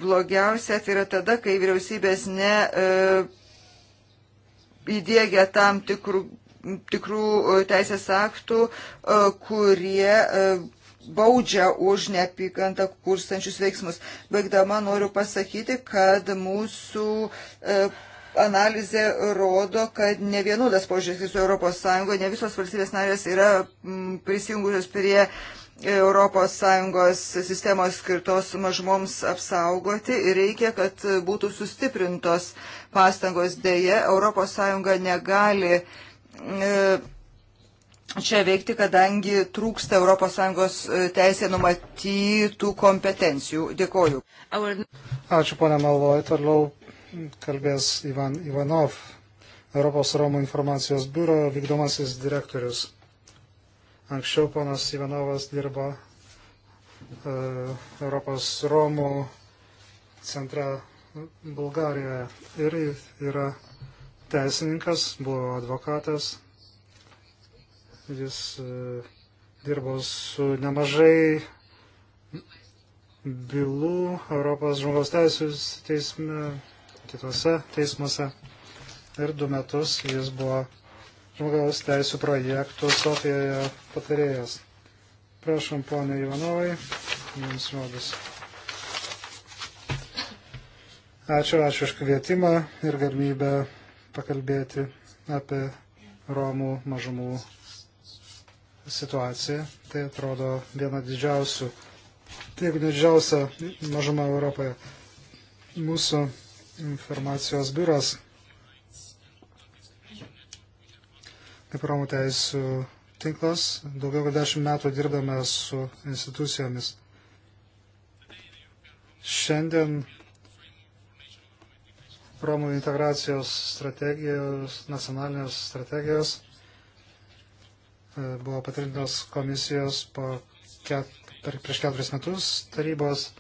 Speaker 1: blogiausia tai yra tada, kai vyriausybės ne įdėgia tam tikrų tikrų e, teisės aktų, e, kurie e, baudžia už neapykantą kurstančius veiksmus. Baigdama noriu pasakyti, kad mūsų analizė rodo, kad ne vienodas požiūris su Europos Sąjungoje, ne visos valstybės narės yra prisijungusios prie Europos Sąjungos sistemos skirtos mažmoms apsaugoti ir reikia, kad būtų sustiprintos pastangos dėje. Europos Sąjunga negali uh, E, čia veikti, kadangi trūksta ES e, teisė numatytų kompetencijų. Dėkoju.
Speaker 2: Ačiū, ponė Malvoje. Toliau kalbės Ivan Ivanov, Europos Romų informacijos biuro vykdomasis direktorius. Anksčiau ponas Ivanovas dirbo uh, Europos Romų centre Bulgarijoje ir yra teisininkas, buvo advokatas. Jis e, dirbo su nemažai bylų Europos žmogaus teisų teisme, kitose teismuose. Ir du metus jis buvo žmogaus teisų projektų Sofijoje patarėjas. Prašom, ponė Ivanovai, jums žodis. Ačiū, ačiū už kvietimą ir galimybę pakalbėti apie Romų mažumų situaciją. Tai atrodo viena didžiausių, tai jeigu didžiausia mažuma Europoje. Mūsų informacijos biuras kaip Romų teisų tinklas, daugiau kaip dešimt metų dirbame su institucijomis. Šiandien Romų integracijos strategijos, nacionalinės strategijos e, buvo patvirtintos komisijos po ket, per, prieš keturis metus tarybos e,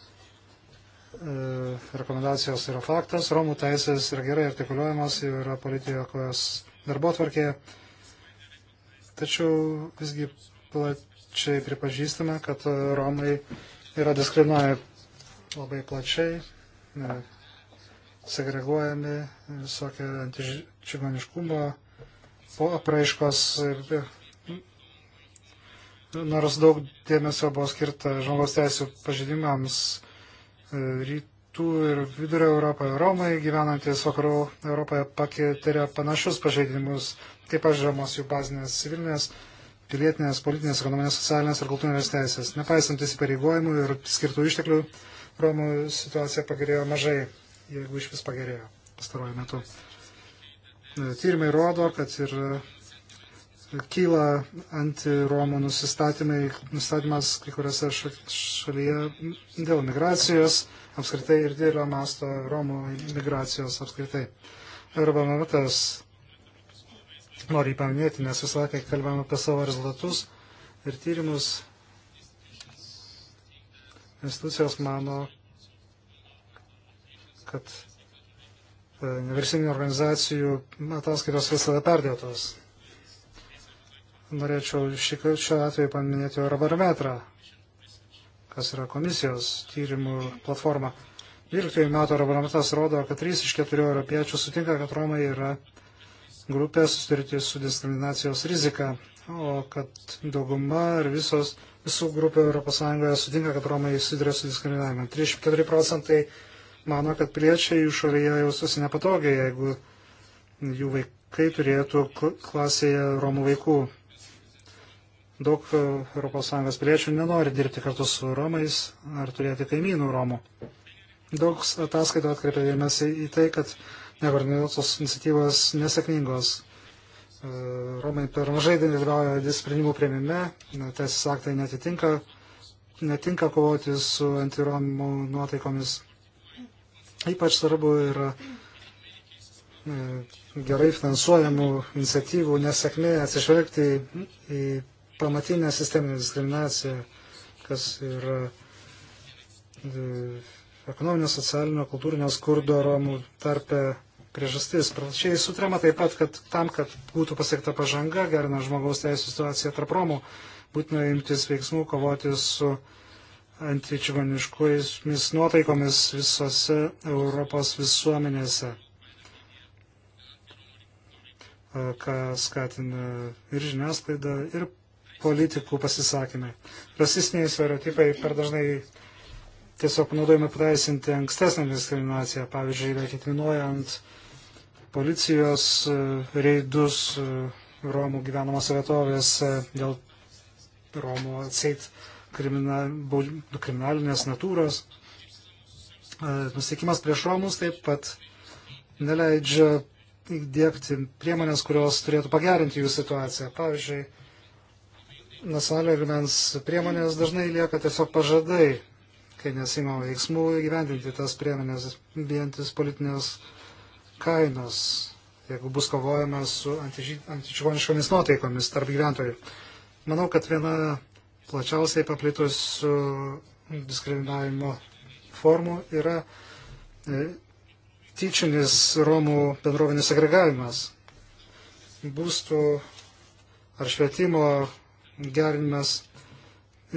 Speaker 2: rekomendacijos yra faktas, Romų teisės yra gerai artikuliuojamos, jau yra politikos darbo tvarkė, tačiau visgi plačiai pripažįstame, kad Romai yra diskriminuojami labai plačiai. E, segreguojami visokie antičigoniškumo apraiškos. Nors daug dėmesio buvo skirta žmogaus teisų pažydimams e, rytų ir vidurio Europoje, Romai gyvenantis vakarų Europoje pakėtė panašius pažeidimus, kaip pažydamos jų bazinės civilinės pilietinės, politinės, ekonominės, socialinės ir kultūrinės teisės. Nepaisant įsipareigojimų ir skirtų išteklių, Romų situacija pagerėjo mažai jeigu iš vis pagerėjo pastaruoju metu. E, tyrimai rodo, kad ir e, kyla antiromų nusistatymai, nusistatymas kai kuriuose šalyje dėl migracijos apskritai ir didelio masto romų migracijos apskritai. Eurobarometras nori paminėti, nes visą laiką kalbame apie savo rezultatus ir tyrimus. Institucijos mano, kad e, nevyriausybinių organizacijų ataskaitos visada perdėtos. Norėčiau šį, šiuo atveju paminėti Eurobarometrą, kas yra komisijos tyrimų platforma. 12 metų Eurobarometras rodo, kad 3 iš 4 europiečių sutinka, kad Romai yra grupė susiturti su diskriminacijos rizika, o kad dauguma ir visos, visų grupių ES sutinka, kad Romai susiduria su diskriminavimu. 34 procentai mano, kad piliečiai jų šalyje jaustusi nepatogiai, jeigu jų vaikai turėtų klasėje romų vaikų. Daug e, ES piliečių nenori dirbti kartu su romais ar turėti kaimynų romų. Daug ataskaitų atkreipia dėmesį į tai, kad nevarnėtos iniciatyvos nesėkmingos. E, Romai per mažai dalyvauja sprendimų prieimime, teisės aktai netitinka, netinka kovoti su antiromų nuotaikomis Ypač svarbu yra e, gerai finansuojamų iniciatyvų nesėkmė atsižvelgti į pamatinę sisteminę diskriminaciją, kas yra e, ekonominio, socialinio, kultūrinio skurdo romų tarpe priežastis. Čia sutrema taip pat, kad tam, kad būtų pasiekta pažanga, gerina žmogaus teisų situaciją tarp romų, būtina imtis veiksmų, kovoti su uh, antičigoniškomis nuotaikomis visose Europos visuomenėse, e, ką skatina ir žiniasklaida, ir politikų pasisakymai. Rasistiniai stereotipai per dažnai tiesiog naudojame pateisinti ankstesnę diskriminaciją, pavyzdžiui, reikėtinuojant policijos e, reidus e, Romų gyvenamose vietovėse dėl Romų atseit krimina, baud, kriminalinės natūros. E, Nusikimas prieš Romus taip pat neleidžia įdėkti priemonės, kurios turėtų pagerinti jų situaciją. Pavyzdžiui, nacionalinio lygmens priemonės dažnai lieka tiesiog pažadai, kai nesimama veiksmų įgyvendinti tas priemonės vientis politinės kainos, jeigu bus kovojama su antičigoniškomis nuotaikomis tarp gyventojų. Manau, kad viena plačiausiai paplitusių diskriminavimo formų yra e, tyčinis Romų bendrovinis agregavimas, būstų ar švietimo gerinimas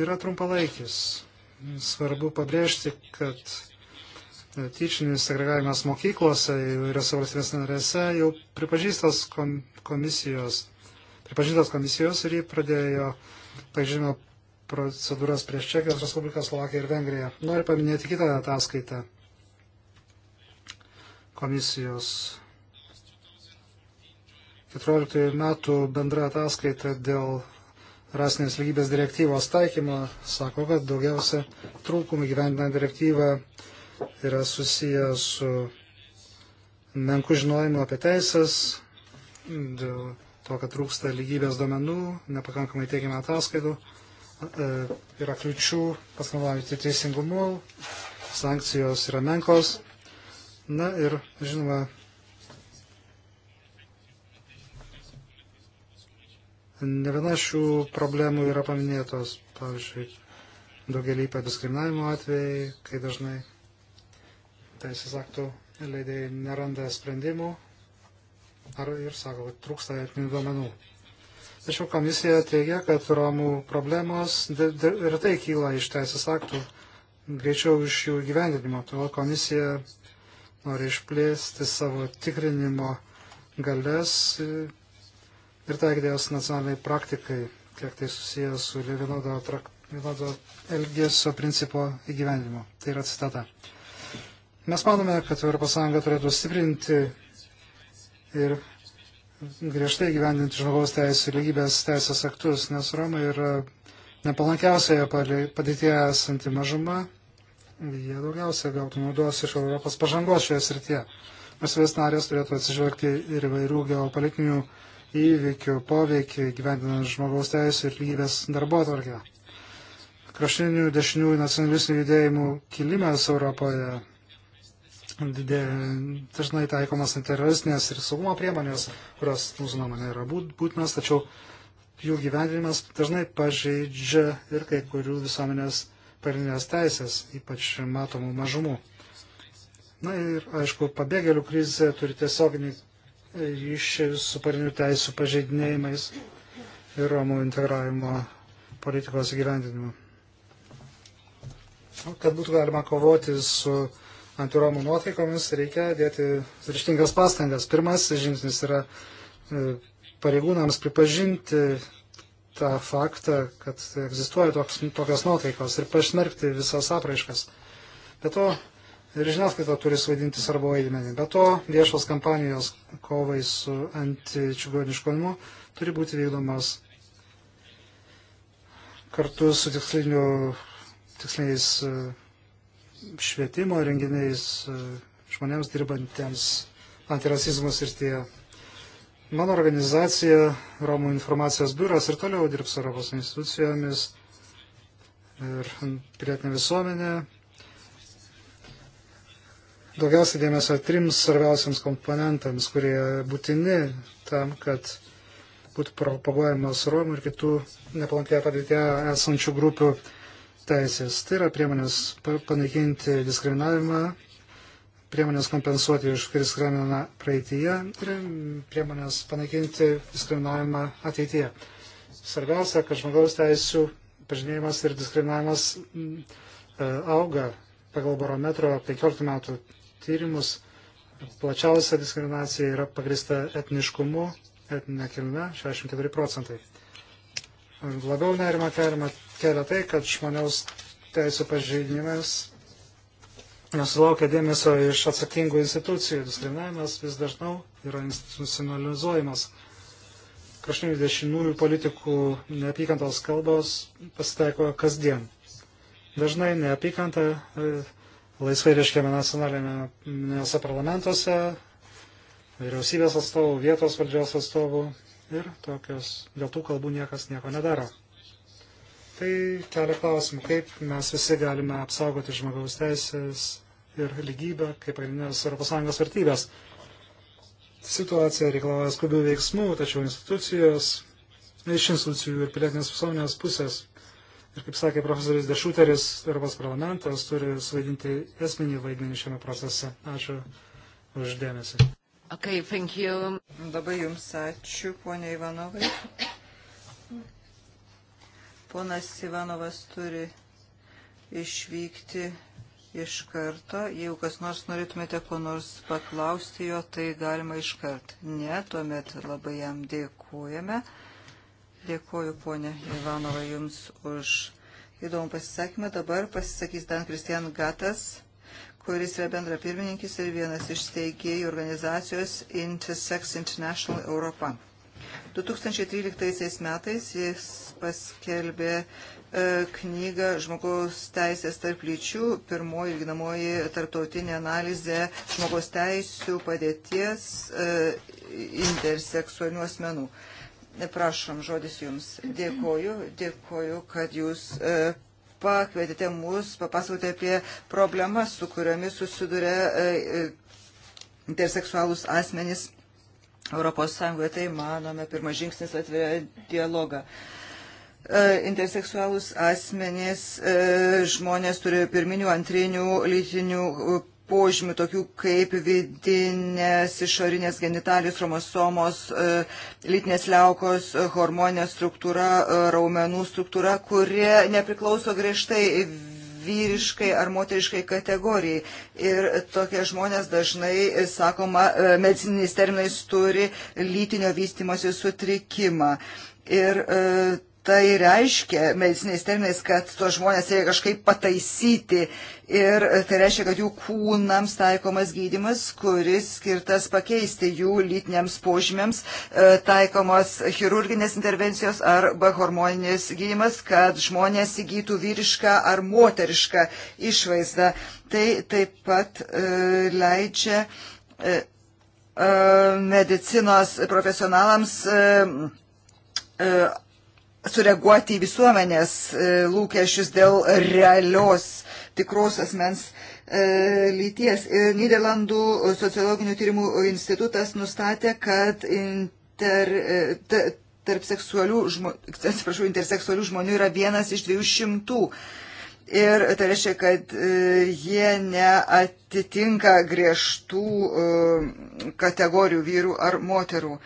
Speaker 2: yra trumpalaikis. Svarbu pabrėžti, kad e, tyčinis agregavimas mokyklose įvairiose valstybės narėse jau pripažįstas komisijos, pripažįstas komisijos ir jį pradėjo pažymėjo procedūras prieš Čekijos Respubliką, Slovakiją ir Vengriją. Noriu paminėti kitą ataskaitą komisijos 14 metų bendra ataskaita dėl rasinės lygybės direktyvos taikymo sako, kad daugiausia trūkumų gyvendinant direktyvą yra susiję su menku žinojimu apie teisės, dėl to, kad trūksta lygybės domenų, nepakankamai teikiamą ataskaitų. E, yra kliučių paskandinauti teisingumu, sankcijos yra menkos. Na ir, žinoma, ne viena šių problemų yra paminėtos, pavyzdžiui, daugelį ypa diskriminavimo atvejai, kai dažnai teisės aktų leidėjai neranda sprendimų ar ir sako, kad trūksta etinių duomenų. Tačiau komisija teigia, kad Romų problemos ir tai kyla iš teisės aktų, greičiau iš jų gyvendinimo. Todėl komisija nori išplėsti savo tikrinimo galės ir taikyti jas nacionaliniai praktikai, kiek tai susijęs su vienodo, trak, vienodo elgesio principo įgyvendinimu. Tai yra citata. Mes manome, kad ES turėtų stiprinti ir griežtai gyvendinti žmogaus teisų lygybės teisės aktus, nes Romai yra nepalankiausioje padėtėje esanti mažuma. Jie daugiausia gautų naudos iš Europos pažangos šioje srityje. Valstybės narės turėtų atsižvelgti ir įvairių geopolitinių įvykių poveikį gyvendinant žmogaus teisų ir lygybės darbo atvarkę. Kraštinių dešiniųjų nacionalistinių judėjimų kilimas Europoje dažnai taikomas teroristinės ir saugumo priemonės, kurios nu, mūsų nuomonė yra būtinas, tačiau jų gyvendinimas dažnai pažeidžia ir kai kurių visuomenės pagrindinės teisės, ypač matomų mažumų. Na ir, aišku, pabėgėlių krizė turi tiesioginį ryšį su pagrindinių teisų pažeidinėjimais ir Romų integravimo politikos įgyvendinimu. Kad būtų galima kovoti su antiromų nuotaikomis, reikia dėti ryštingas pastangas. Pirmasis žingsnis yra e, pareigūnams pripažinti tą faktą, kad egzistuoja toks, tokios nuotaikos ir pasmerkti visas apraiškas. Be to, ir žiniasklaida turi suvaidinti svarbu vaidmenį. Be to, viešos kampanijos kovai su antičigoniškumu turi būti vykdomas kartu su tiksliniais e, švietimo renginiais e, žmonėms dirbantiems antirasizmo srityje. Mano organizacija, Romų informacijos biuras ir toliau dirbs Europos institucijomis ir pilietinė visuomenė. Daugiausiai dėmesio trims svarbiausiams komponentams, kurie būtini tam, kad būtų propaguojamos Romų ir kitų nepalankėje padėtėje esančių grupių teisės. Tai yra priemonės panaikinti diskriminavimą, priemonės kompensuoti už diskriminavimą praeitįje ir priemonės panaikinti diskriminavimą ateityje. Svarbiausia, kad žmogaus teisų pažinėjimas ir diskriminavimas e, auga pagal barometro 15 metų tyrimus. Plačiausia diskriminacija yra pagrista etniškumu, etninė kilme 64 procentai. Labiau nerima keliama kelia tai, kad žmoniaus teisų pažeidimas nesulaukia dėmesio iš atsakingų institucijų. Diskriminavimas vis dažniau yra institucionalizuojamas. Kraštinių dešiniųjų politikų neapykantos kalbos pasitaiko kasdien. Dažnai neapykanta e, laisvai reiškiame nacionalinėse parlamentuose, vyriausybės atstovų, vietos valdžios atstovų, ir tokios, dėl tų kalbų niekas nieko nedaro. Tai kelia klausimų, kaip mes visi galime apsaugoti žmogaus teisės ir lygybę kaip pagrindinės ES vertybės. Situacija reikalauja skubių veiksmų, tačiau institucijos, iš institucijų ir pilietinės visuomenės pusės Ir kaip sakė profesorius Dešuteris, Europos parlamentas turi suvaidinti esminį vaidmenį šiame procese. Ačiū uždėmesi.
Speaker 1: Okay, thank you. Labai jums ačiū, ponia Ivanovai. Ponas Ivanovas turi išvykti iš karto. Jeigu kas nors norėtumėte ko nors paklausti jo, tai galima iš kart. Ne, tuomet labai jam dėkojame. Dėkoju, ponia Ivanova, jums už įdomų pasisakymą. Dabar pasisakys Dan Kristian Gatas kuris yra bendra pirmininkis ir vienas iš steigėjų organizacijos Intersex International Europa. 2013 metais jis paskelbė e, knygą Žmogaus teisės tarp lyčių, pirmoji ginamoji tartautinė analizė žmogaus teisų padėties e, interseksualių asmenų. Prašom, žodis jums. Dėkoju, dėkoju, kad jūs e, pakvietėte mus papasakoti apie problemas, su kuriomis susiduria e, e, interseksualus asmenys Europos Sąjungoje. Tai, manome, pirmas žingsnis atveria dialogą e, interseksualus asmenys, žmonės turi pirminių, antrinių lytinių požymių, tokių kaip vidinės išorinės genitalijos chromosomos, e, lytinės liaukos, e, hormoninė struktūra, e, raumenų struktūra, kurie nepriklauso griežtai vyriškai ar moteriškai kategorijai. Ir tokie žmonės dažnai, sakoma, medicininiais terminais turi lytinio vystimosi sutrikimą. Ir e, tai reiškia mediciniais terminais, kad tuos žmonės reikia kažkaip pataisyti ir tai reiškia, kad jų kūnams taikomas gydimas, kuris skirtas pakeisti jų lytiniams požymėms, e, taikomos chirurginės intervencijos arba hormoninis gydimas, kad žmonės įgytų vyrišką ar moterišką išvaizdą. Tai taip pat e, leidžia e, medicinos profesionalams sureaguoti į visuomenės e, lūkesčius dėl realios tikros asmens e, lyties. Ir e, Niderlandų sociologinių tyrimų institutas nustatė, kad inter, ta, tarp seksualių, žmo, atsiprašau, interseksualių žmonių yra vienas iš dviejų šimtų. Ir tai reiškia, kad jie neatitinka griežtų kategorijų vyrų ar moterų. Uh,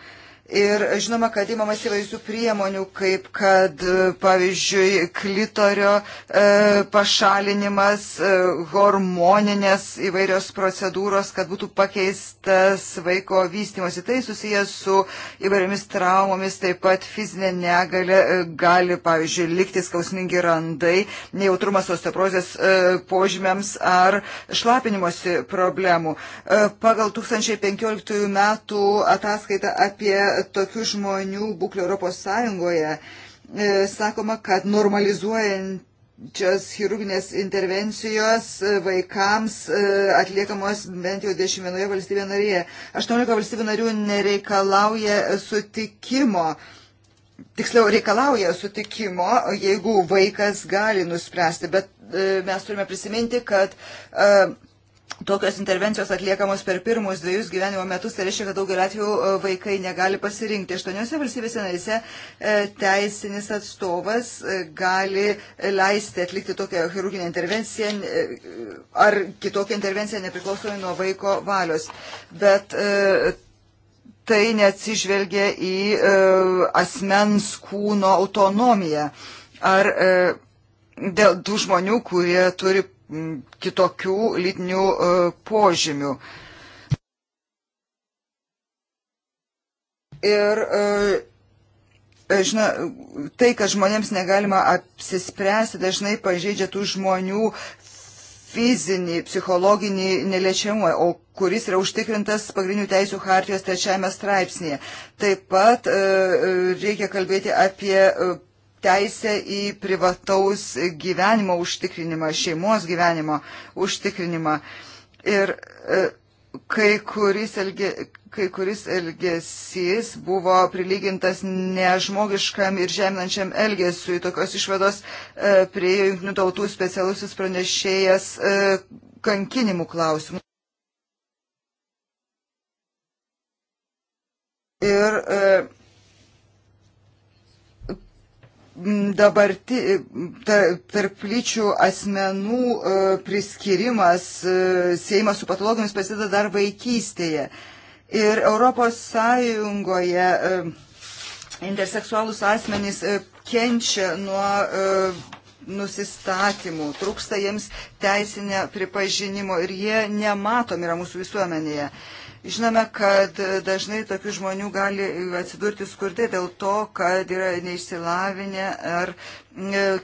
Speaker 1: Ir žinoma, kad įmamas įvairių priemonių, kaip kad, e, pavyzdžiui, klitorio e, pašalinimas, e, hormoninės įvairios procedūros, kad būtų pakeistas vaiko vystimosi. Tai susijęs su įvairiomis traumomis, taip pat fizinė negalė e, gali, pavyzdžiui, likti skausmingi randai, nejautrumas osteoprozės e, požymiams ar šlapinimosi problemų. E, pagal 2015 metų ataskaitą apie tokių žmonių būklė Europos Sąjungoje. E, sakoma, kad normalizuojančios chirurginės intervencijos e, vaikams e, atliekamos bent jau 21 valstybė narėje. 18 valstybių narių nereikalauja sutikimo tiksliau reikalauja sutikimo, jeigu vaikas gali nuspręsti, bet mes turime prisiminti, kad tokios intervencijos atliekamos per pirmus dviejus gyvenimo metus, tai reiškia, kad daugeliu atveju e, vaikai negali pasirinkti. Aštuoniuose valstybėse narise e, teisinis atstovas e, gali leisti atlikti tokią chirurginę intervenciją ar kitokią intervenciją nepriklausomai nuo vaiko valios. Bet tai neatsižvelgia į asmens kūno autonomiją. Ar dėl tų žmonių, kurie turi kitokių lytinių e, požymių. Ir e, e, žina, tai, kad žmonėms negalima apsispręsti, dažnai pažeidžia tų žmonių fizinį, psichologinį neliečiamumą, o kuris yra užtikrintas pagrindinių teisų hartijos trečiajame straipsnėje. Taip pat reikia kalbėti apie teisę į privataus gyvenimo užtikrinimą, šeimos gyvenimo užtikrinimą. Ir e, kai kuris, elge, kai kuris elgesys buvo prilygintas nežmogiškam ir žeminančiam elgesiui. Tokios išvados e, priejo Junktinių tautų specialusis pranešėjas e, kankinimų klausimų. Ir e, dabarti, tarp lyčių asmenų e, priskirimas e, seimas su patologijams prasideda dar vaikystėje. Ir Europos Sąjungoje e, interseksualus asmenys kenčia nuo nusistatymų, trūksta jiems teisinio pripažinimo ir jie nematomi yra mūsų visuomenėje. Žinome, kad dažnai tokių žmonių gali atsidurti skurdai dėl to, kad yra neišsilavinę ar e,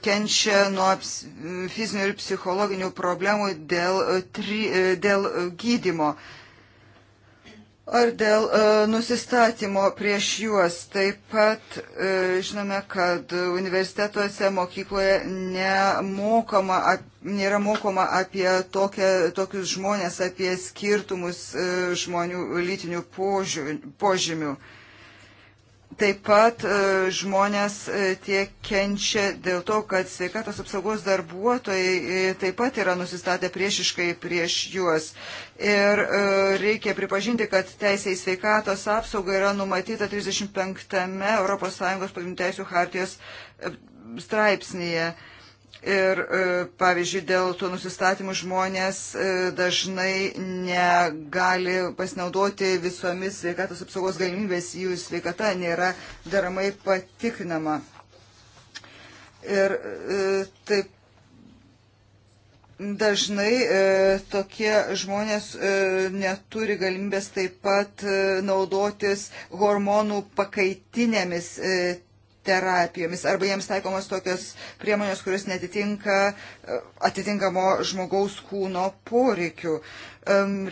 Speaker 1: kenčia nuo fizinių ir psichologinių problemų dėl, e, dėl gydimo ar dėl e, nusistatymo prieš juos. Taip pat e, žinome, kad universitetuose mokykloje nemokama, ap, nėra mokoma apie tokia, tokius žmonės, apie skirtumus e, žmonių lytinių požiū, požymių. E, Taip pat e, žmonės e, tiek kenčia dėl to, kad sveikatos apsaugos darbuotojai e, taip pat yra nusistatę priešiškai prieš juos. Ir reikia pripažinti, kad teisė į sveikatos apsaugą yra numatyta 35 ES pagrindų teisų hartijos straipsnėje. Ir, e, pavyzdžiui, dėl tų nusistatymų žmonės e, dažnai negali pasinaudoti visomis sveikatos apsaugos galimybės, jų sveikata nėra deramai patikrinama. Ir e, taip Dažnai e, tokie žmonės e, neturi galimybės taip pat e, naudotis hormonų pakaitinėmis e, terapijomis arba jiems taikomos tokios priemonės, kurios netitinka e, atitinkamo žmogaus kūno poreikių.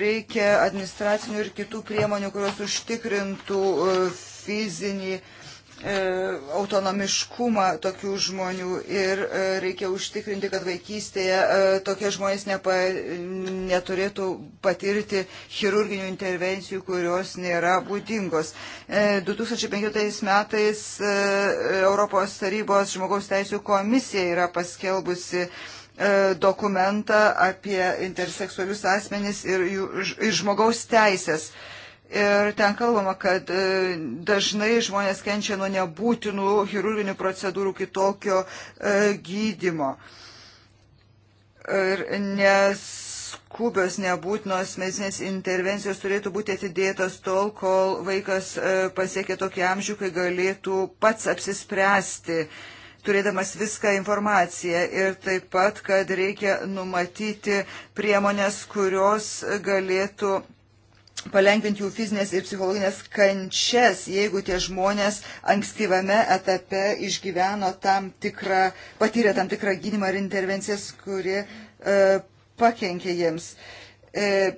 Speaker 1: Reikia administracinių ir kitų priemonių, kurios užtikrintų e, fizinį E, autonomiškumą tokių žmonių ir e, reikia užtikrinti, kad vaikystėje e, tokie žmonės nepa, neturėtų patirti chirurginių intervencijų, kurios nėra būdingos. 2015 metais Europos tarybos žmogaus teisų komisija yra paskelbusi dokumentą apie interseksualius asmenis ir, jų, ir žmogaus teisės. Uh, Ir ten kalbama, kad e, dažnai žmonės kenčia nuo nebūtinų chirurginių procedūrų kitokio e, gydimo. Ir nes skubios nebūtinos medicinės intervencijos turėtų būti atidėtos tol, kol vaikas e, pasiekia tokį amžių, kai galėtų pats apsispręsti, turėdamas viską informaciją. Ir taip pat, kad reikia numatyti priemonės, kurios galėtų palengvinti jų fizinės ir psichologinės kančias, jeigu tie žmonės ankstyvame etape išgyveno tam tikrą, patyrė tam tikrą gydimą ar intervencijas, kuri e, pakenkė jiems. E,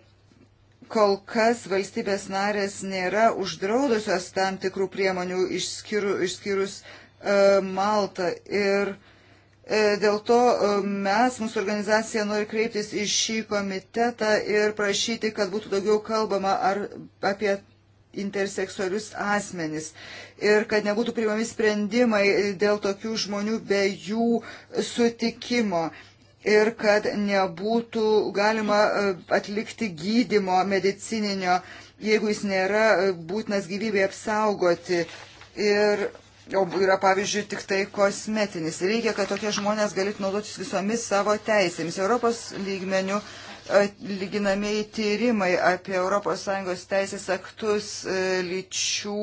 Speaker 1: kol kas valstybės narės nėra uždraudusios tam tikrų priemonių išskyrus, išskyrus e, Maltą ir e, E, dėl to e, mes, mūsų organizacija, nori kreiptis į šį komitetą ir prašyti, kad būtų daugiau kalbama ar, apie interseksualius asmenis ir kad nebūtų priimami sprendimai dėl tokių žmonių be jų sutikimo ir kad nebūtų galima e, atlikti gydimo medicininio, jeigu jis nėra būtinas gyvybė apsaugoti. Ir yra pavyzdžiui tik tai kosmetinis. Reikia, kad tokie žmonės galėtų naudotis visomis savo teisėmis. Europos lygmenių e, lyginamieji tyrimai apie ES teisės aktus e, lyčių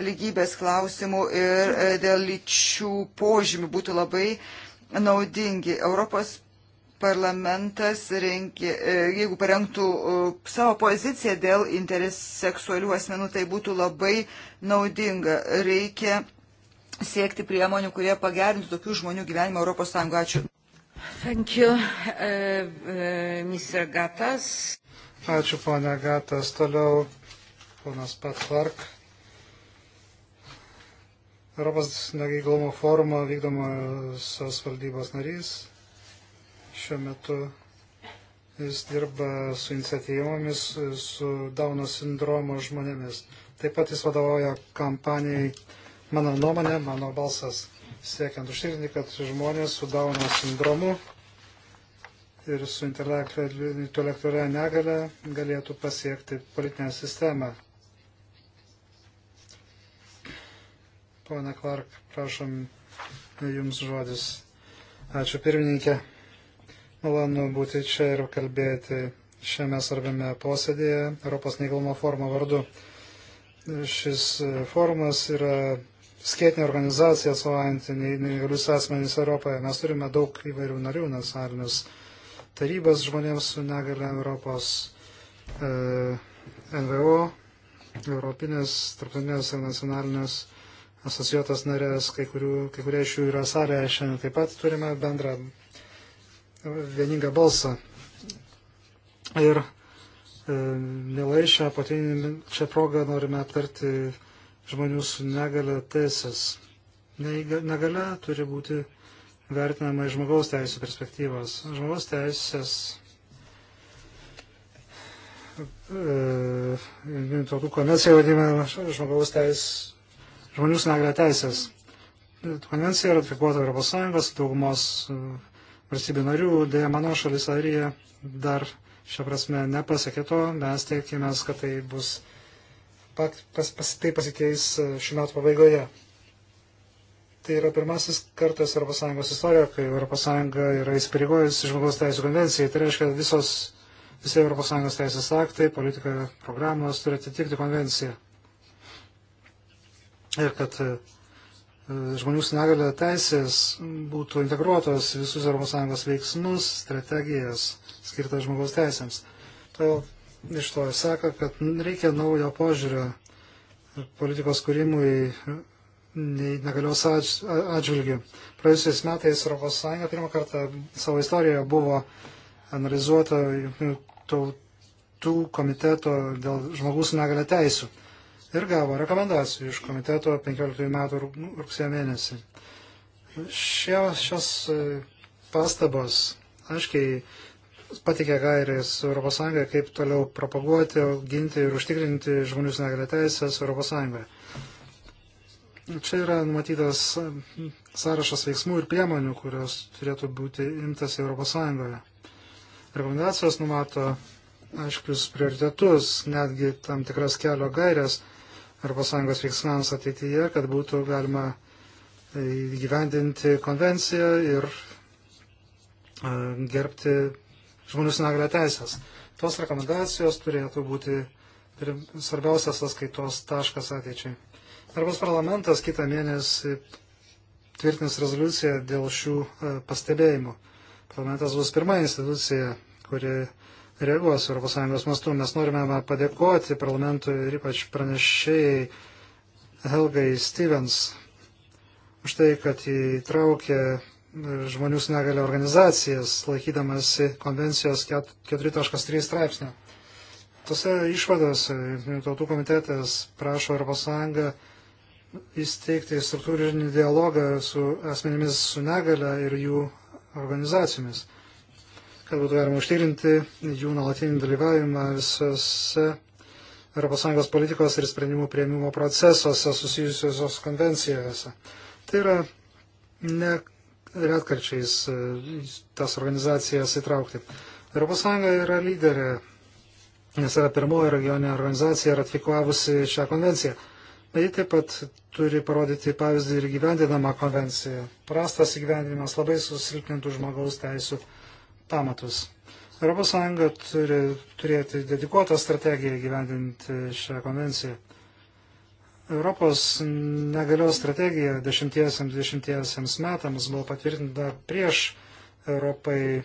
Speaker 1: lygybės klausimų ir e, dėl lyčių požymių būtų labai naudingi. Europos parlamentas, renki, jeigu parengtų savo poziciją dėl interseksualių asmenų, tai būtų labai naudinga. Reikia siekti priemonių, kurie pagerintų tokių žmonių gyvenimą ES. Ačiū. Thank you, uh, uh, Mr. Gatas.
Speaker 2: Ačiū, ponia Gatas. Toliau, ponas Patvark. Europos neįgalumo forumo vykdomosios valdybos narys. Šiuo metu jis dirba su iniciatyvomis, su Dauno sindromo žmonėmis. Taip pat jis vadovauja kampanijai Mano nuomonė, mano balsas siekiant užtikrinti, kad žmonės su Dauno sindromu ir su intelektualia negale galėtų pasiekti politinę sistemą. Pone Clark, prašom Jums žodis. Ačiū pirmininkė. Malonu būti čia ir kalbėti šiame svarbiame posėdėje Europos neįgalumo forumo vardu. Šis forumas yra skėtinė organizacija atstovaujanti neįgalius asmenys Europoje. Mes turime daug įvairių narių, nacionalinius tarybas žmonėms su negale Europos e, NVO, Europinės, tarptautinės ir nacionalinės asociuotas narės, kai, kurių, kai kurie iš jų yra salėje šiandien. Taip pat turime bendrą vieningą balsą. Ir e, mielai šią, šią progą norime aptarti žmonių su negale teisės. Negale turi būti vertinama iš žmogaus teisų perspektyvos. Žmogaus teisės e, tautų konvencija vadinama žmogaus teis, žmonių su negale teisės. Konvencija ratifikuota Europos Sąjungos daugumos e, valstybių narių, dėja mano šalis Arija dar šią prasme nepasiekė to, mes teikėmės, kad tai bus pat, pas, pas, tai pasikeis e, šių metų pabaigoje. Tai yra pirmasis kartas ES istorijoje, kai ES yra įsipareigojus žmogaus teisų konvencijai. Tai reiškia, kad visos, visi ES teisės aktai, politika, programos turi atitikti konvenciją. Ir kad e, žmonių su negalė teisės būtų integruotos visus ES veiksmus, strategijas skirtas žmogaus teisėms. Todėl tai iš to sako, kad reikia naujo požiūrio politikos kūrimui negalios atžvilgių. Praėjusiais metais ES pirmą kartą savo istorijoje buvo analizuota tautų komiteto dėl žmogus negalę teisų ir gavo rekomendacijų iš komiteto 15 metų nu, rugsėjo mėnesį. Šie, šios e, pastabos aiškiai patikė gairės ES, kaip toliau propaguoti, ginti ir užtikrinti žmonių su negalė teisės ES. Čia yra numatytas sąrašas veiksmų ir priemonių, kurios turėtų būti imtas ES. Rekomendacijos numato aiškius prioritetus, netgi tam tikras kelio gairės ES veiksmams ateityje, kad būtų galima įgyvendinti konvenciją ir e, gerbti žmonių su negale teisės. Tos rekomendacijos turėtų būti svarbiausias atskaitos taškas ateičiai. Europos parlamentas kitą mėnesį tvirtins rezoliuciją dėl šių e, pastebėjimų. Parlamentas bus pirma institucija, kuri reaguos ES mastu. Mes norime padėkoti parlamentui ir ypač pranešėjai Helgai Stevens už tai, kad įtraukė žmonių su negalio organizacijas, laikydamasi konvencijos 4.3 straipsnio. Tose išvadose tautų komitetas prašo ES įsteigti struktūrinį dialogą su asmenimis su negale ir jų organizacijomis, kad būtų galima užtikrinti jų nuolatinį dalyvavimą visose ES politikos ir sprendimų prieimimo procesuose susijusiuose konvencijose. Tai yra ne retkarčiais e, tas organizacijas įtraukti. ES yra lyderė, nes yra pirmoji regioninė organizacija ratifikavusi šią konvenciją. Bet ji taip pat turi parodyti pavyzdį ir gyvendinamą konvenciją. Prastas įgyvendinimas labai susilpnintų žmogaus teisų pamatus. ES turi turėti dedikuotą strategiją gyvendinti šią konvenciją. Europos negalios strategija 10-20 metams buvo patvirtinta prieš Europai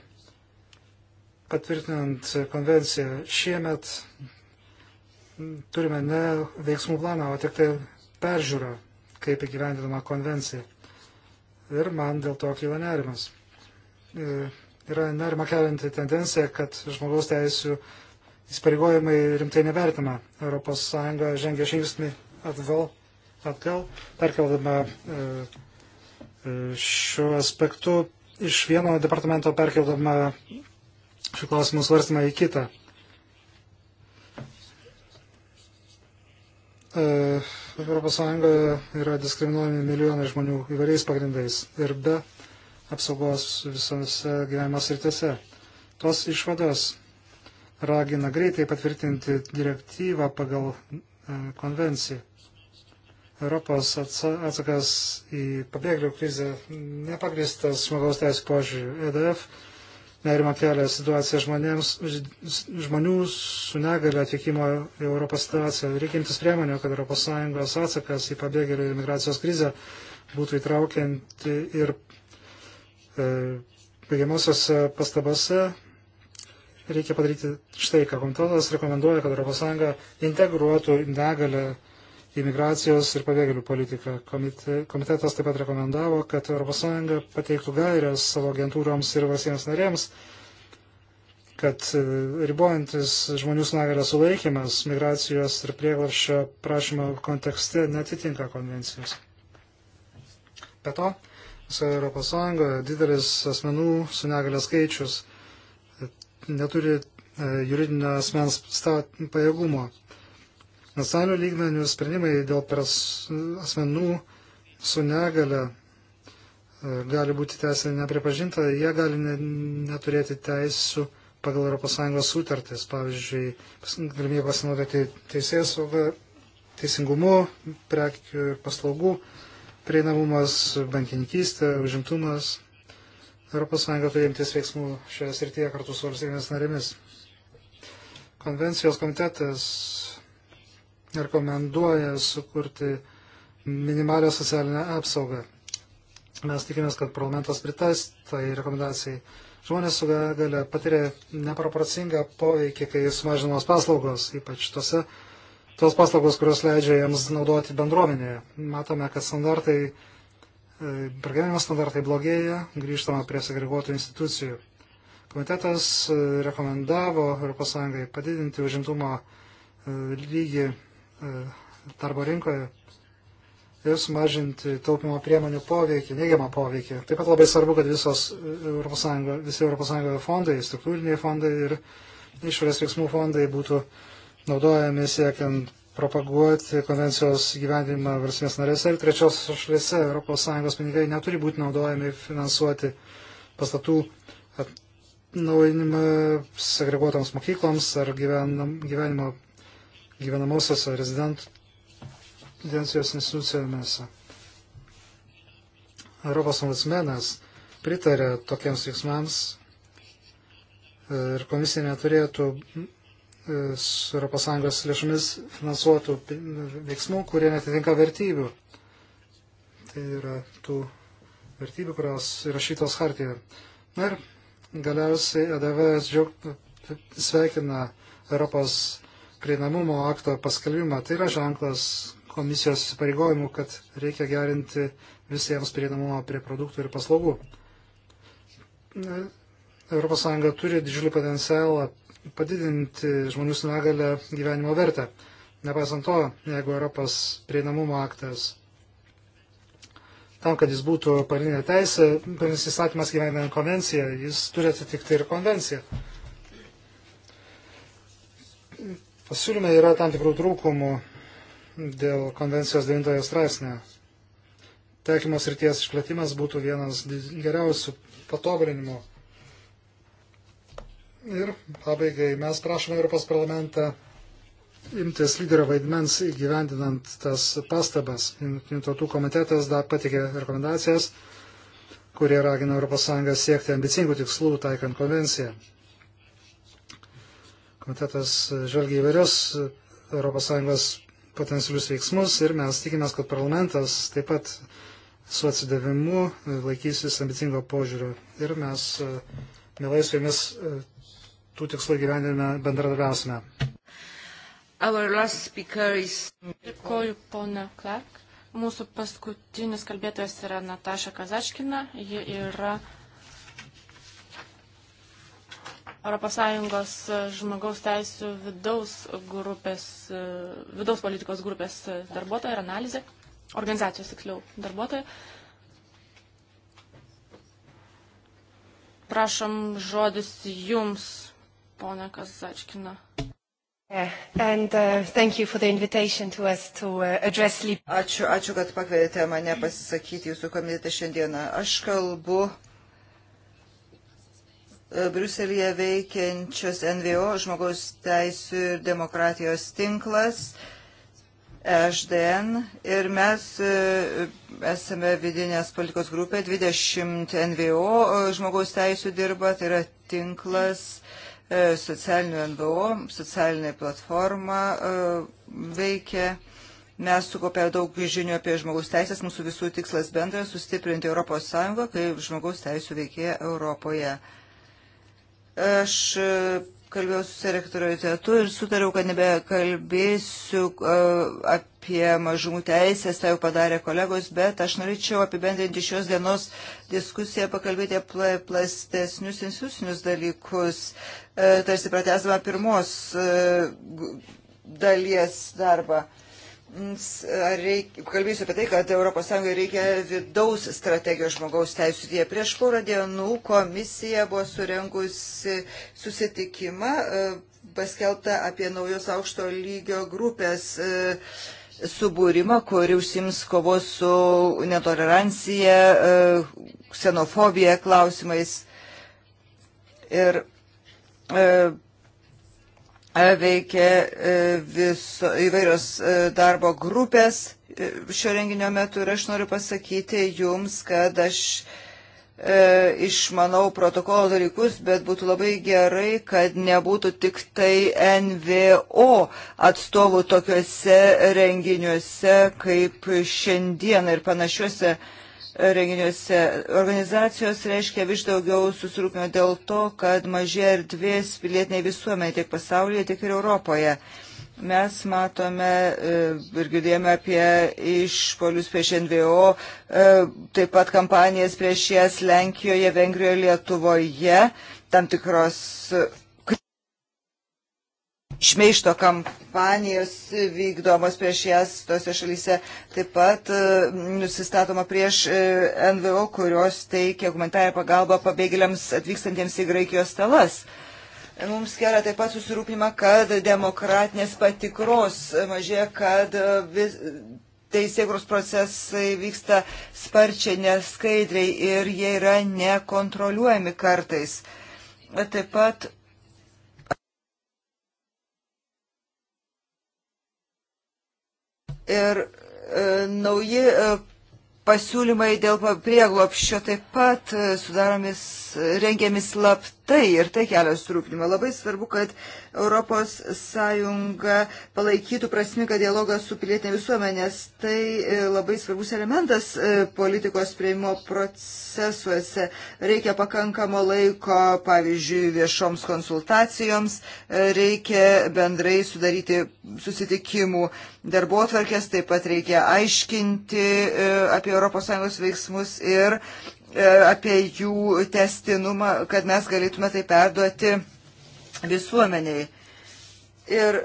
Speaker 2: patvirtinant konvenciją. Šiemet turime ne veiksmų planą, o tik tai peržiūrą, kaip įgyvendinama konvencija. Ir man dėl to kyla nerimas. E, yra nerima kelianti tendencija, kad žmogaus teisų įsipareigojimai rimtai nevertima. ES žengia žingsnį atgal, atgal perkeldame e, šiuo aspektu iš vieno departamento perkeldame šių klausimų svarstymą į kitą. ES yra diskriminuojami milijonai žmonių įvairiais pagrindais ir be apsaugos visose gyvenimo sritise. Tos išvados ragina greitai patvirtinti direktyvą, pagal E, konvencija. Europos atsakas į pabėgėlių krizę nepagristas žmogaus teisų požiūrių. EDF nerima kelia situaciją žmonėms, žmonių su negaliu atvykimo į Europos situaciją. Reikintis priemonių, kad ES atsakas į pabėgėlių ir migracijos krizę būtų įtraukianti ir e, baigiamosios pastabose reikia padaryti štai, ką komitetas rekomenduoja, kad ES integruotų negalę imigracijos ir pabėgėlių politiką. Komitetas taip pat rekomendavo, kad ES pateiktų gairias savo agentūroms ir valstybėms narėms, kad e, ribojantis žmonių snagalę sulaikymas migracijos ir prieglapščio prašymo kontekste netitinka konvencijos. Be to, visoje ES didelis asmenų su negalė skaičius neturi e, juridinio asmens pajėgumo. Nacionalinių lygmenių sprendimai dėl asmenų su negale e, gali būti teisė nepripažinta, jie gali ne, neturėti teisų pagal ES sutartis, pavyzdžiui, galimybė pasinaudoti teisės saugą, teisingumu, prekių ir paslaugų prieinamumas, bankininkystė, užimtumas ES turi imtis veiksmų šioje srityje kartu su valstybėmis narėmis. Konvencijos komitetas rekomenduoja sukurti minimalią socialinę apsaugą. Mes tikimės, kad parlamentas pritas tai rekomendacijai. Žmonės su gale patiria neproporcingą poveikį, kai sumažinamos paslaugos, ypač tose, tos paslaugos, kurios leidžia jiems naudoti bendruomenėje. Matome, kad standartai E, pragyvenimo standartai blogėja, grįžtama prie segreguotų institucijų. Komitetas e, rekomendavo ES padidinti užimtumo e, lygį darbo rinkoje ir sumažinti taupimo priemonių poveikį, neigiamą poveikį. Taip pat labai svarbu, kad visos ES, visi ES fondai, struktūriniai fondai ir išorės veiksmų fondai būtų naudojami siekiant propaguoti konvencijos gyvendinimą valstybės narėse ir trečios šalyse ES pinigai neturi būti naudojami finansuoti pastatų atnaujinimą segreguotams mokykloms ar gyvenam, gyvenimo gyvenamosiose rezidencijos institucijomis. Europos ombudsmenas pritarė tokiems veiksmams ir komisija neturėtų E, su ES lėšomis finansuotų veiksmų, kurie netitinka vertybių. Tai yra tų vertybių, kurios įrašytos hartijoje. Na ir galiausiai EDVS džiaug, sveikina Europos prieinamumo akto paskelbimą. Tai yra ženklas komisijos įsipareigojimų, kad reikia gerinti visiems prieinamumą prie produktų ir paslaugų. ES turi didžiulį potencialą padidinti žmonių su negale gyvenimo vertę. Nepaisant to, jeigu Europos prieinamumo aktas tam, kad jis būtų pagrindinė teisė, pagrindinis įstatymas gyvenant konvenciją, jis turi atitikti ir konvenciją. Pasiūlyme yra tam tikrų trūkumų dėl konvencijos 9 straipsnio. Taikymas ryties išplėtimas būtų vienas geriausių patobulinimų Ir pabaigai mes prašome Europos parlamentą imtis lyderio vaidmens įgyvendinant tas pastabas. Jungtinių tautų komitetas dar patikė rekomendacijas, kurie ragina ES siekti ambicingų tikslų taikant konvenciją. Komitetas žvelgia įvairios ES potencialius veiksmus ir mes tikimės, kad parlamentas taip pat su atsidavimu laikysis ambicingo požiūrio. Ir mes e, mielai su jumis e, tų tikslų gyvenime bendradarbiausime.
Speaker 3: Is... Dėkoju, pona Clark. Mūsų paskutinis kalbėtojas yra Nataša Kazaškina. Ji yra ES žmogaus teisų vidaus, grupės, vidaus politikos grupės darbuotoja ir analizė, organizacijos tiksliau darbuotoja. Prašom žodis jums ponę Kazačkiną. Yeah. And,
Speaker 1: uh, to to uh, ačiū, ačiū, kad pakvietėte mane pasisakyti jūsų komitete šiandieną. Aš kalbu e, Briuselėje veikiančios NVO žmogaus teisų ir demokratijos tinklas. EHDN ir mes e, esame vidinės politikos grupė, 20 NVO e, žmogaus teisų dirba, tai yra tinklas. Mm E, socialinių NVO, socialinė platforma e, veikia. Mes sukopę daug žinių apie žmogaus teisės, mūsų visų tikslas bendras - sustiprinti ES kaip žmogaus teisų veikėja Europoje. Aš kalbėjau su sekretoritetu ir sutariau, kad nebekalbėsiu e, apie mažumų teisės, tai jau padarė kolegos, bet aš norėčiau apibendrinti šios dienos diskusiją, pakalbėti apie plastesnius institucinius dalykus, e, tarsi pratesdama pirmos e, dalies darbą. Reik, kalbėsiu apie tai, kad ES reikia vidaus strategijos žmogaus teisų. Tie prieš porą dienų komisija buvo surengusi susitikimą, paskelbta apie naujos aukšto lygio grupės subūrimą, kuri užsims kovos su netolerancija, ksenofobija klausimais. Ir E, veikia e, viso, įvairios e, darbo grupės šio renginio metu ir aš noriu pasakyti jums, kad aš e, išmanau protokolo dalykus, bet būtų labai gerai, kad nebūtų tik tai NVO atstovų tokiuose renginiuose kaip šiandien ir panašiuose renginiuose renginiuose. Organizacijos reiškia vis daugiau susirūpinimo dėl to, kad mažė erdvės pilietiniai visuomenė tiek pasaulyje, tiek ir Europoje. Mes matome e, ir girdėjome apie išpolius prieš NVO, e, taip pat kampanijas prieš jas Lenkijoje, Vengrijoje, Lietuvoje, tam tikros šmeišto kampanijos vykdomos prieš jas tose šalyse. Taip pat e, nusistatoma prieš e, NVO, kurios teikia humanitarę pagalbą pabėgėliams atvykstantiems į Graikijos salas. Mums kelia taip pat susirūpinimą, kad demokratinės patikros mažėja, kad e, vis, teisėgros procesai vyksta sparčiai, neskaidriai ir jie yra nekontroliuojami kartais. Taip pat Ir e, nauji e, pasiūlymai dėl prieglopščio taip pat e, sudaromis, e, rengiamis slapt tai ir tai kelia surūpinimą. Labai svarbu, kad ES palaikytų prasmingą dialogą su pilietinė visuomenės. Tai e, labai svarbus elementas e, politikos prieimimo procesuose. Reikia pakankamo laiko, pavyzdžiui, viešoms konsultacijoms, e, reikia bendrai sudaryti susitikimų darbo atvarkės, taip pat reikia aiškinti apie ES veiksmus ir E, apie jų testinumą, kad mes galėtume tai perduoti visuomeniai. Ir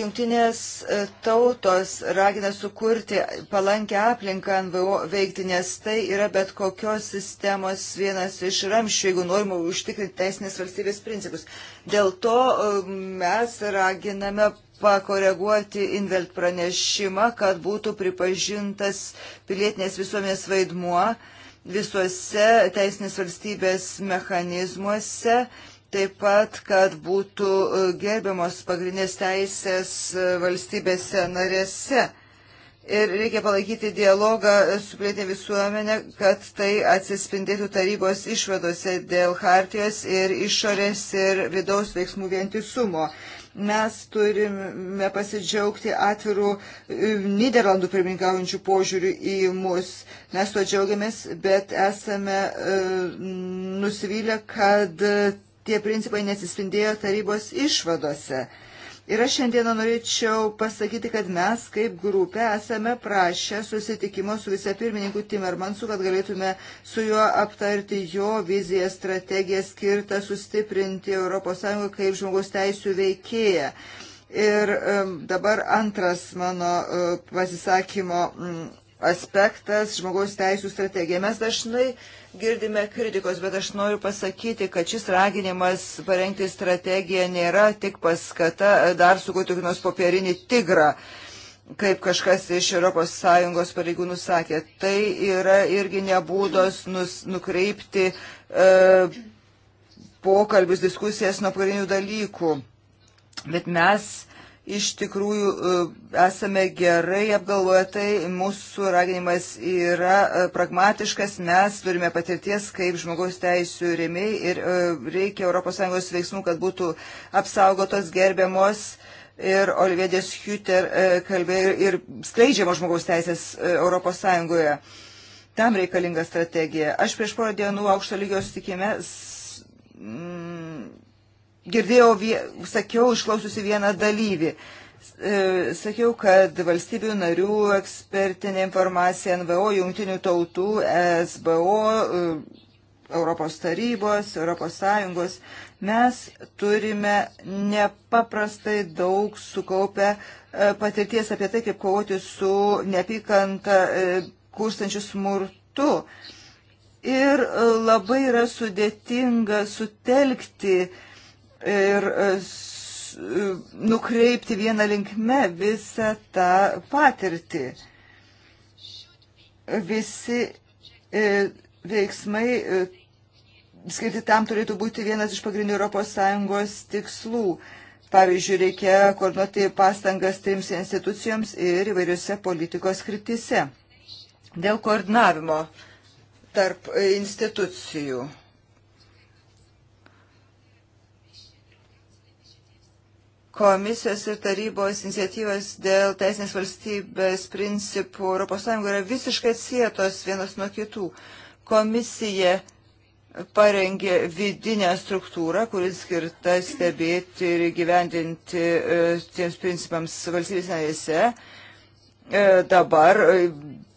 Speaker 1: jungtinės e, tautos ragina sukurti palankę aplinką NVO veikti, nes tai yra bet kokios sistemos vienas iš ramščių, jeigu norima užtikrinti teisinės valstybės principus. Dėl to e, mes raginame pakoreguoti Invelt pranešimą, kad būtų pripažintas pilietinės visuomenės vaidmuo visuose teisinės valstybės mechanizmuose, taip pat, kad būtų e, gerbiamos pagrindinės teisės e, valstybėse narėse. Ir reikia palaikyti dialogą su plėtė visuomenė, kad tai atsispindėtų tarybos išvadose dėl hartijos ir išorės ir vidaus veiksmų vientisumo. Mes turime pasidžiaugti atvirų e, Niderlandų pirmininkaujančių požiūrių į mus. Mes to džiaugiamės, bet esame e, nusivylę, kad e, tie principai nesispindėjo tarybos išvadose. Ir aš šiandieną norėčiau pasakyti, kad mes kaip grupė esame prašę susitikimo su vicepirmininku Timermansu, kad galėtume su juo aptarti jo viziją, strategiją skirtą sustiprinti ES kaip žmogaus teisų veikėją. Ir um, dabar antras mano uh, e, pasisakymo. Um, aspektas žmogaus teisų strategija. Mes dažnai girdime kritikos, bet aš noriu pasakyti, kad šis raginimas parengti strategiją nėra tik paskata dar sukurti kokį nors popierinį tigrą, kaip kažkas iš ES pareigūnų sakė. Tai yra irgi nebūdos nus, nukreipti e, pokalbius, diskusijas nuo pagrindinių dalykų. Bet mes iš tikrųjų e, esame gerai apgalvoję, tai mūsų raginimas yra e, pragmatiškas, mes turime patirties kaip žmogaus teisų rėmiai ir e, reikia ES veiksmų, kad būtų apsaugotos gerbiamos ir Olivėdės Huter kalbėjo ir skleidžiamos žmogaus teisės ES. Tam reikalinga strategija. Aš prieš porą dienų aukšto lygio sutikime mm, girdėjau, sakiau, išklausiusi vieną dalyvį. E, sakiau, kad valstybių narių ekspertinė informacija NVO, jungtinių tautų, SBO, e, Europos tarybos, Europos Sąjungos, mes turime nepaprastai daug sukaupę e, patirties apie tai, kaip kovoti su neapykanta kurstančiu smurtu. Ir labai yra sudėtinga sutelkti uh, ir e, nukreipti vieną linkme visą tą patirtį. Visi e, veiksmai e, skirti tam turėtų būti vienas iš pagrindinių ES tikslų. Pavyzdžiui, reikia koordinuoti pastangas trims institucijoms ir įvairiose politikos kryptise. Dėl koordinavimo tarp institucijų komisijos ir tarybos iniciatyvas dėl teisinės valstybės principų ES yra visiškai atsietos vienas nuo kitų. Komisija parengė vidinę struktūrą, kuris skirta stebėti ir gyvendinti e, tiems principams valstybės narėse. E, dabar e,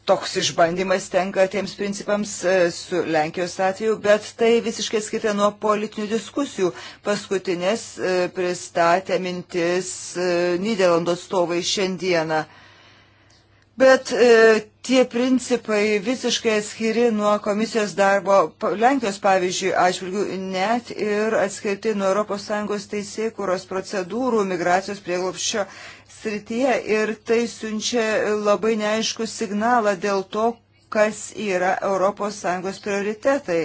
Speaker 1: toks išbandymas tenka tiems principams e, su Lenkijos atveju, bet tai visiškai skiria nuo politinių diskusijų. Paskutinės e, pristatė mintis e, Niderlandų atstovai šiandieną. Bet e, tie principai visiškai atskiri nuo komisijos darbo Lenkijos pavyzdžiui atžvilgių, net ir atskirti nuo ES teisėkūros procedūrų migracijos prieglopščio srityje ir tai siunčia labai neaišku signalą dėl to, kas yra ES prioritetai.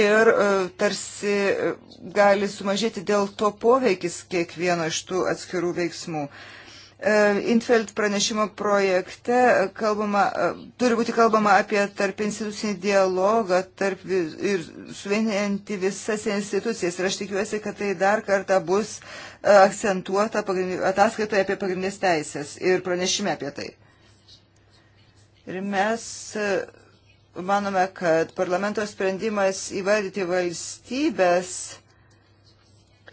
Speaker 1: Ir e, tarsi e, gali sumažėti dėl to poveikis kiekvieno iš tų atskirų veiksmų. Uh, E, Infeld pranešimo projekte kalbama, e, turi būti kalbama apie tarp institucinį dialogą tarp vis, ir suvieninti visas institucijas. Ir aš tikiuosi, kad tai dar kartą bus e, akcentuota ataskaitoje apie pagrindinės teisės ir pranešime apie tai. Ir mes manome, kad parlamento sprendimas įvardyti valstybės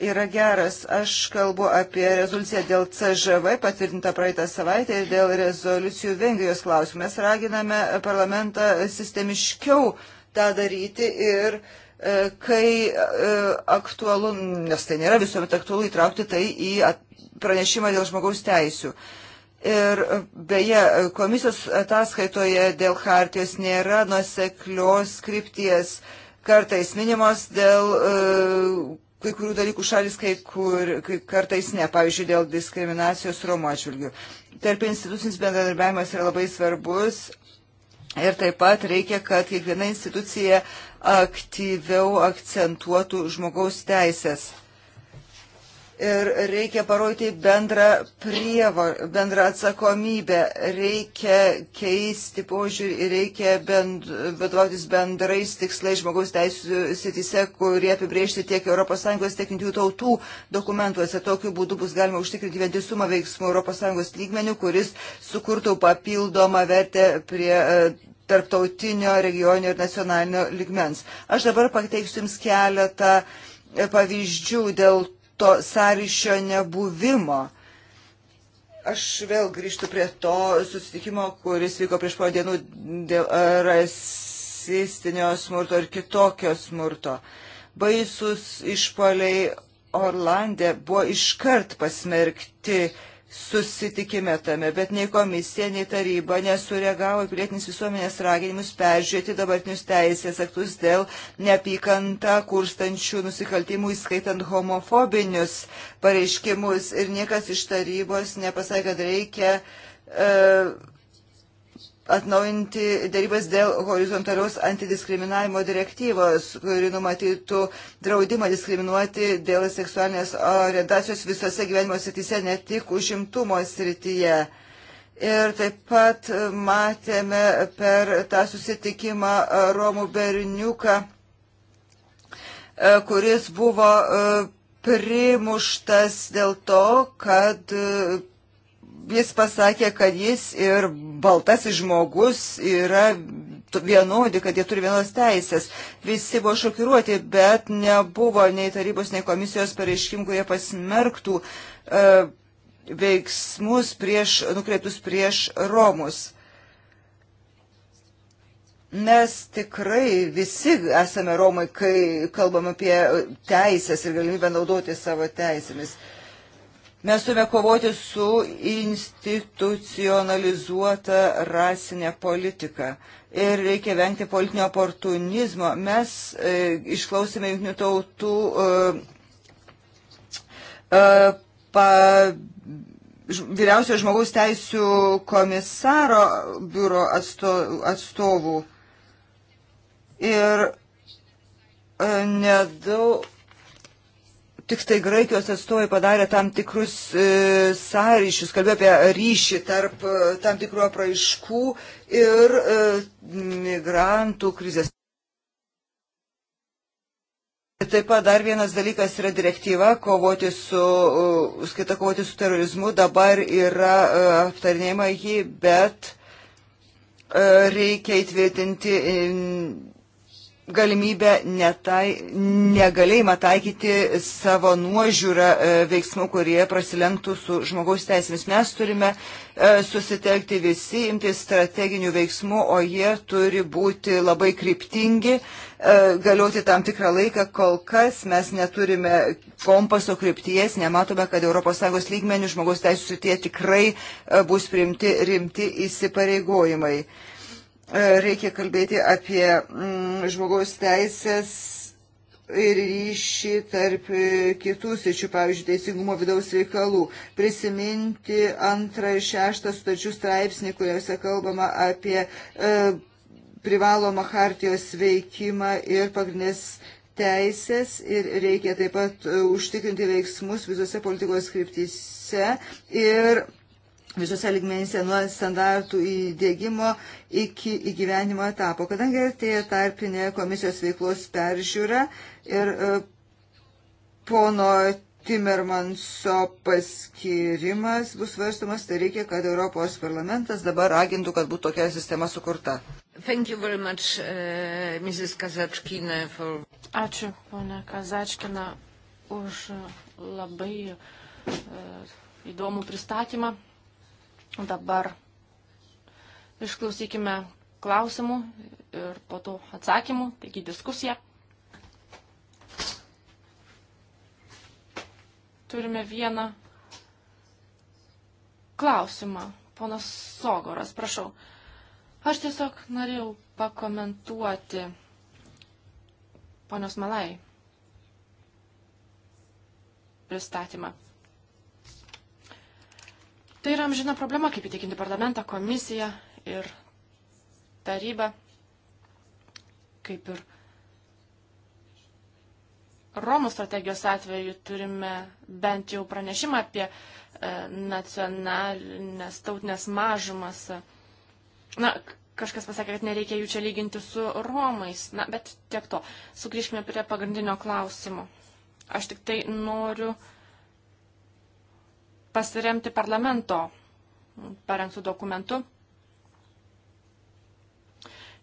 Speaker 1: yra geras. Aš kalbu apie rezoliuciją dėl CŽV patvirtintą praeitą savaitę ir dėl rezoliucijų Vengrijos klausimų. Mes raginame parlamentą sistemiškiau tą daryti ir e, kai e, aktualu, nes tai nėra visuomet aktualu įtraukti tai į pranešimą dėl žmogaus teisių. Ir e, beje, komisijos ataskaitoje dėl hartijos nėra nuseklios krypties kartais minimos dėl kai kurių dalykų šalis kai kur kai kartais ne, pavyzdžiui, dėl diskriminacijos Romų atžvilgių. Tarp institucinis bendradarbiavimas yra labai svarbus ir taip pat reikia, kad kiekviena institucija aktyviau akcentuotų žmogaus teisės ir reikia parodyti bendrą prievą, bendrą atsakomybę, reikia keisti požiūrį ir reikia bend, vadovautis bendrais tikslais žmogaus teisų sitise, kurie apibriežti tiek ES, tiek jungtinių tautų dokumentuose. Tokiu būdu bus galima užtikrinti vientisumą veiksmų ES lygmenių, kuris sukurtų papildomą vertę prie e, tarptautinio, regioninio ir nacionalinio ligmens. Aš dabar pateiksiu Jums keletą e, pavyzdžių dėl to sąryšio nebuvimo. Aš vėl grįžtu prie to susitikimo, kuris vyko prieš porą dienų dėl rasistinio smurto ir kitokio smurto. Baisus išpoliai Orlandė buvo iškart pasmerkti uh, susitikime tame, bet nei komisija, nei taryba nesureagavo į pilietinis visuomenės raginimus peržiūrėti dabartinius teisės aktus dėl neapykantą kurstančių nusikaltimų, įskaitant homofobinius pareiškimus. Ir niekas iš tarybos nepasakė, kad reikia. Uh, e, atnaujinti darybas dėl horizontalios antidiskriminavimo direktyvos, kuri numatytų draudimą diskriminuoti dėl seksualinės orientacijos visose gyvenimo srityse, ne tik užimtumo srityje. Ir taip pat matėme per tą susitikimą Romų berniuką, kuris buvo e, primuštas dėl to, kad e, jis pasakė, kad jis ir baltasis žmogus yra vienodi, kad jie turi vienos teisės. Visi buvo šokiruoti, bet nebuvo nei tarybos, nei komisijos pareiškimų, kurie pasmerktų e, veiksmus prieš, nukreiptus prieš Romus. Mes tikrai visi esame Romai, kai kalbam apie teisės ir galimybę naudoti savo teisėmis. E, Mes turime kovoti su institucionalizuota rasinė politika ir reikia vengti politinio oportunizmo. Mes e, išklausėme jungtinių tautų e, e, pa, vyriausio žmogaus teisų komisaro biuro atsto, atstovų. Ir e, nedaug tik tai Graikijos atstovai padarė tam tikrus e, sąryšius, kalbėjo apie ryšį tarp e, tam tikrų apraiškų ir e, migrantų krizės. Taip pat dar vienas dalykas yra direktyva kovoti su, e, skaita kovoti su terorizmu, dabar yra e, aptarnėjama jį, bet e, reikia įtvirtinti galimybę netai, negalėjimą taikyti savo nuožiūrą e, veiksmų, kurie prasilenktų su žmogaus teisėmis. Mes turime e, susitelkti visi, imti strateginių veiksmų, o jie turi būti labai kryptingi, e, galioti tam tikrą laiką. Kol kas mes neturime kompaso krypties, nematome, kad ES lygmenių žmogaus teisų sutie tikrai bus priimti rimti įsipareigojimai reikia kalbėti apie mm, žmogaus teisės ir ryšį tarp e, kitų sričių, pavyzdžiui, teisingumo vidaus reikalų. Prisiminti antrą ir šeštą sutarčių straipsnį, kuriuose kalbama apie e, privalomą hartijos veikimą ir pagrindinės teisės ir reikia taip pat e, užtikrinti veiksmus visose politikos kryptise ir visose ligmenyse nuo standartų įdėgymo iki įgyvenimo etapo, kadangi artėja tarpinė komisijos veiklos peržiūra ir e, pono Timermanso paskirimas bus svarstamas, tai reikia, kad Europos parlamentas dabar agintų, kad būtų tokia sistema sukurta.
Speaker 3: Much, uh, for... Ačiū, ponia Kazačkina, už labai uh, įdomų pristatymą. Dabar išklausykime klausimų ir po to atsakymų, taigi diskusija. Turime vieną klausimą. Ponas Sogoras, prašau. Aš tiesiog norėjau pakomentuoti ponios Malai pristatymą. Tai yra amžina problema, kaip įtikinti parlamentą, komisiją ir tarybą, kaip ir Romų strategijos atveju turime bent jau pranešimą apie e, nacionalinės tautinės mažumas. Na, kažkas pasakė, kad nereikia jų čia lyginti su Romais. Na, bet tiek to. Sugrįžkime prie pagrindinio klausimo. Aš tik tai noriu uh, pasiremti parlamento parengtų dokumentų.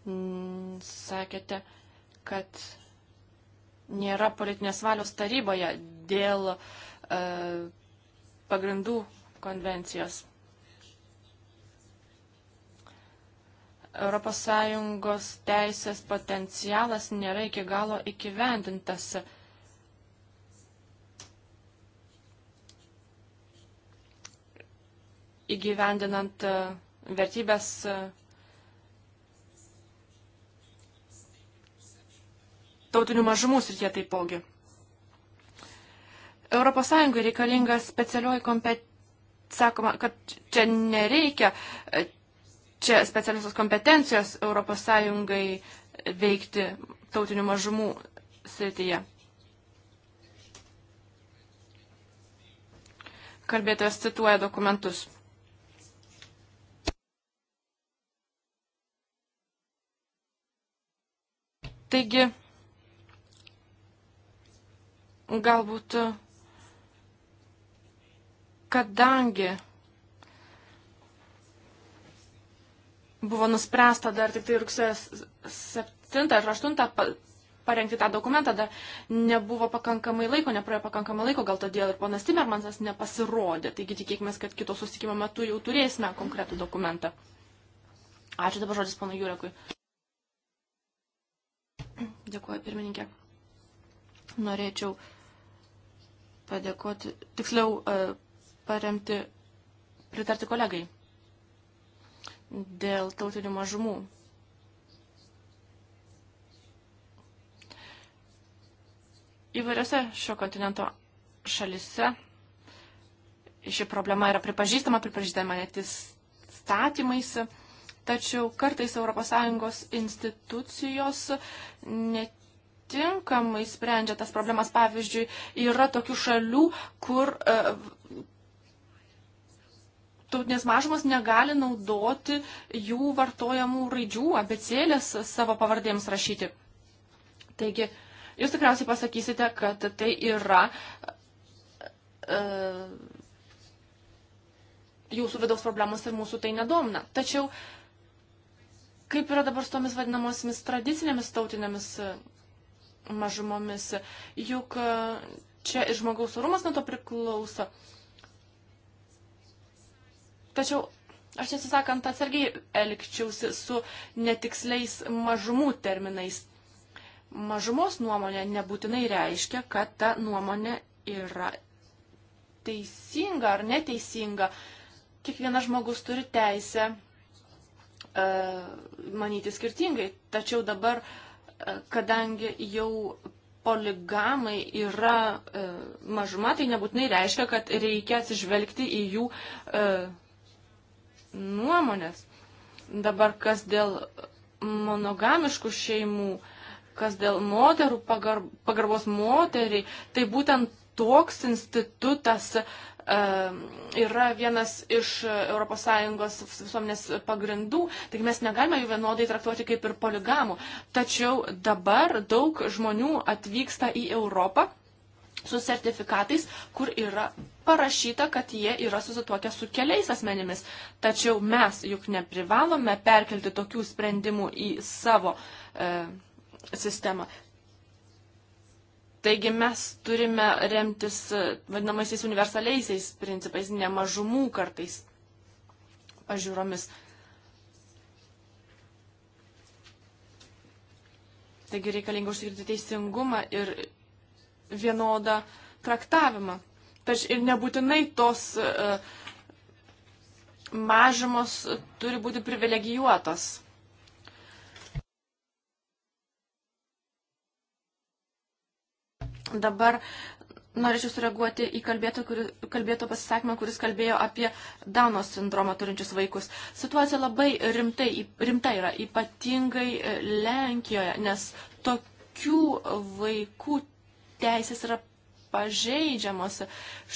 Speaker 3: Mm, sakėte, kad nėra politinės valios taryboje dėl e, pagrindų konvencijos. ES teisės potencialas nėra iki galo įgyvendintas. E, įgyvendinant e, vertybės e, tautinių mažumų srityje taipogi. ES reikalinga specialioji kompetencija, sakoma, kad čia nereikia e, čia specialiosios kompetencijos ES veikti tautinių mažumų srityje. Kalbėtojas cituoja dokumentus. Taigi, galbūt, kadangi buvo nuspręsta dar tik tai rugsėjo 7 ar 8 parengti tą dokumentą, dar nebuvo pakankamai laiko, nepraėjo pakankamai laiko, gal todėl ir ponas Timermansas nepasirodė. Taigi tikėkime, kad kito susitikimo metu jau turėsime konkretų dokumentą. Ačiū dabar žodis ponui Jurekui. Dėkuoju, pirmininkė. Norėčiau padėkoti, tiksliau e, paremti, pritarti kolegai dėl tautinių mažumų. Įvairiose šio kontinento šalise ši problema yra pripažįstama, pripažįstama net įstatymais tačiau kartais ES institucijos netinkamai sprendžia tas problemas. Pavyzdžiui, yra tokių šalių, kur e, tautinės mažumas negali naudoti jų vartojamų raidžių, abecėlės savo pavardėms rašyti. Taigi, jūs tikriausiai pasakysite, kad tai yra e, jūsų vidaus problemos ir mūsų tai nedomna. Tačiau Kaip yra dabar su tomis vadinamosiamis tradicinėmis tautinėmis e, mažumomis? Juk e, čia ir žmogaus orumas nuo to priklauso. Tačiau aš tiesą sakant, atsargiai elgčiausi su netiksliais mažumų terminais. Mažumos nuomonė nebūtinai reiškia, kad ta nuomonė yra teisinga ar neteisinga. Kiekvienas žmogus turi teisę E, manyti skirtingai. Tačiau dabar, e, kadangi jau poligamai yra e, mažuma, tai nebūtinai reiškia, kad reikia atsižvelgti į jų nuomonės. Dabar kas dėl monogamiškų šeimų, kas dėl moterų pagar, pagarbos moteriai, tai būtent toks institutas uh, yra vienas iš ES visuomenės pagrindų, taigi mes negalime jų vienodai traktuoti kaip ir poligamų. Tačiau dabar daug žmonių atvyksta į Europą su sertifikatais, kur yra parašyta, kad jie yra susituokę su keliais asmenimis. Tačiau mes juk neprivalome perkelti tokių sprendimų į savo e, sistemą. Taigi mes turime remtis e, vadinamaisiais universaliaisiais principais, ne mažumų kartais pažiūromis. Taigi reikalinga užtikrinti teisingumą ir vienodą traktavimą. Tačiau ir nebūtinai tos e, mažumos turi būti privilegijuotos. Dabar norėčiau sureaguoti į kalbėto, kuri, kalbėto pasisakymą, kuris kalbėjo apie Dauno sindromą turinčius vaikus. Situacija labai rimtai, rimta yra, ypatingai e, Lenkijoje, nes tokių vaikų teisės yra pažeidžiamos.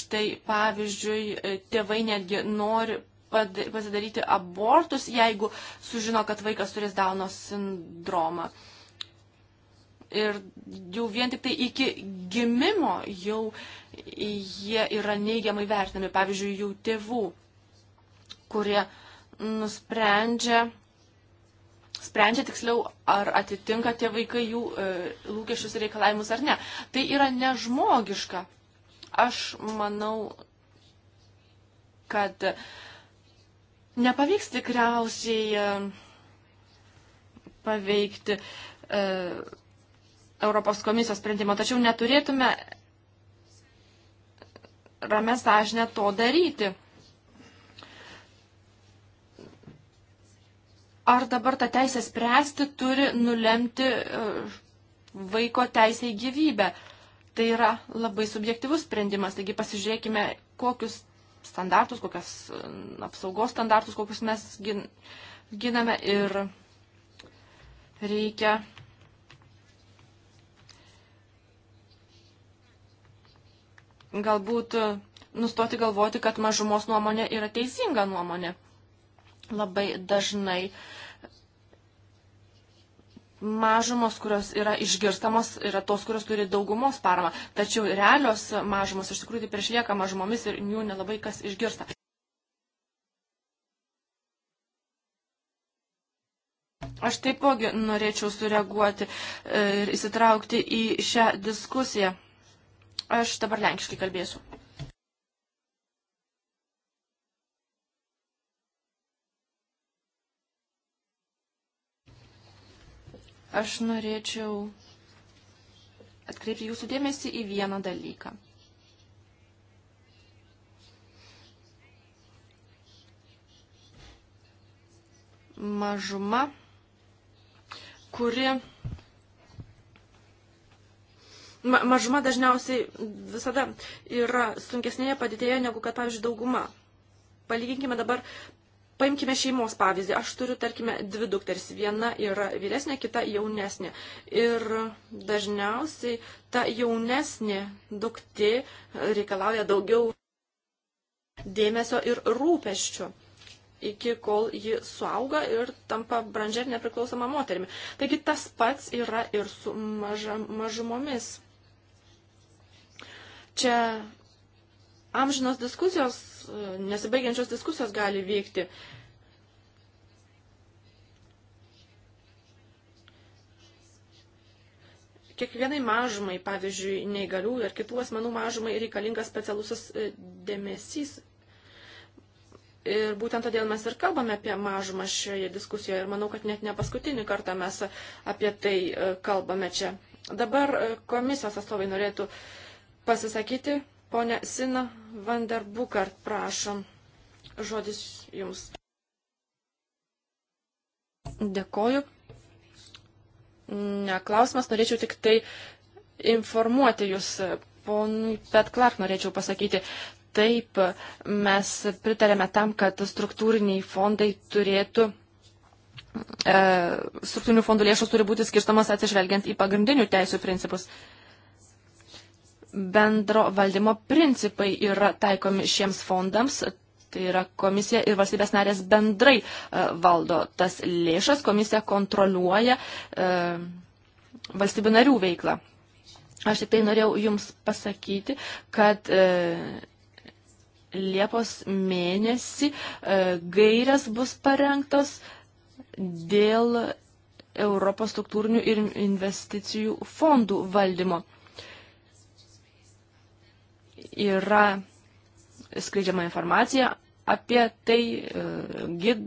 Speaker 3: Štai pavyzdžiui, e, tėvai netgi nori pasidaryti abortus, jeigu sužino, kad vaikas turės Dauno sindromą. Uh, ir jau vien tik tai iki gimimo jau jie yra neigiamai vertinami, pavyzdžiui, jų tėvų, kurie nusprendžia, sprendžia tiksliau, ar atitinka tie vaikai jų e, lūkesčius ir reikalavimus ar ne. Tai yra nežmogiška. Aš manau, kad nepavyks tikriausiai e, paveikti e, Europos komisijos sprendimo, tačiau neturėtume ramę sąžinę to daryti. Ar dabar ta teisė spręsti turi nulemti e, vaiko teisę į gyvybę? Tai yra labai subjektivus sprendimas, taigi pasižiūrėkime, kokius standartus, kokias e, apsaugos standartus, kokius mes gin, giname ir reikia galbūt e, nustoti galvoti, kad mažumos nuomonė yra teisinga nuomonė. Labai dažnai mažumos, kurios yra išgirstamos, yra tos, kurios turi daugumos paramą. Tačiau realios mažumos iš tikrųjų tai priešlieka mažumomis ir jų nelabai kas išgirsta. Aš taipogi norėčiau sureaguoti e, ir įsitraukti į šią diskusiją. Aš dabar lenkiškai kalbėsiu. Aš norėčiau atkreipti jūsų dėmesį į vieną dalyką. Mažuma, kuri ma mažuma dažniausiai visada yra sunkesnėje padėtėje negu kad, pavyzdžiui, dauguma. Palyginkime dabar, paimkime šeimos pavyzdį. Aš turiu, tarkime, dvi dukteris. Viena yra vyresnė, kita jaunesnė. Ir dažniausiai ta jaunesnė duktė reikalauja daugiau dėmesio ir rūpeščių iki kol ji suauga ir tampa brandžia ir nepriklausoma moterimi. Taigi tas pats yra ir su maža, mažumomis. Čia amžinos diskusijos, e, nesibaigiančios diskusijos gali vykti. kiekvienai mažumai, pavyzdžiui, neįgalių ir kitų asmenų mažumai reikalingas specialusis e, dėmesys. Ir būtent todėl mes ir kalbame apie mažumą šioje diskusijoje ir manau, kad net ne paskutinį kartą mes apie tai e, kalbame čia. Dabar komisijos atstovai norėtų uh, pasisakyti. Pone Sina Vanderbukart, prašom. Žodis jums. Dėkoju. Neklausimas, norėčiau tik tai informuoti jūs, ponui Pet Clark norėčiau pasakyti. Taip, mes pritarėme tam, kad struktūriniai fondai turėtų, e, struktūrinių fondų lėšos turi būti skirstamas atsižvelgiant į pagrindinių teisų principus. E, bendro valdymo principai yra taikomi šiems fondams. Tai yra komisija ir valstybės narės bendrai e, valdo tas lėšas, komisija kontroliuoja e, valstybių narių veiklą. Aš tik tai norėjau Jums pasakyti, kad e, Liepos mėnesį gairias bus parengtos dėl Europos struktūrinių ir investicijų fondų valdymo yra skleidžiama informacija apie tai, e, gid,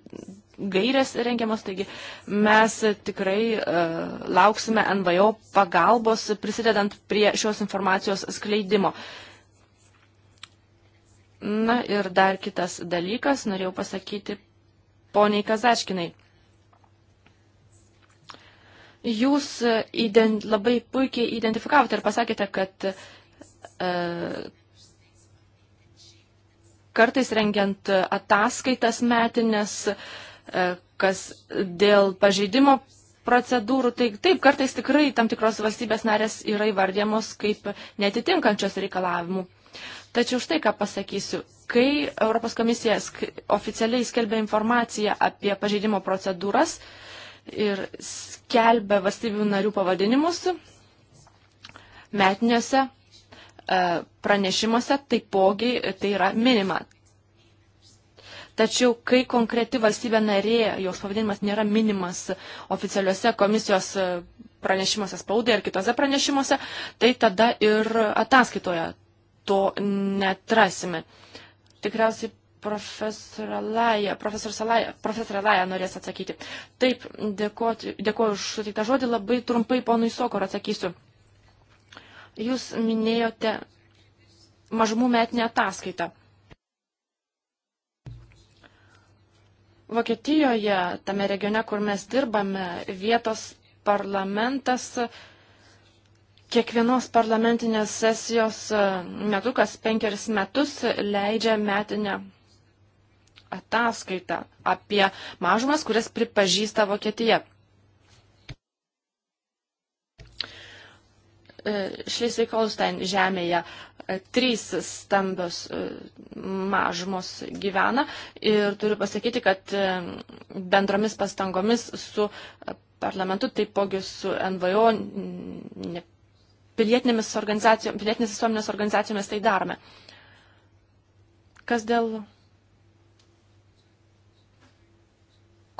Speaker 3: gairės rengiamas, taigi mes tikrai e, lauksime NVO pagalbos prisidedant prie šios informacijos skleidimo. Na ir dar kitas dalykas, norėjau pasakyti poniai Kazaškinai. Jūs ident, labai puikiai identifikavote ir pasakėte, kad e, kartais rengiant ataskaitas metinės, e, kas dėl pažeidimo procedūrų, tai taip, kartais tikrai tam tikros valstybės narės yra įvardiamos kaip netitinkančios reikalavimų. Tačiau štai ką pasakysiu. Kai Europos komisija oficialiai skelbia informaciją apie pažeidimo procedūras ir skelbia valstybių narių pavadinimus metiniuose E, pranešimuose taipogi tai yra minima. Tačiau, kai konkreti valstybė narė, jos pavadinimas nėra minimas oficialiuose komisijos e, pranešimuose spaudai ar kitose pranešimuose, tai tada ir ataskaitoje to netrasime. Tikriausiai profesorė Laja, profesorė Laja norės atsakyti. Taip, dėkuoju už suteiktą žodį, labai trumpai ponui Sokor atsakysiu. Jūs minėjote mažumų metinę ataskaitą. Vokietijoje, tame regione, kur mes dirbame, vietos parlamentas kiekvienos parlamentinės sesijos e, metu, kas penkeris metus, leidžia metinę ataskaitą apie mažumas, kurias pripažįsta Vokietija. E, Šlesvikaustain žemėje e, trys stambios e, mažumos gyvena ir turiu pasakyti, kad bendromis pastangomis su parlamentu, taipogi su NVO, pilietinėmis organizacijomis, pilietinės visuomenės organizacijomis tai darome. Kas dėl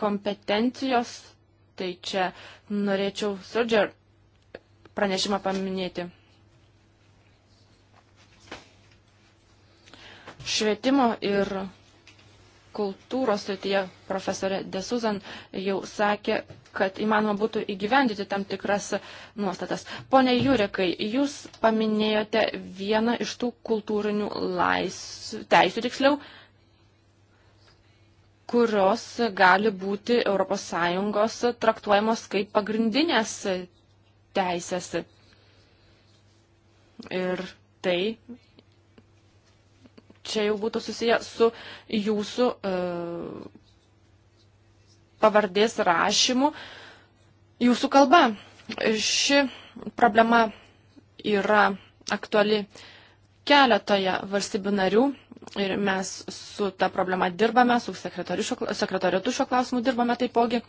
Speaker 3: kompetencijos, tai čia norėčiau Surger pranešimą paminėti. Švietimo ir kultūros srityje profesorė Desuzan jau sakė, kad įmanoma būtų įgyvendyti tam tikras nuostatas. Pone Jurekai, jūs paminėjote vieną iš tų kultūrinių lais... teisų, tiksliau, kurios gali būti ES traktuojamos kaip pagrindinės teisės. Ir tai čia jau būtų susiję su jūsų e, pavardės rašymu, jūsų kalba. Ši problema yra aktuali keletoje valstybių narių ir mes su ta problema dirbame, su sekretoriu šio klausimu dirbame taipogi.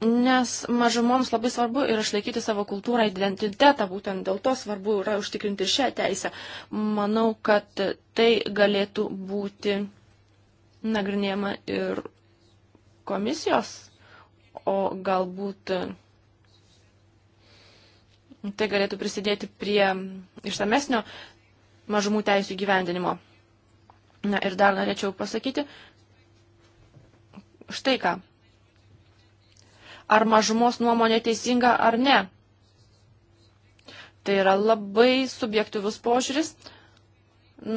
Speaker 3: Nes mažumoms labai svarbu ir išlaikyti savo kultūrą, identitetą, būtent dėl to svarbu yra užtikrinti ir šią teisę. Manau, kad tai galėtų būti nagrinėjama ir komisijos, o galbūt tai galėtų prisidėti prie išsamesnio mažumų teisų gyvendinimo. Na ir dar norėčiau pasakyti štai ką ar mažumos nuomonė teisinga ar ne. Tai yra labai subjektivus požiūris.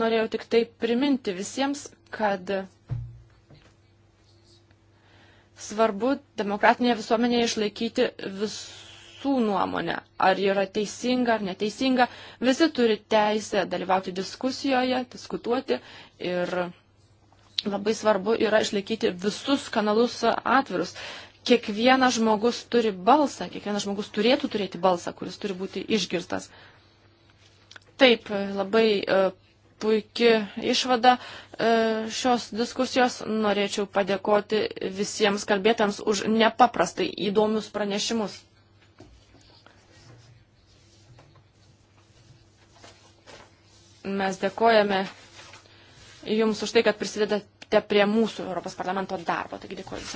Speaker 3: Norėjau tik tai priminti visiems, kad svarbu demokratinėje visuomenėje išlaikyti visų nuomonę, ar yra teisinga ar neteisinga. Visi turi teisę dalyvauti diskusijoje, diskutuoti ir labai svarbu yra išlaikyti visus kanalus atvirus kiekvienas žmogus turi balsą, kiekvienas žmogus turėtų turėti balsą, kuris turi būti išgirstas. Taip, labai e, puikia išvada e, šios diskusijos. Norėčiau padėkoti visiems kalbėtams už nepaprastai įdomius pranešimus. Mes dėkojame Jums už tai, kad prisidedate prie mūsų Europos parlamento darbo. Taigi dėkoju visiems.